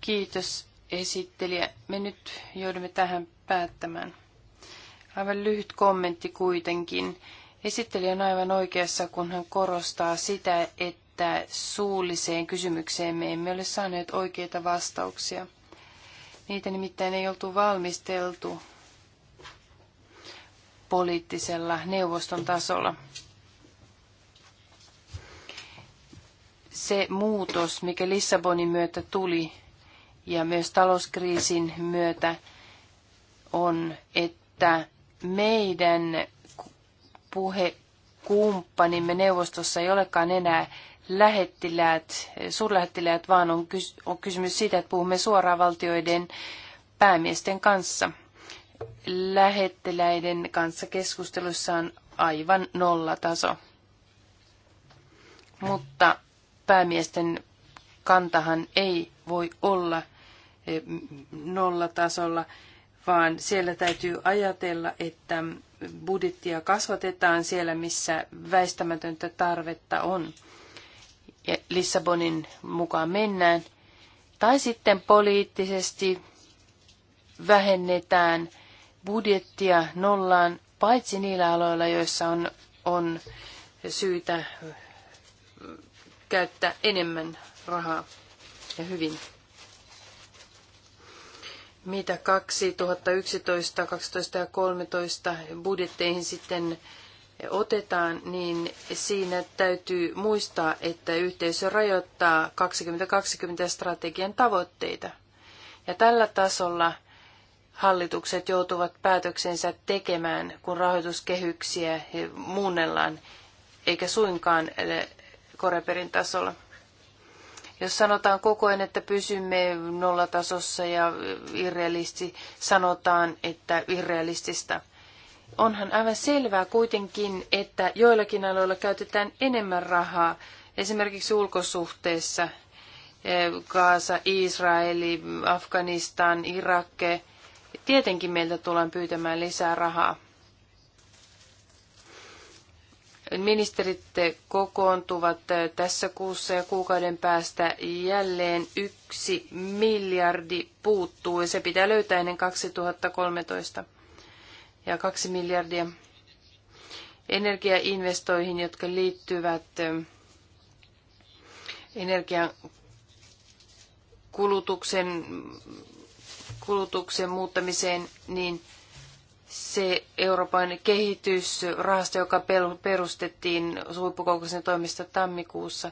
Kiitos esittelijä. Me nyt joudumme tähän päättämään. Aivan lyhyt kommentti kuitenkin. Esittelijä on aivan oikeassa, kun hän korostaa sitä, että suulliseen kysymykseen me emme ole saaneet oikeita vastauksia. Niitä nimittäin ei oltu valmisteltu poliittisella neuvoston tasolla. Se muutos, mikä Lissabonin myötä tuli ja myös talouskriisin myötä on, että meidän puhekumppanimme neuvostossa ei olekaan enää lähettiläät, suurlähettiläät, vaan on, kys- on kysymys siitä, että puhumme suoraan valtioiden päämiesten kanssa. Lähettiläiden kanssa keskustelussa on aivan nollataso. Mutta päämiesten kantahan ei voi olla nollatasolla, vaan siellä täytyy ajatella, että budjettia kasvatetaan siellä, missä väistämätöntä tarvetta on. Ja Lissabonin mukaan mennään. Tai sitten poliittisesti vähennetään budjettia nollaan, paitsi niillä aloilla, joissa on, on syytä käyttää enemmän rahaa ja hyvin mitä 2011, 12 ja 13 budjetteihin sitten otetaan, niin siinä täytyy muistaa, että yhteisö rajoittaa 2020 strategian tavoitteita. Ja tällä tasolla hallitukset joutuvat päätöksensä tekemään, kun rahoituskehyksiä muunnellaan, eikä suinkaan Koreperin tasolla. Jos sanotaan koko ajan, että pysymme nollatasossa ja irrealisti, sanotaan, että irrealistista. Onhan aivan selvää kuitenkin, että joillakin aloilla käytetään enemmän rahaa, esimerkiksi ulkosuhteessa, Kaasa, eh, Israeli, Afganistan, Irak. Tietenkin meiltä tullaan pyytämään lisää rahaa. Ministerit kokoontuvat tässä kuussa ja kuukauden päästä jälleen yksi miljardi puuttuu ja se pitää löytää ennen 2013 ja kaksi miljardia energiainvestoihin, jotka liittyvät energian kulutuksen, kulutuksen muuttamiseen, niin – se Euroopan kehitysrahasto, joka perustettiin huippukokouksen toimista tammikuussa,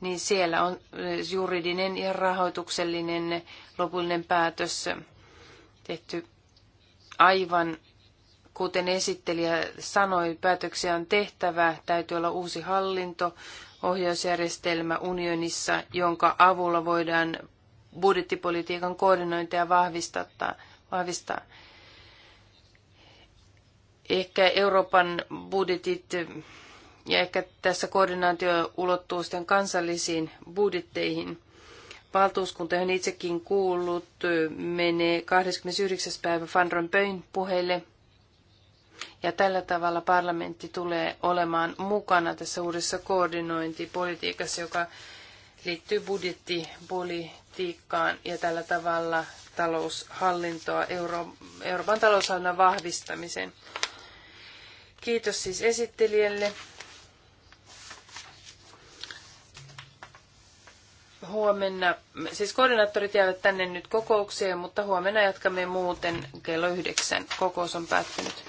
niin siellä on eh, juridinen ja rahoituksellinen lopullinen päätös eh, tehty aivan kuten esittelijä sanoi, päätöksiä on tehtävä, täytyy olla uusi hallinto, ohjausjärjestelmä unionissa, jonka avulla voidaan budjettipolitiikan koordinointia vahvistaa. vahvistaa ehkä Euroopan budjetit eh, ja ehkä tässä koordinaatio ulottuu sitten kansallisiin budjetteihin. Valtuuskunta, johon itsekin kuullut, eh, menee 29. päivä Van Rompuyn puheille. Ja tällä tavalla parlamentti tulee olemaan mukana tässä uudessa koordinointipolitiikassa, joka liittyy budjettipolitiikkaan ja tällä tavalla taloushallintoa, Euro- Euroopan taloushallinnon vahvistamiseen. Kiitos siis esittelijälle. Huomenna, siis koordinaattorit jäävät tänne nyt kokoukseen, mutta huomenna jatkamme muuten kello yhdeksän. Kokous on päättynyt.